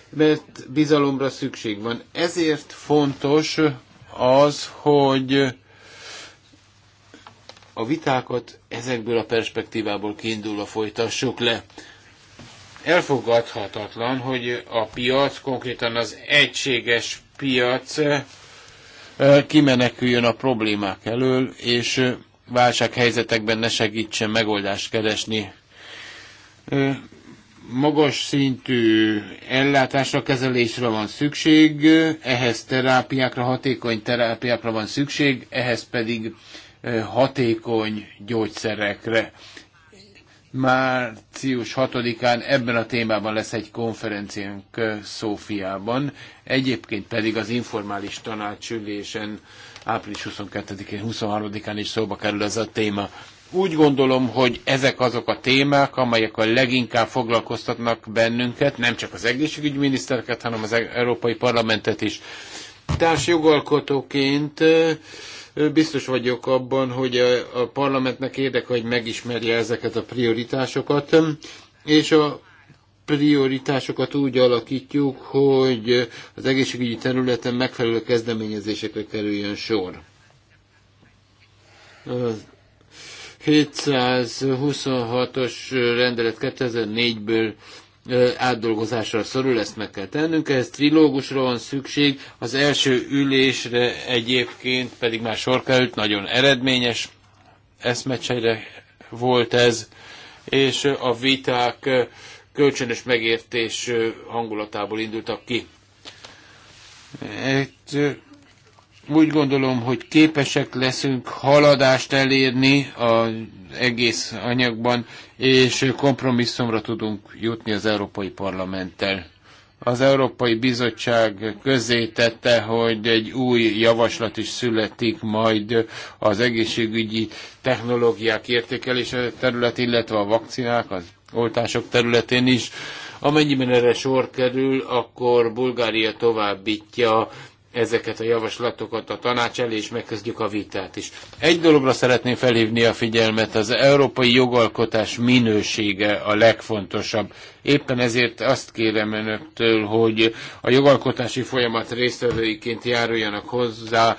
mert bizalomra szükség van. Ezért fontos az, hogy a vitákat ezekből a perspektívából kiindulva folytassuk le. Elfogadhatatlan, hogy a piac, konkrétan az egységes piac eh, kimeneküljön a problémák elől, és eh, válsághelyzetekben ne segítsen megoldást keresni. Eh, magas szintű ellátásra, kezelésre van szükség, ehhez terápiákra, hatékony terápiákra van szükség, ehhez pedig hatékony gyógyszerekre. Március 6-án ebben a témában lesz egy konferenciánk Szófiában, egyébként pedig az informális tanácsülésen április 22-én, 23-án is szóba kerül ez a téma. Úgy gondolom, hogy ezek azok a témák, amelyek a leginkább foglalkoztatnak bennünket, nem csak az egészségügyminisztereket, hanem az Európai Parlamentet is. Társjogalkotóként jogalkotóként Biztos vagyok abban, hogy a parlamentnek érdeke, hogy megismerje ezeket a prioritásokat, és a prioritásokat úgy alakítjuk, hogy az egészségügyi területen megfelelő kezdeményezésekre kerüljön sor. 726-os rendelet 2004-ből átdolgozásra szorul, ezt meg kell tennünk, ehhez trilógusra van szükség, az első ülésre egyébként pedig már sor került, nagyon eredményes eszmecsejre volt ez, és a viták kölcsönös megértés hangulatából indultak ki. Itt úgy gondolom, hogy képesek leszünk haladást elérni a egész anyagban, és kompromisszumra tudunk jutni az Európai Parlamenttel. Az Európai Bizottság közé tette, hogy egy új javaslat is születik majd az egészségügyi technológiák értékelése terület, illetve a vakcinák, az oltások területén is. Amennyiben erre sor kerül, akkor Bulgária továbbítja ezeket a javaslatokat a tanács elé, és megkezdjük a vitát is. Egy dologra szeretném felhívni a figyelmet, az európai jogalkotás minősége a legfontosabb. Éppen ezért azt kérem önöktől, hogy a jogalkotási folyamat résztvevőiként járuljanak hozzá,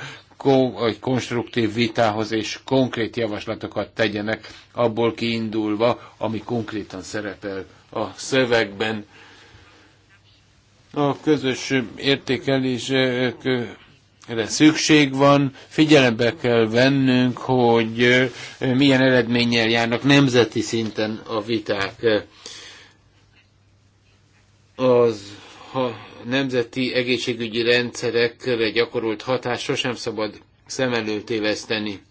egy konstruktív vitához és konkrét javaslatokat tegyenek, abból kiindulva, ami konkrétan szerepel a szövegben a közös értékelésre szükség van, figyelembe kell vennünk, hogy milyen eredménnyel járnak nemzeti szinten a viták. Az ha nemzeti egészségügyi rendszerekre gyakorolt hatás sosem szabad szem előtt éveszteni.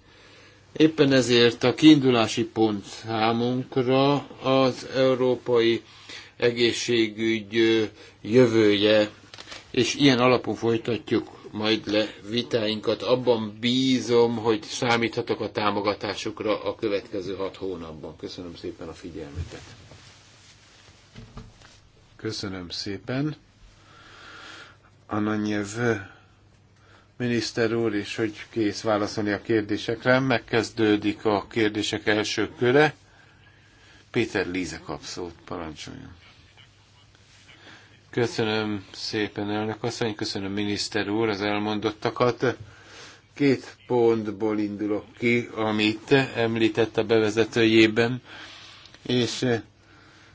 Éppen ezért a kiindulási pont számunkra az európai egészségügy jövője, és ilyen alapon folytatjuk majd le vitáinkat. Abban bízom, hogy számíthatok a támogatásukra a következő hat hónapban. Köszönöm szépen a figyelmüket. Köszönöm szépen. Ananyev miniszter úr is, hogy kész válaszolni a kérdésekre. Megkezdődik a kérdések első köre. Péter Líze kap szót, parancsoljon. Köszönöm szépen, elnök asszony, köszönöm miniszter úr az elmondottakat. Két pontból indulok ki, amit említett a bevezetőjében, és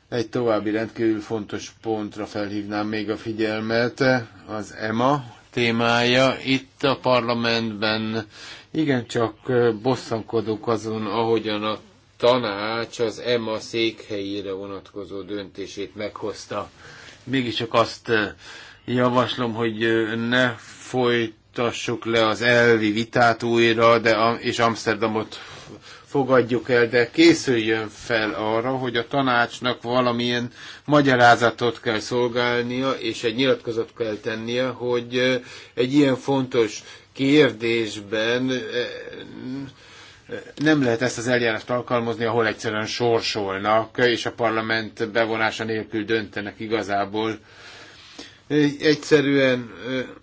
egy további rendkívül fontos pontra felhívnám még a figyelmet, az EMA témája. Itt a parlamentben igencsak bosszankodunk azon, ahogyan a tanács az EMA székhelyére vonatkozó döntését meghozta mégiscsak azt eh, javaslom, hogy eh, ne folytassuk le az elvi vitát újra, de, és Amsterdamot fogadjuk el, de készüljön fel arra, hogy a tanácsnak valamilyen magyarázatot kell szolgálnia, és egy nyilatkozat kell tennie, hogy eh, egy ilyen fontos kérdésben nem lehet ezt az eljárást alkalmazni, ahol egyszerűen sorsolnak, és a parlament bevonása nélkül döntenek igazából. Egyszerűen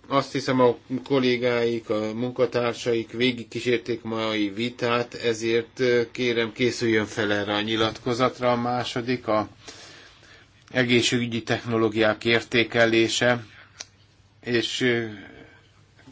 azt hiszem a kollégáik, a munkatársaik végigkísérték mai vitát, ezért kérem készüljön fel erre a nyilatkozatra. A második a egészségügyi technológiák értékelése, és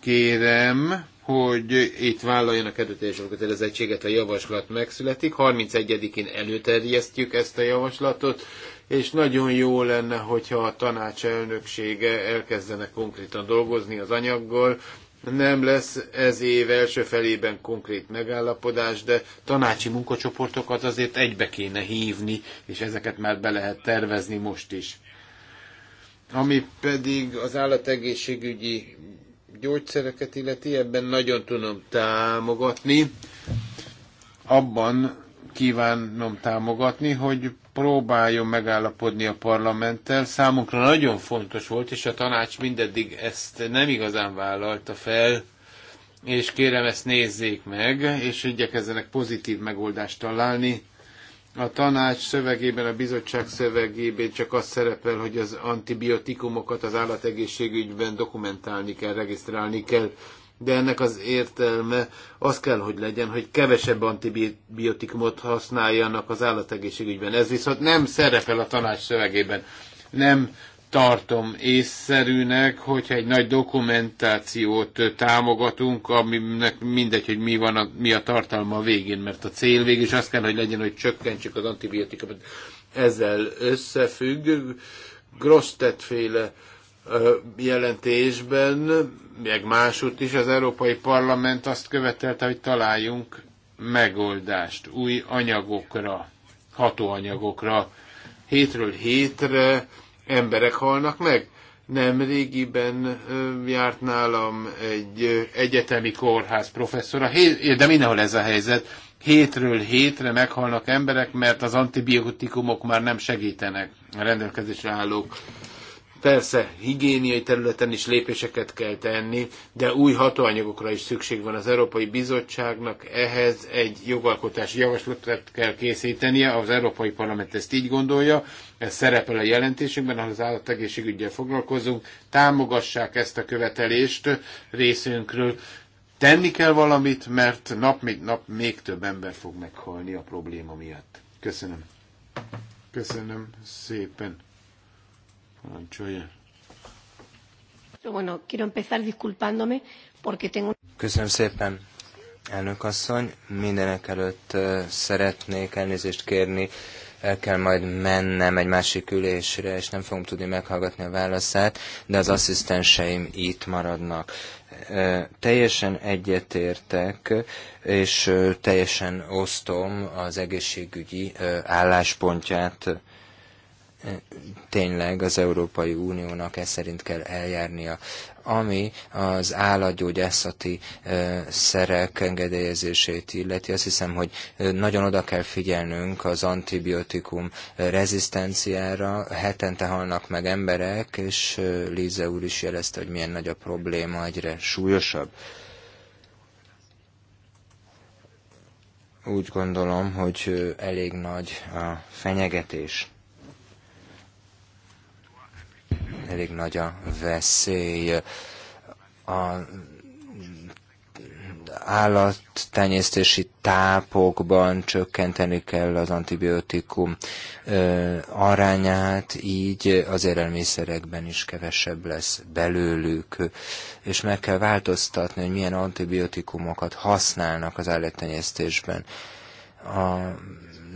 kérem, hogy itt vállaljanak erőteljes kötelezettséget, a javaslat megszületik. 31-én előterjesztjük ezt a javaslatot, és nagyon jó lenne, hogyha a tanács elnöksége elkezdene konkrétan dolgozni az anyaggal. Nem lesz ez év első felében konkrét megállapodás, de tanácsi munkacsoportokat azért egybe kéne hívni, és ezeket már be lehet tervezni most is. Ami pedig az állategészségügyi gyógyszereket illeti, ebben nagyon tudom támogatni. Abban kívánom támogatni, hogy próbáljon megállapodni a parlamenttel. Számunkra nagyon fontos volt, és a tanács mindeddig ezt nem igazán vállalta fel, és kérem ezt nézzék meg, és igyekezzenek pozitív megoldást találni a tanács szövegében, a bizottság szövegében csak az szerepel, hogy az antibiotikumokat az állategészségügyben dokumentálni kell, regisztrálni kell, de ennek az értelme az kell, hogy legyen, hogy kevesebb antibiotikumot használjanak az állategészségügyben. Ez viszont nem szerepel a tanács szövegében. Nem tartom észszerűnek, hogyha egy nagy dokumentációt támogatunk, aminek mindegy, hogy mi, van a, mi a tartalma a végén, mert a cél végig is az kell, hogy legyen, hogy csökkentsük az antibiotikumot. Ezzel összefügg. Grosztet féle jelentésben, meg másút is az Európai Parlament azt követelte, hogy találjunk megoldást új anyagokra, hatóanyagokra. Hétről hétre emberek halnak meg. Nem régiben járt nálam egy egyetemi kórház professzora, de mindenhol ez a helyzet. Hétről hétre meghalnak emberek, mert az antibiotikumok már nem segítenek a rendelkezésre állók Persze higiéniai területen is lépéseket kell tenni, de új hatóanyagokra is szükség van az Európai Bizottságnak. Ehhez egy jogalkotási javaslatot kell készítenie, az Európai Parlament ezt így gondolja, ez szerepel a jelentésünkben, ahol az állategészségügyel foglalkozunk, támogassák ezt a követelést részünkről. Tenni kell valamit, mert nap mint nap még több ember fog meghalni a probléma miatt. Köszönöm. Köszönöm szépen. Köszönöm szépen, elnök asszony. Mindenek előtt szeretnék elnézést kérni. El kell majd mennem egy másik ülésre, és nem fogom tudni meghallgatni a válaszát, de az asszisztenseim itt maradnak. Teljesen egyetértek, és teljesen osztom az egészségügyi álláspontját tényleg az Európai Uniónak ez szerint kell eljárnia. Ami az állatgyógyászati szerek engedélyezését illeti, azt hiszem, hogy nagyon oda kell figyelnünk az antibiotikum rezisztenciára. Hetente halnak meg emberek, és Líze úr is jelezte, hogy milyen nagy a probléma, egyre súlyosabb. Úgy gondolom, hogy elég nagy a fenyegetés elég nagy a veszély. A állattenyésztési tápokban csökkenteni kell az antibiotikum arányát, így az élelmiszerekben is kevesebb lesz belőlük, és meg kell változtatni, hogy milyen antibiotikumokat használnak az állattenyésztésben. A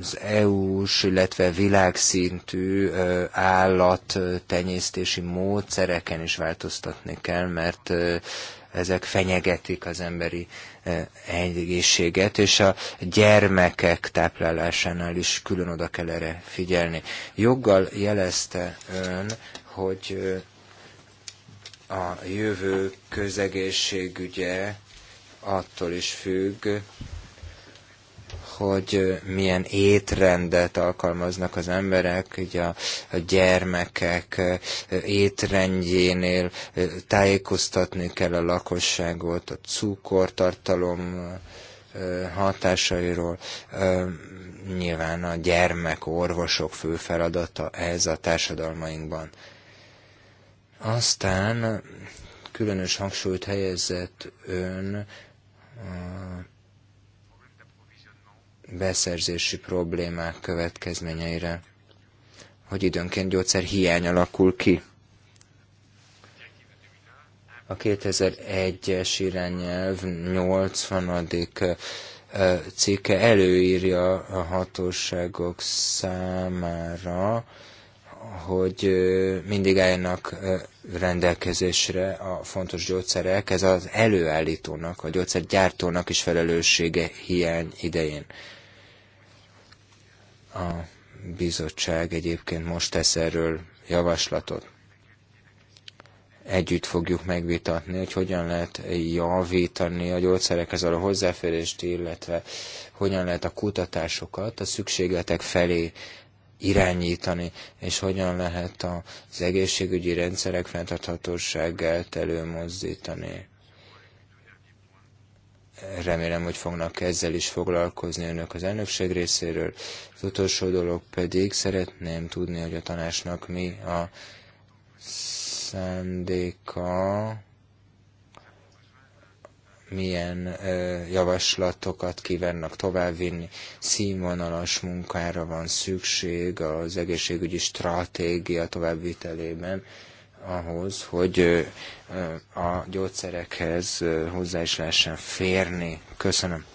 az EU-s, illetve világszintű állattenyésztési módszereken is változtatni kell, mert ezek fenyegetik az emberi egészséget, és a gyermekek táplálásánál is külön oda kell erre figyelni. Joggal jelezte ön, hogy a jövő közegészségügye attól is függ, hogy milyen étrendet alkalmaznak az emberek, ugye a, a gyermekek étrendjénél tájékoztatni kell a lakosságot a cukortartalom hatásairól. Nyilván a orvosok fő feladata ez a társadalmainkban. Aztán különös hangsúlyt helyezett ön a beszerzési problémák következményeire, hogy időnként gyógyszer hiány alakul ki. A 2001-es irányelv 80 cikke előírja a hatóságok számára, hogy mindig álljanak rendelkezésre a fontos gyógyszerek. Ez az előállítónak, a gyógyszergyártónak is felelőssége hiány idején. A bizottság egyébként most tesz erről javaslatot. Együtt fogjuk megvitatni, hogy hogyan lehet javítani a gyógyszerekhez való hozzáférést, illetve hogyan lehet a kutatásokat a szükségletek felé irányítani, és hogyan lehet az egészségügyi rendszerek fenntarthatóságát előmozdítani. Remélem, hogy fognak ezzel is foglalkozni önök az elnökség részéről. Az utolsó dolog pedig szeretném tudni, hogy a tanácsnak mi a szándéka, milyen ö, javaslatokat kívánnak továbbvinni. Színvonalas munkára van szükség az egészségügyi stratégia továbbvitelében ahhoz, hogy a gyógyszerekhez hozzá is lehessen férni. Köszönöm.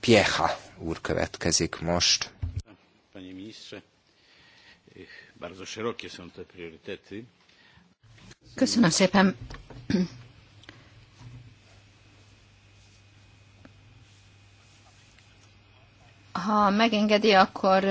Piecha úr következik most. Panie ministrze, eh, bardzo szerokie są te priorytety. Köszönöm szépen. Ha megengedi, akkor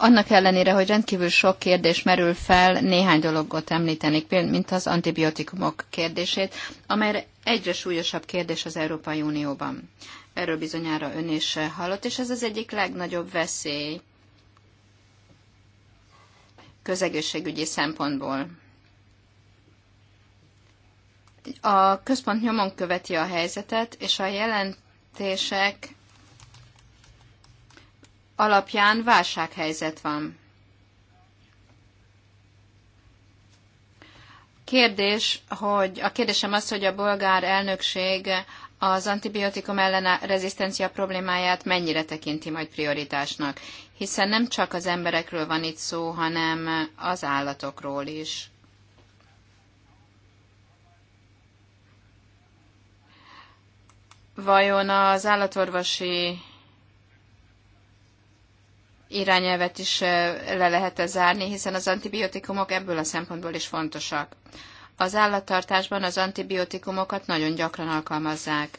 annak ellenére, hogy rendkívül sok kérdés merül fel, néhány dologot említenék, mint az antibiotikumok kérdését, amely egyre súlyosabb kérdés az Európai Unióban. Erről bizonyára ön is hallott, és ez az egyik legnagyobb veszély közegészségügyi szempontból. A központ nyomon követi a helyzetet, és a jelentések alapján válsághelyzet van. Kérdés, hogy a kérdésem az, hogy a bolgár elnökség az antibiotikum ellen rezisztencia problémáját mennyire tekinti majd prioritásnak, hiszen nem csak az emberekről van itt szó, hanem az állatokról is. Vajon az állatorvosi irányelvet is le lehet -e zárni, hiszen az antibiotikumok ebből a szempontból is fontosak. Az állattartásban az antibiotikumokat nagyon gyakran alkalmazzák.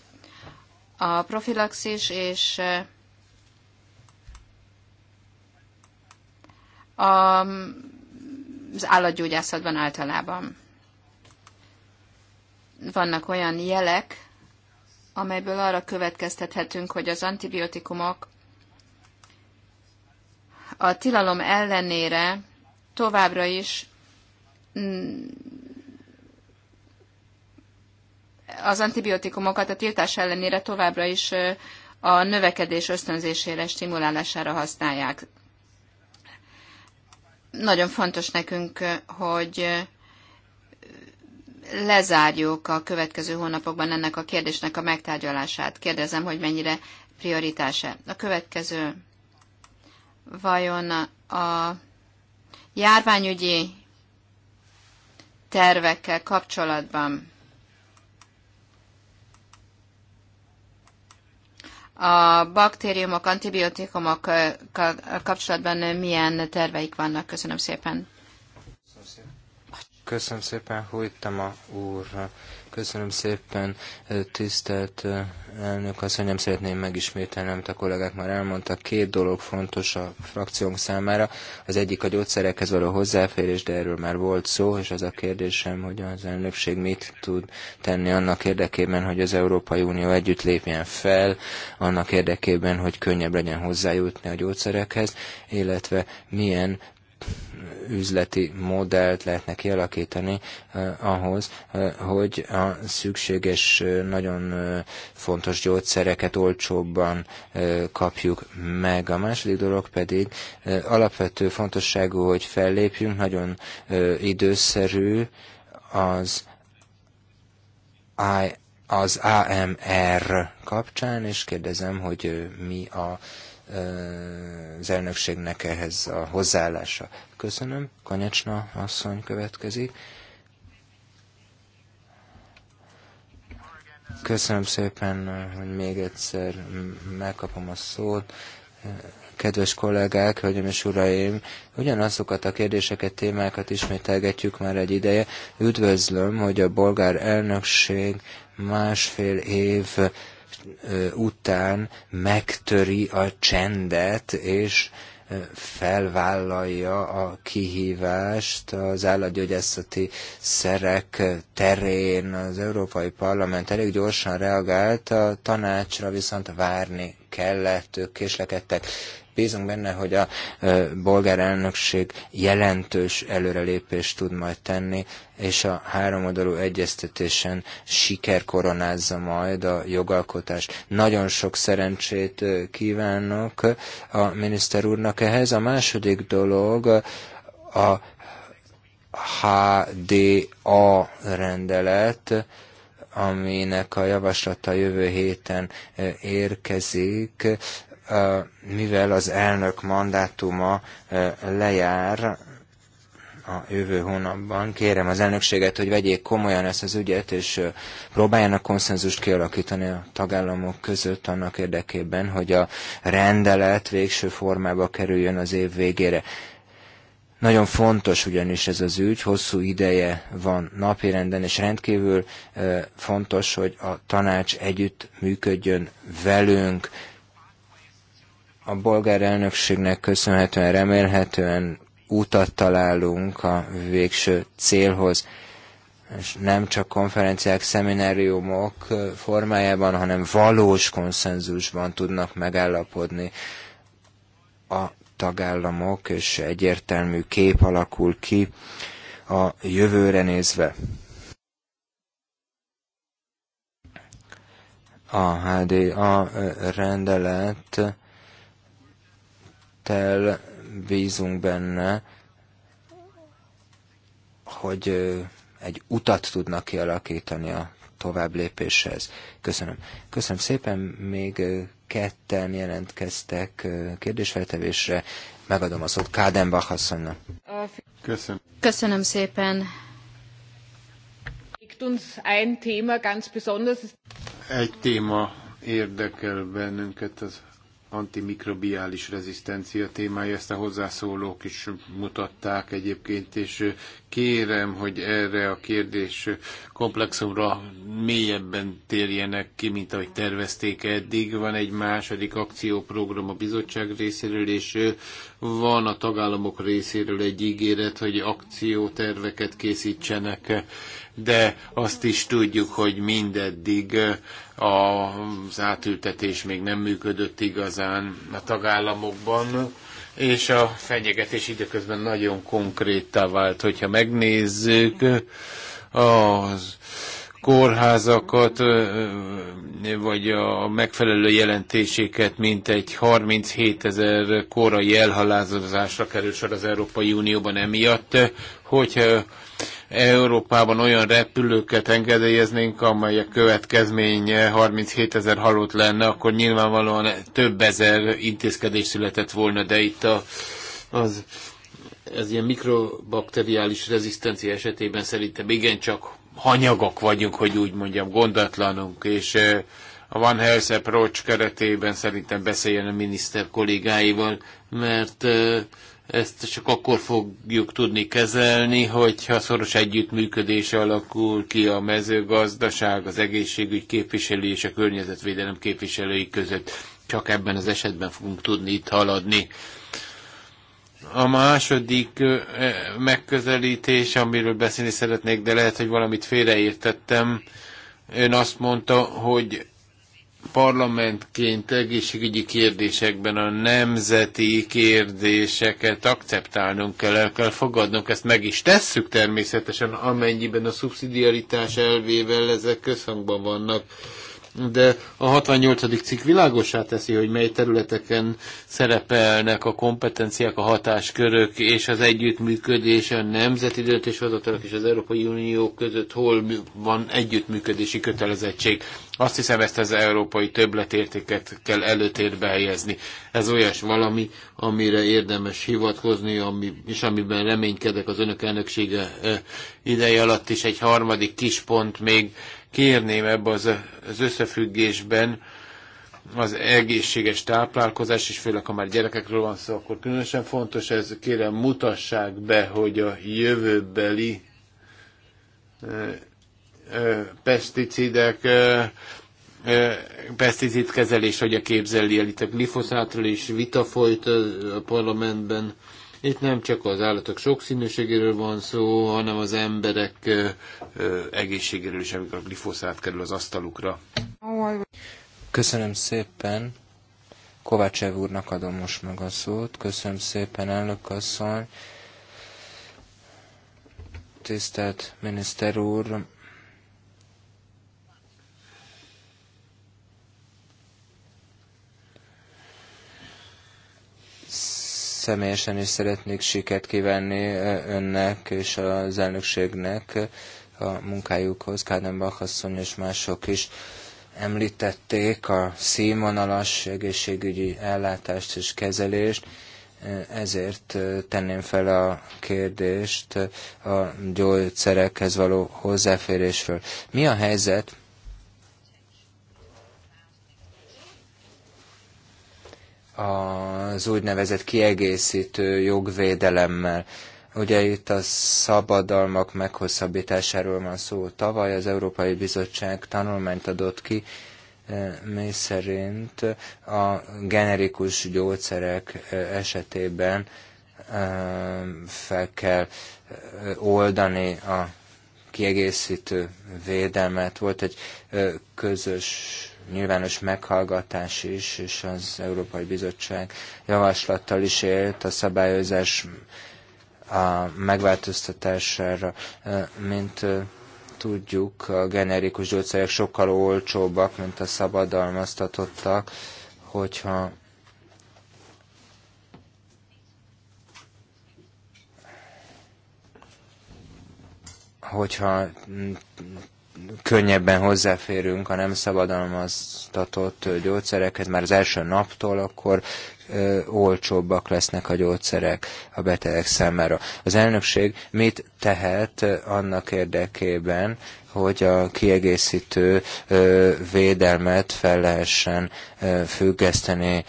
A profilaxis és az állatgyógyászatban általában. Vannak olyan jelek, amelyből arra következtethetünk, hogy az antibiotikumok a tilalom ellenére továbbra is mm, az antibiotikumokat a tiltás ellenére továbbra is a növekedés ösztönzésére, stimulálására használják. Nagyon fontos nekünk, hogy lezárjuk a következő hónapokban ennek a kérdésnek a megtárgyalását. Kérdezem, hogy mennyire prioritása. A következő vajon a járványügyi tervekkel kapcsolatban a baktériumok, antibiotikumok kapcsolatban milyen terveik vannak? Köszönöm szépen. Köszönöm szépen, a úr. Köszönöm szépen, tisztelt elnök azt nem szeretném megismételni, amit a kollégák már elmondtak. Két dolog fontos a frakciónk számára. Az egyik a gyógyszerekhez való hozzáférés, de erről már volt szó, és az a kérdésem, hogy az elnökség mit tud tenni annak érdekében, hogy az Európai Unió együtt lépjen fel, annak érdekében, hogy könnyebb legyen hozzájutni a gyógyszerekhez, illetve milyen üzleti modellt lehetne kialakítani ahhoz, hogy a szükséges, nagyon fontos gyógyszereket olcsóbban kapjuk meg. A második dolog pedig alapvető fontosságú, hogy fellépjünk, nagyon időszerű az I, az AMR kapcsán, és kérdezem, hogy mi a az elnökségnek ehhez a hozzáállása. Köszönöm. Kanyacsna asszony következik. Köszönöm szépen, hogy még egyszer megkapom a szót. Kedves kollégák, hölgyeim és uraim, ugyanazokat a kérdéseket, témákat ismételgetjük már egy ideje. Üdvözlöm, hogy a bolgár elnökség másfél év után megtöri a csendet, és felvállalja a kihívást az állatgyógyászati szerek terén. Az Európai Parlament elég gyorsan reagált, a tanácsra viszont várni kellett, ők késlekedtek. Bízunk benne, hogy a bolgár elnökség jelentős előrelépést tud majd tenni, és a háromoldalú egyeztetésen siker koronázza majd a jogalkotást. Nagyon sok szerencsét kívánok a miniszter úrnak ehhez. A második dolog a HDA rendelet, aminek a javaslata jövő héten érkezik, mivel az elnök mandátuma lejár a jövő hónapban, kérem az elnökséget, hogy vegyék komolyan ezt az ügyet, és próbáljanak konszenzust kialakítani a tagállamok között annak érdekében, hogy a rendelet végső formába kerüljön az év végére. Nagyon fontos ugyanis ez az ügy, hosszú ideje van napirenden, és rendkívül fontos, hogy a tanács együtt működjön velünk, a bolgár elnökségnek köszönhetően remélhetően útat találunk a végső célhoz, és nem csak konferenciák, szemináriumok formájában, hanem valós konszenzusban tudnak megállapodni a tagállamok, és egyértelmű kép alakul ki a jövőre nézve. A HDA rendelet el, bízunk benne, hogy egy utat tudnak kialakítani a tovább lépéshez. Köszönöm. Köszönöm szépen, még ketten jelentkeztek kérdésfeltevésre. Megadom a szót Kádenbach asszonynak. Köszönöm. Köszönöm szépen. Egy téma érdekel bennünket, az antimikrobiális rezisztencia témája, ezt a hozzászólók is mutatták egyébként, és kérem, hogy erre a kérdés komplexumra mélyebben térjenek ki, mint ahogy tervezték eddig. Van egy második akcióprogram a bizottság részéről, és van a tagállamok részéről egy ígéret, hogy akcióterveket készítsenek de azt is tudjuk, hogy mindeddig az átültetés még nem működött igazán a tagállamokban, és a fenyegetés időközben nagyon konkrétá vált. Hogyha megnézzük az kórházakat, vagy a megfelelő jelentéséket, mint egy 37 ezer korai elhalálozásra kerül sor az Európai Unióban emiatt, hogyha Európában olyan repülőket engedélyeznénk, amelyek következménye 37 ezer halott lenne, akkor nyilvánvalóan több ezer intézkedés született volna, de itt a, az, az ilyen mikrobakteriális rezisztencia esetében szerintem igencsak hanyagok vagyunk, hogy úgy mondjam, gondatlanunk, és eh, a Van Health Approach keretében szerintem beszéljen a miniszter kollégáival, mert eh, ezt csak akkor fogjuk tudni kezelni, hogyha szoros együttműködés alakul ki a mezőgazdaság, az egészségügy képviselői és a környezetvédelem képviselői között. Csak ebben az esetben fogunk tudni itt haladni. A második megközelítés, amiről beszélni szeretnék, de lehet, hogy valamit félreértettem. Ön azt mondta, hogy parlamentként egészségügyi kérdésekben a nemzeti kérdéseket akceptálnunk kell, el kell fogadnunk, ezt meg is tesszük természetesen, amennyiben a szubszidiaritás elvével ezek összhangban vannak de a 68. cikk világosá teszi, hogy mely területeken szerepelnek a kompetenciák, a hatáskörök és az együttműködés a nemzeti döntéshozatalok és az Európai Unió között hol van együttműködési kötelezettség. Azt hiszem, ezt az európai többletértéket kell előtérbe helyezni. Ez olyas valami, amire érdemes hivatkozni, ami, és amiben reménykedek az önök elnöksége eh, ideje alatt is. Egy harmadik kis pont még, kérném ebbe az, az összefüggésben az egészséges táplálkozás, és főleg ha már gyerekekről van szó, akkor különösen fontos ez, kérem mutassák be, hogy a jövőbeli peszticidek, peszticidkezelés, hogy a képzeli el itt a glifoszátról is vita folyt a parlamentben, itt nem csak az állatok sokszínűségéről van szó, hanem az emberek egészségéről is, amikor a glifoszát kerül az asztalukra. Köszönöm szépen. Kovácsev úrnak adom most meg a szót. Köszönöm szépen, elnök asszony. Tisztelt miniszter úr, Személyesen is szeretnék siket kívánni önnek és az elnökségnek a munkájukhoz. Kádenbach asszony és mások is említették a színvonalas egészségügyi ellátást és kezelést, ezért tenném fel a kérdést a gyógyszerekhez való hozzáférésről. Mi a helyzet az úgynevezett kiegészítő jogvédelemmel. Ugye itt a szabadalmak meghosszabbításáról van szó. Tavaly az Európai Bizottság tanulmányt adott ki, eh, mely szerint a generikus gyógyszerek eh, esetében eh, fel kell oldani a kiegészítő védelmet. Volt egy közös nyilvános meghallgatás is, és az Európai Bizottság javaslattal is élt a szabályozás a megváltoztatására. Mint tudjuk, a generikus gyógyszerek sokkal olcsóbbak, mint a szabadalmaztatottak, hogyha hogyha könnyebben hozzáférünk a nem szabadalmaztatott gyógyszerekhez, már az első naptól akkor ö, olcsóbbak lesznek a gyógyszerek a betegek számára. Az elnökség mit tehet annak érdekében, hogy a kiegészítő védelmet fel lehessen függeszteni.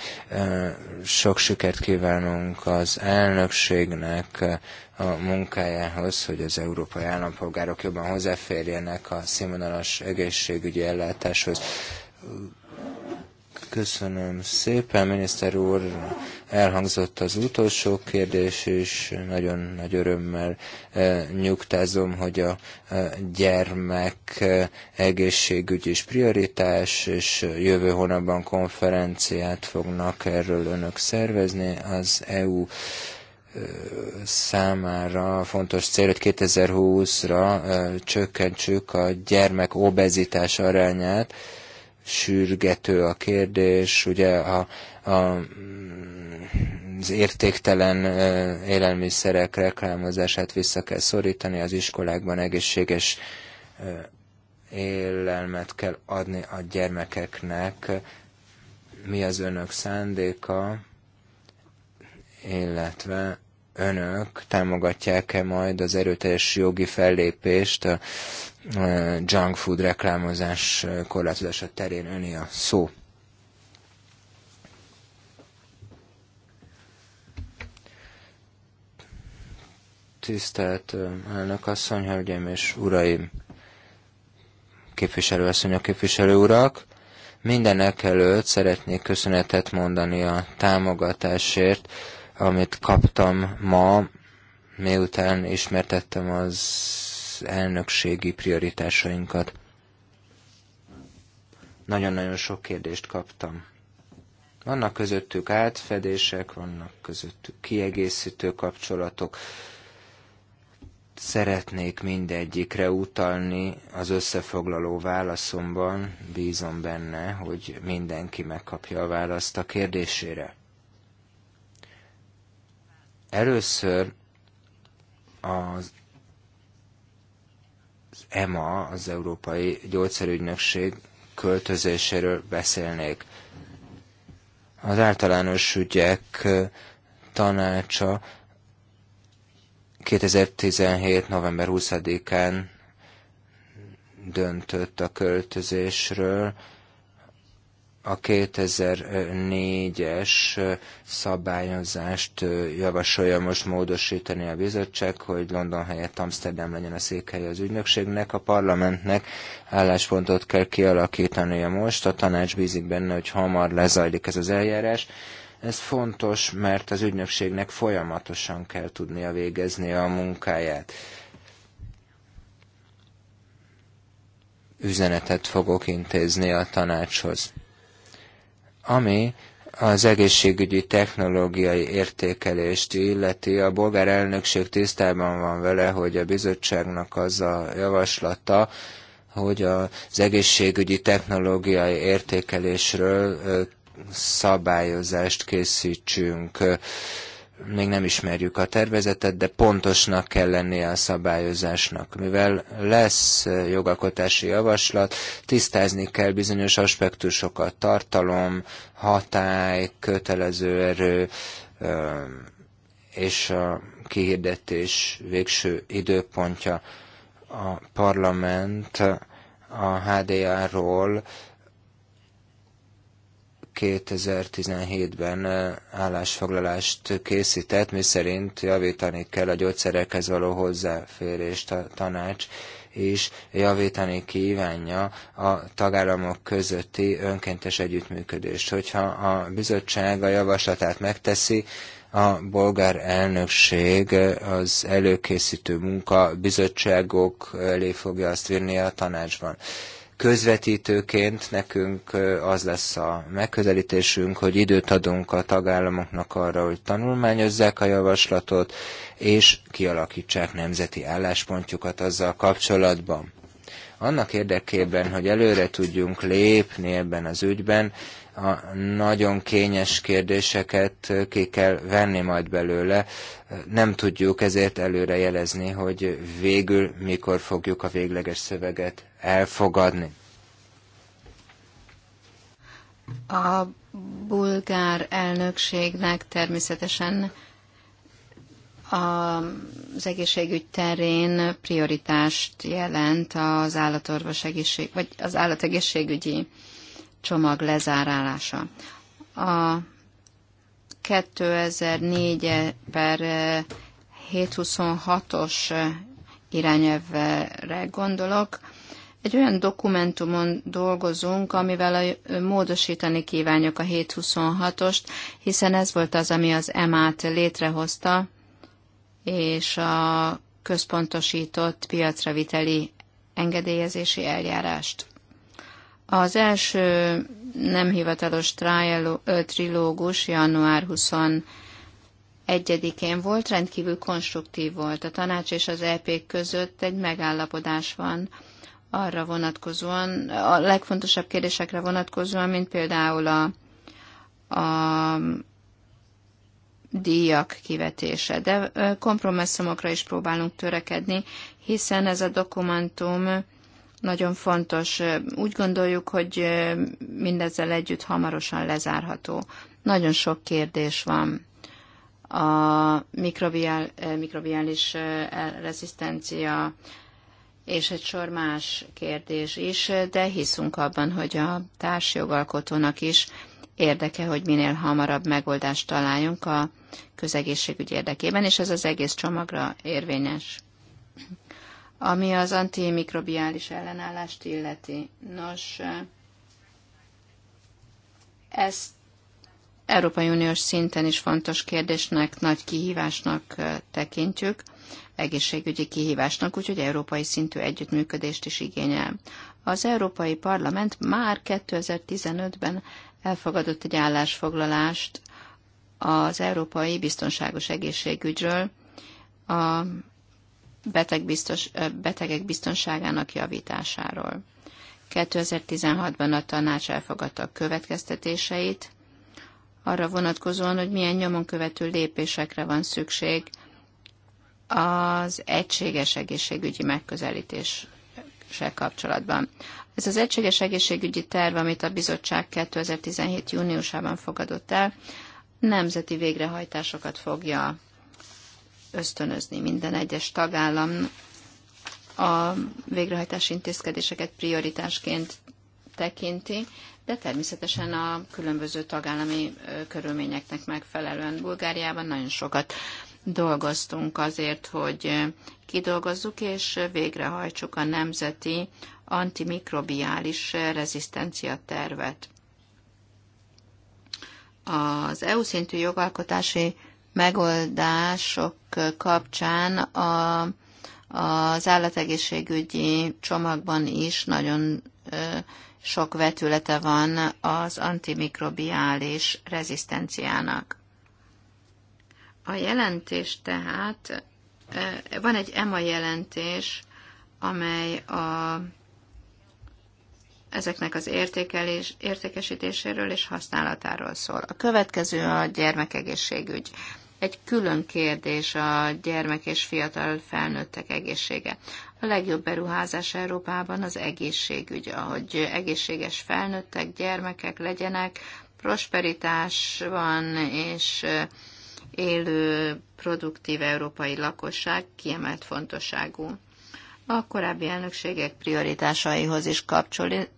Sok sikert kívánunk az elnökségnek a munkájához, hogy az európai állampolgárok jobban hozzáférjenek a színvonalas egészségügyi ellátáshoz. Köszönöm szépen, miniszter úr. Elhangzott az utolsó kérdés, és nagyon nagy örömmel eh, nyugtázom, hogy a eh, gyermek eh, egészségügy is prioritás, és jövő hónapban konferenciát fognak erről önök szervezni. Az EU számára fontos cél, hogy 2020-ra csökkentsük a gyermek obezitás arányát, sürgető a kérdés, ugye a, a, az értéktelen élelmiszerek reklámozását vissza kell szorítani, az iskolákban egészséges élelmet kell adni a gyermekeknek. Mi az önök szándéka, illetve önök támogatják-e majd az erőteljes jogi fellépést a junk food reklámozás korlátozása terén öné a szó. Tisztelt elnök asszony, hölgyeim és uraim, képviselő asszonyok, képviselő urak! Mindenek előtt szeretnék köszönetet mondani a támogatásért, amit kaptam ma, miután ismertettem az elnökségi prioritásainkat. Nagyon-nagyon sok kérdést kaptam. Vannak közöttük átfedések, vannak közöttük kiegészítő kapcsolatok. Szeretnék mindegyikre utalni az összefoglaló válaszomban, bízom benne, hogy mindenki megkapja a választ a kérdésére. Először az EMA, az Európai Gyógyszerügynökség költözéséről beszélnék. Az általános ügyek tanácsa 2017. november 20-án döntött a költözésről, a 2004-es szabályozást javasolja most módosítani a bizottság, hogy London helyett Amsterdam legyen a székhelye az ügynökségnek, a parlamentnek álláspontot kell kialakítania most, a tanács bízik benne, hogy hamar lezajlik ez az eljárás. Ez fontos, mert az ügynökségnek folyamatosan kell tudnia végezni a munkáját. Üzenetet fogok intézni a tanácshoz. Ami az egészségügyi technológiai értékelést illeti, a bolgár elnökség tisztában van vele, hogy a bizottságnak az a javaslata, hogy az egészségügyi technológiai értékelésről szabályozást készítsünk még nem ismerjük a tervezetet, de pontosnak kell lennie a szabályozásnak. Mivel lesz jogalkotási javaslat, tisztázni kell bizonyos aspektusokat, tartalom, hatály, kötelező erő és a kihirdetés végső időpontja. A parlament a HDR-ról 2017-ben állásfoglalást készített, miszerint javítani kell a gyógyszerekhez való hozzáférést a tanács, és javítani kívánja a tagállamok közötti önkéntes együttműködést. Hogyha a bizottság a javaslatát megteszi, a bolgár elnökség az előkészítő munka bizottságok elé fogja azt vinni a tanácsban. Közvetítőként nekünk az lesz a megközelítésünk, hogy időt adunk a tagállamoknak arra, hogy tanulmányozzák a javaslatot, és kialakítsák nemzeti álláspontjukat azzal kapcsolatban. Annak érdekében, hogy előre tudjunk lépni ebben az ügyben, a nagyon kényes kérdéseket ki kell venni majd belőle. Nem tudjuk ezért előre jelezni, hogy végül mikor fogjuk a végleges szöveget elfogadni. A bulgár elnökségnek természetesen az egészségügy terén prioritást jelent az állatorvos egészség, vagy az állategészségügyi csomag lezárása. A 2004 per 726-os eh, eh, irányelvre gondolok. Egy olyan dokumentumon dolgozunk, amivel a eh, módosítani kívánjuk a 726-ost, hiszen ez volt az, ami az EMA-t létrehozta, és a központosított piacra viteli engedélyezési eljárást. Az első nem hivatalos trilógus január 21-én volt, rendkívül konstruktív volt. A tanács és az EP között egy megállapodás van arra vonatkozóan, a legfontosabb kérdésekre vonatkozóan, mint például a, a díjak kivetése. De kompromisszumokra is próbálunk törekedni, hiszen ez a dokumentum nagyon fontos. Úgy gondoljuk, hogy mindezzel együtt hamarosan lezárható. Nagyon sok kérdés van. A mikrobiál, mikrobiális eh, rezisztencia és egy sor más kérdés is, de hiszünk abban, hogy a társjogalkotónak is érdeke, hogy minél hamarabb megoldást találjunk a közegészségügy érdekében, és ez az egész csomagra érvényes ami az antimikrobiális ellenállást illeti. Nos, ezt Európai Uniós szinten is fontos kérdésnek, nagy kihívásnak tekintjük, egészségügyi kihívásnak, úgyhogy európai szintű együttműködést is igényel. Az Európai Parlament már 2015-ben elfogadott egy állásfoglalást az Európai Biztonságos Egészségügyről, a beteg biztos, betegek biztonságának javításáról. 2016-ban a tanács elfogadta a következtetéseit, arra vonatkozóan, hogy milyen nyomon követő lépésekre van szükség az egységes egészségügyi megközelítéssel kapcsolatban. Ez az egységes egészségügyi terv, amit a bizottság 2017. júniusában fogadott el, nemzeti végrehajtásokat fogja ösztönözni minden egyes tagállam a végrehajtási intézkedéseket prioritásként tekinti, de természetesen a különböző tagállami körülményeknek megfelelően Bulgáriában nagyon sokat dolgoztunk azért, hogy kidolgozzuk és végrehajtsuk a nemzeti antimikrobiális rezisztencia tervet. Az EU szintű jogalkotási megoldások kapcsán a, az állategészségügyi csomagban is nagyon sok vetülete van az antimikrobiális rezisztenciának. A jelentés tehát, van egy EMA jelentés, amely a, ezeknek az értékelés, értékesítéséről és használatáról szól. A következő a gyermekegészségügy egy külön kérdés a gyermek és fiatal felnőttek egészsége. A legjobb beruházás Európában az egészségügy, ahogy egészséges felnőttek, gyermekek legyenek, prosperitás van, és élő, produktív európai lakosság kiemelt fontosságú. A korábbi elnökségek prioritásaihoz is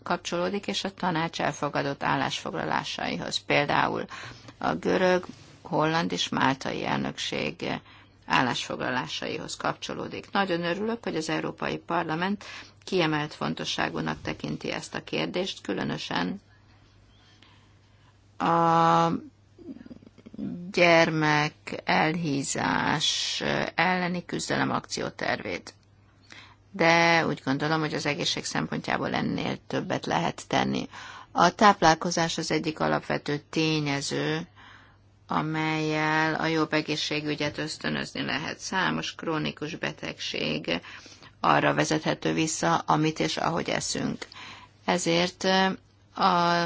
kapcsolódik, és a tanács elfogadott állásfoglalásaihoz. Például a görög holland és máltai elnökség állásfoglalásaihoz kapcsolódik. Nagyon örülök, hogy az Európai Parlament kiemelt fontosságúnak tekinti ezt a kérdést, különösen a gyermek elhízás elleni küzdelem akciótervét. De úgy gondolom, hogy az egészség szempontjából ennél többet lehet tenni. A táplálkozás az egyik alapvető tényező, amelyel a jobb egészségügyet ösztönözni lehet. Számos krónikus betegség arra vezethető vissza, amit és ahogy eszünk. Ezért a,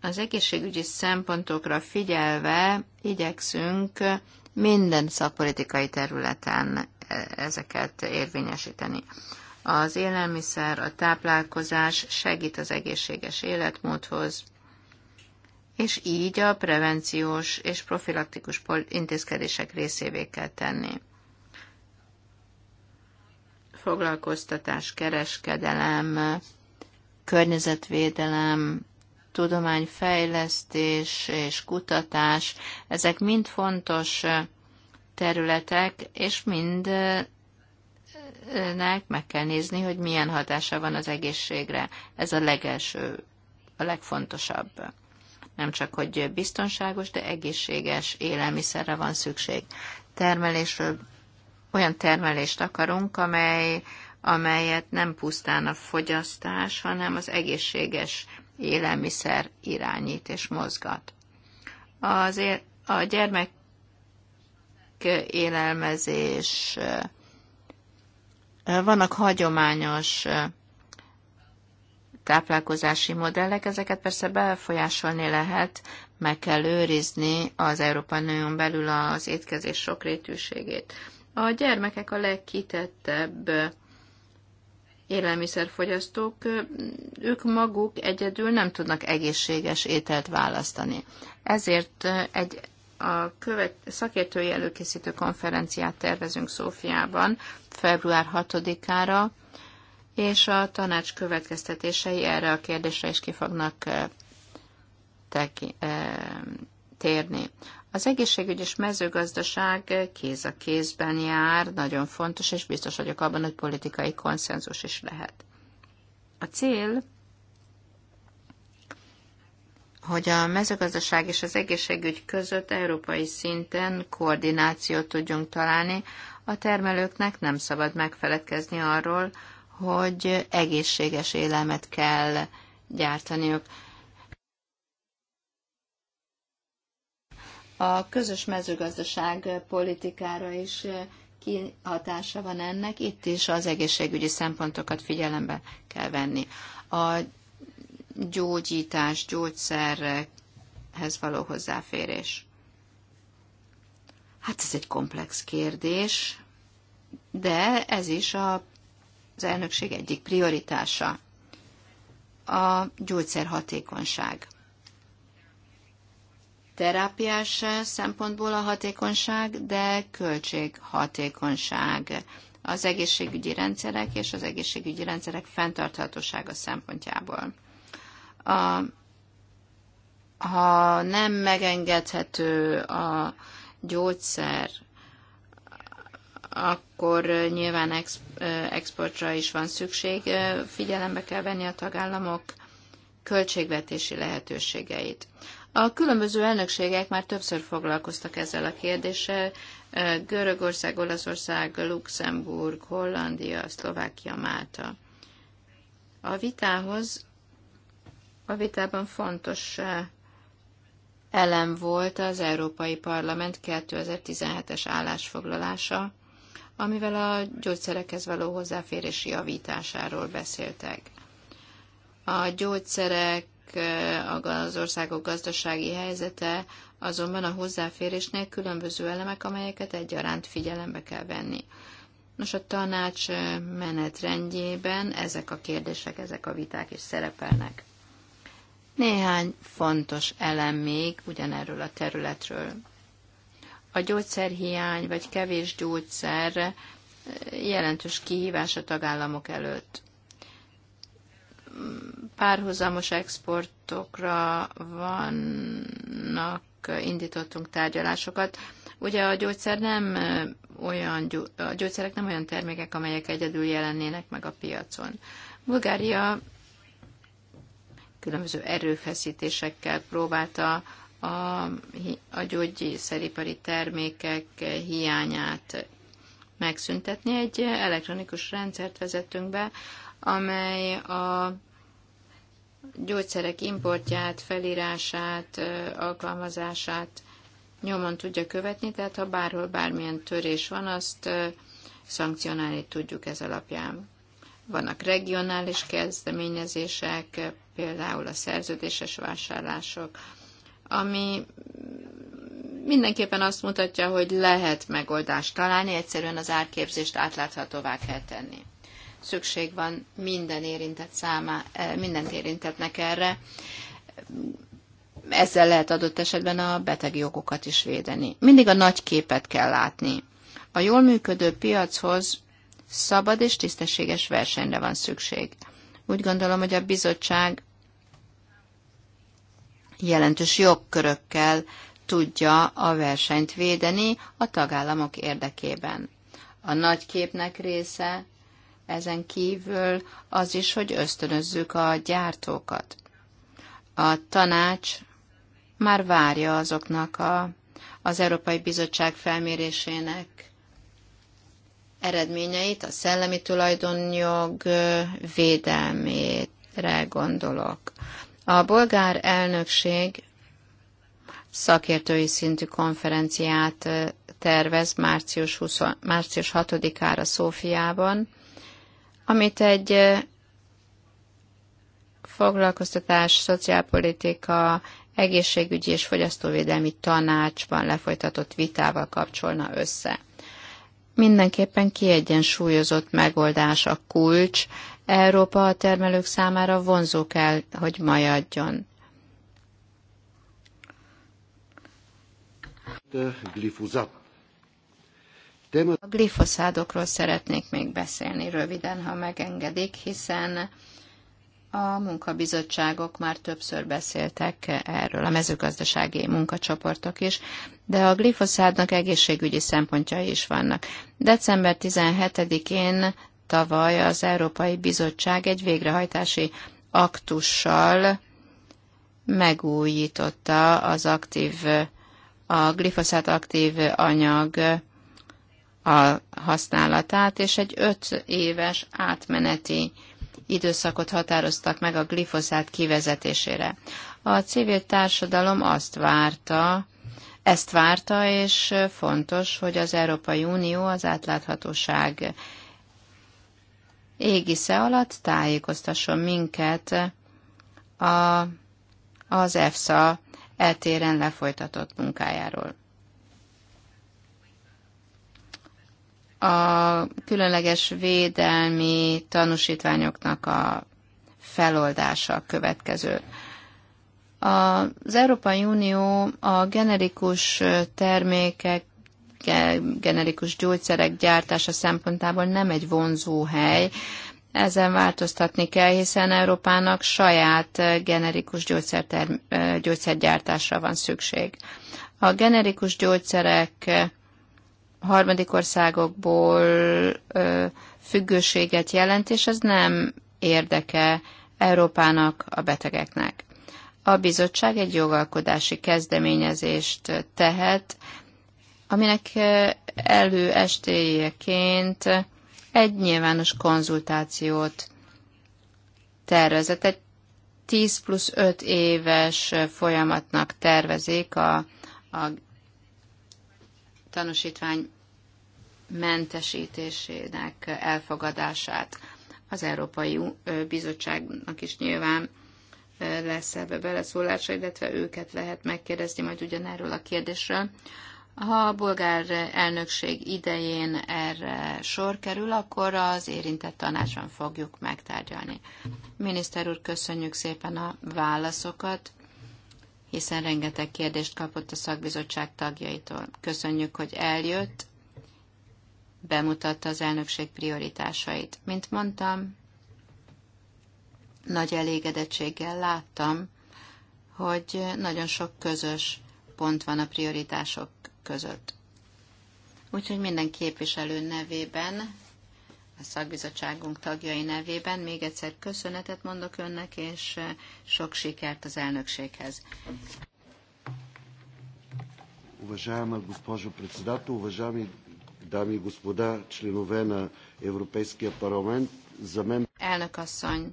az egészségügyi szempontokra figyelve igyekszünk minden szakpolitikai területen e, ezeket érvényesíteni. Az élelmiszer, a táplálkozás segít az egészséges életmódhoz, és így a prevenciós és profilaktikus intézkedések részévé kell tenni. Foglalkoztatás, kereskedelem, környezetvédelem, tudományfejlesztés és kutatás, ezek mind fontos területek, és mindnek meg kell nézni, hogy milyen hatása van az egészségre. Ez a legelső, a legfontosabb. Nem csak, hogy biztonságos, de egészséges élelmiszerre van szükség. Termelésről olyan termelést akarunk, amely, amelyet nem pusztán a fogyasztás, hanem az egészséges élelmiszer irányít és mozgat. Az él, a gyermek élelmezés, vannak hagyományos táplálkozási modellek, ezeket persze befolyásolni lehet, meg kell őrizni az Európai Unión belül az étkezés sokrétűségét. A gyermekek a legkitettebb élelmiszerfogyasztók, ők maguk egyedül nem tudnak egészséges ételt választani. Ezért egy a követ, szakértői előkészítő konferenciát tervezünk Szófiában február 6-ára, és a tanács következtetései erre a kérdésre is ki fognak térni. Az egészségügy és mezőgazdaság kéz a kézben jár, nagyon fontos, és biztos vagyok abban, hogy politikai konszenzus is lehet. A cél, hogy a mezőgazdaság és az egészségügy között európai szinten koordinációt tudjunk találni, a termelőknek nem szabad megfeledkezni arról, hogy egészséges élelmet kell gyártaniuk. A közös mezőgazdaság politikára is kihatása van ennek, itt is az egészségügyi szempontokat figyelembe kell venni. A gyógyítás, gyógyszerhez való hozzáférés. Hát ez egy komplex kérdés, de ez is a az elnökség egyik prioritása a gyógyszer hatékonyság. Terápiás szempontból a hatékonyság, de költséghatékonyság az egészségügyi rendszerek és az egészségügyi rendszerek fenntarthatósága szempontjából. A, ha nem megengedhető a gyógyszer akkor nyilván exportra is van szükség. Figyelembe kell venni a tagállamok költségvetési lehetőségeit. A különböző elnökségek már többször foglalkoztak ezzel a kérdéssel. Görögország, Olaszország, Luxemburg, Hollandia, Szlovákia, Málta. A vitához, a vitában fontos elem volt az Európai Parlament 2017-es állásfoglalása, amivel a gyógyszerekhez való hozzáférési javításáról beszéltek. A gyógyszerek, eh, az országok gazdasági helyzete, azonban a hozzáférésnél különböző elemek, amelyeket egyaránt figyelembe kell venni. Nos, a tanács eh, menetrendjében ezek a kérdések, ezek a viták is szerepelnek. Néhány fontos elem még ugyanerről a területről. A gyógyszerhiány vagy kevés gyógyszer eh, jelentős kihívás a tagállamok előtt. Párhuzamos exportokra vannak, eh, indítottunk tárgyalásokat. Ugye a gyógyszer nem eh, olyan, a gyógyszerek nem olyan termékek, amelyek egyedül jelennének meg a piacon. Bulgária különböző erőfeszítésekkel próbálta a, a gyógyszeripari termékek hiányát megszüntetni. Egy elektronikus rendszert vezetünk be, amely a gyógyszerek importját, felírását, alkalmazását nyomon tudja követni, tehát ha bárhol bármilyen törés van, azt szankcionálni tudjuk ez alapján. Vannak regionális kezdeményezések, például a szerződéses vásárlások, ami mindenképpen azt mutatja, hogy lehet megoldást találni, egyszerűen az árképzést átláthatóvá kell tenni. Szükség van minden érintett számá, eh, mindent érintetnek erre. Ezzel lehet adott esetben a beteg jogokat is védeni. Mindig a nagy képet kell látni. A jól működő piachoz szabad és tisztességes versenyre van szükség. Úgy gondolom, hogy a bizottság jelentős jogkörökkel tudja a versenyt védeni a tagállamok érdekében. A nagy képnek része ezen kívül az is, hogy ösztönözzük a gyártókat. A tanács már várja azoknak a, az Európai Bizottság felmérésének eredményeit, a szellemi tulajdonjog védelmére gondolok. A bolgár elnökség szakértői szintű konferenciát tervez március, 20, március 6-ára Szófiában, amit egy foglalkoztatás, szociálpolitika, egészségügyi és fogyasztóvédelmi tanácsban lefolytatott vitával kapcsolna össze. Mindenképpen kiegyensúlyozott megoldás a kulcs Európa a termelők számára vonzó kell, hogy majadjon. A glifoszádokról szeretnék még beszélni röviden, ha megengedik, hiszen a munkabizottságok már többször beszéltek erről, a mezőgazdasági munkacsoportok is, de a glifoszádnak egészségügyi szempontjai is vannak. December 17-én tavaly az Európai Bizottság egy végrehajtási aktussal megújította az aktív, a glifoszát aktív anyag a használatát, és egy öt éves átmeneti időszakot határoztak meg a glifoszát kivezetésére. A civil társadalom azt várta, ezt várta, és fontos, hogy az Európai Unió az átláthatóság égisze alatt tájékoztasson minket a, az EFSA eltéren lefolytatott munkájáról. A különleges védelmi tanúsítványoknak a feloldása a következő. Az Európai Unió a generikus termékek generikus gyógyszerek gyártása szempontából nem egy vonzó hely, ezen változtatni kell, hiszen Európának saját eh, generikus eh, gyógyszergyártásra van szükség. A generikus gyógyszerek eh, harmadik országokból függőséget jelent, és ez nem érdeke Európának, a betegeknek. A bizottság egy jogalkodási kezdeményezést tehet, aminek előestéjeként egy nyilvános konzultációt tervezett. Egy 10 plusz 5 éves folyamatnak tervezik a, a tanúsítvány mentesítésének elfogadását. Az Európai Bizottságnak is nyilván lesz ebbe beleszólása, illetve őket lehet megkérdezni majd ugyanerről a kérdésről. Ha a bolgár elnökség idején erre sor kerül, akkor az érintett tanácson fogjuk megtárgyalni. Miniszter úr, köszönjük szépen a válaszokat, hiszen rengeteg kérdést kapott a szakbizottság tagjaitól. Köszönjük, hogy eljött, bemutatta az elnökség prioritásait. Mint mondtam, nagy elégedettséggel láttam, hogy nagyon sok közös pont van a prioritások között. Úgyhogy minden képviselő nevében, a szakbizottságunk tagjai nevében még egyszer köszönetet mondok önnek, és eh, sok sikert az elnökséghez. Уважаема госпожо председател, уважаеми дами и господа членове на Европейския парламент, за мен... Elnök asszony,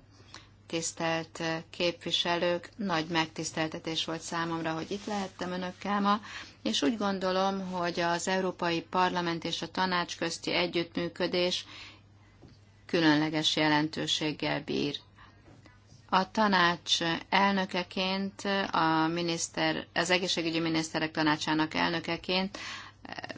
tisztelt képviselők, nagy megtiszteltetés volt számomra, hogy itt lehettem önökkel ma, és úgy gondolom, hogy az Európai Parlament és a Tanács közti együttműködés különleges jelentőséggel bír. A tanács elnökeként, a miniszter, az egészségügyi miniszterek tanácsának elnökeként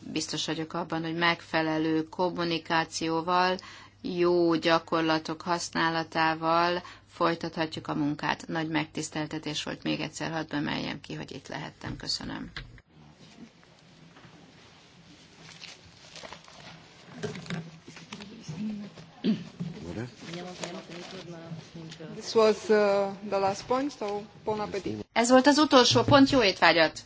biztos vagyok abban, hogy megfelelő kommunikációval, jó gyakorlatok használatával folytathatjuk a munkát. Nagy megtiszteltetés volt még egyszer, hadd bemeljem ki, hogy itt lehettem. Köszönöm. This was uh, the last point, so bon Ez volt az utolsó pont, jó étvágyat!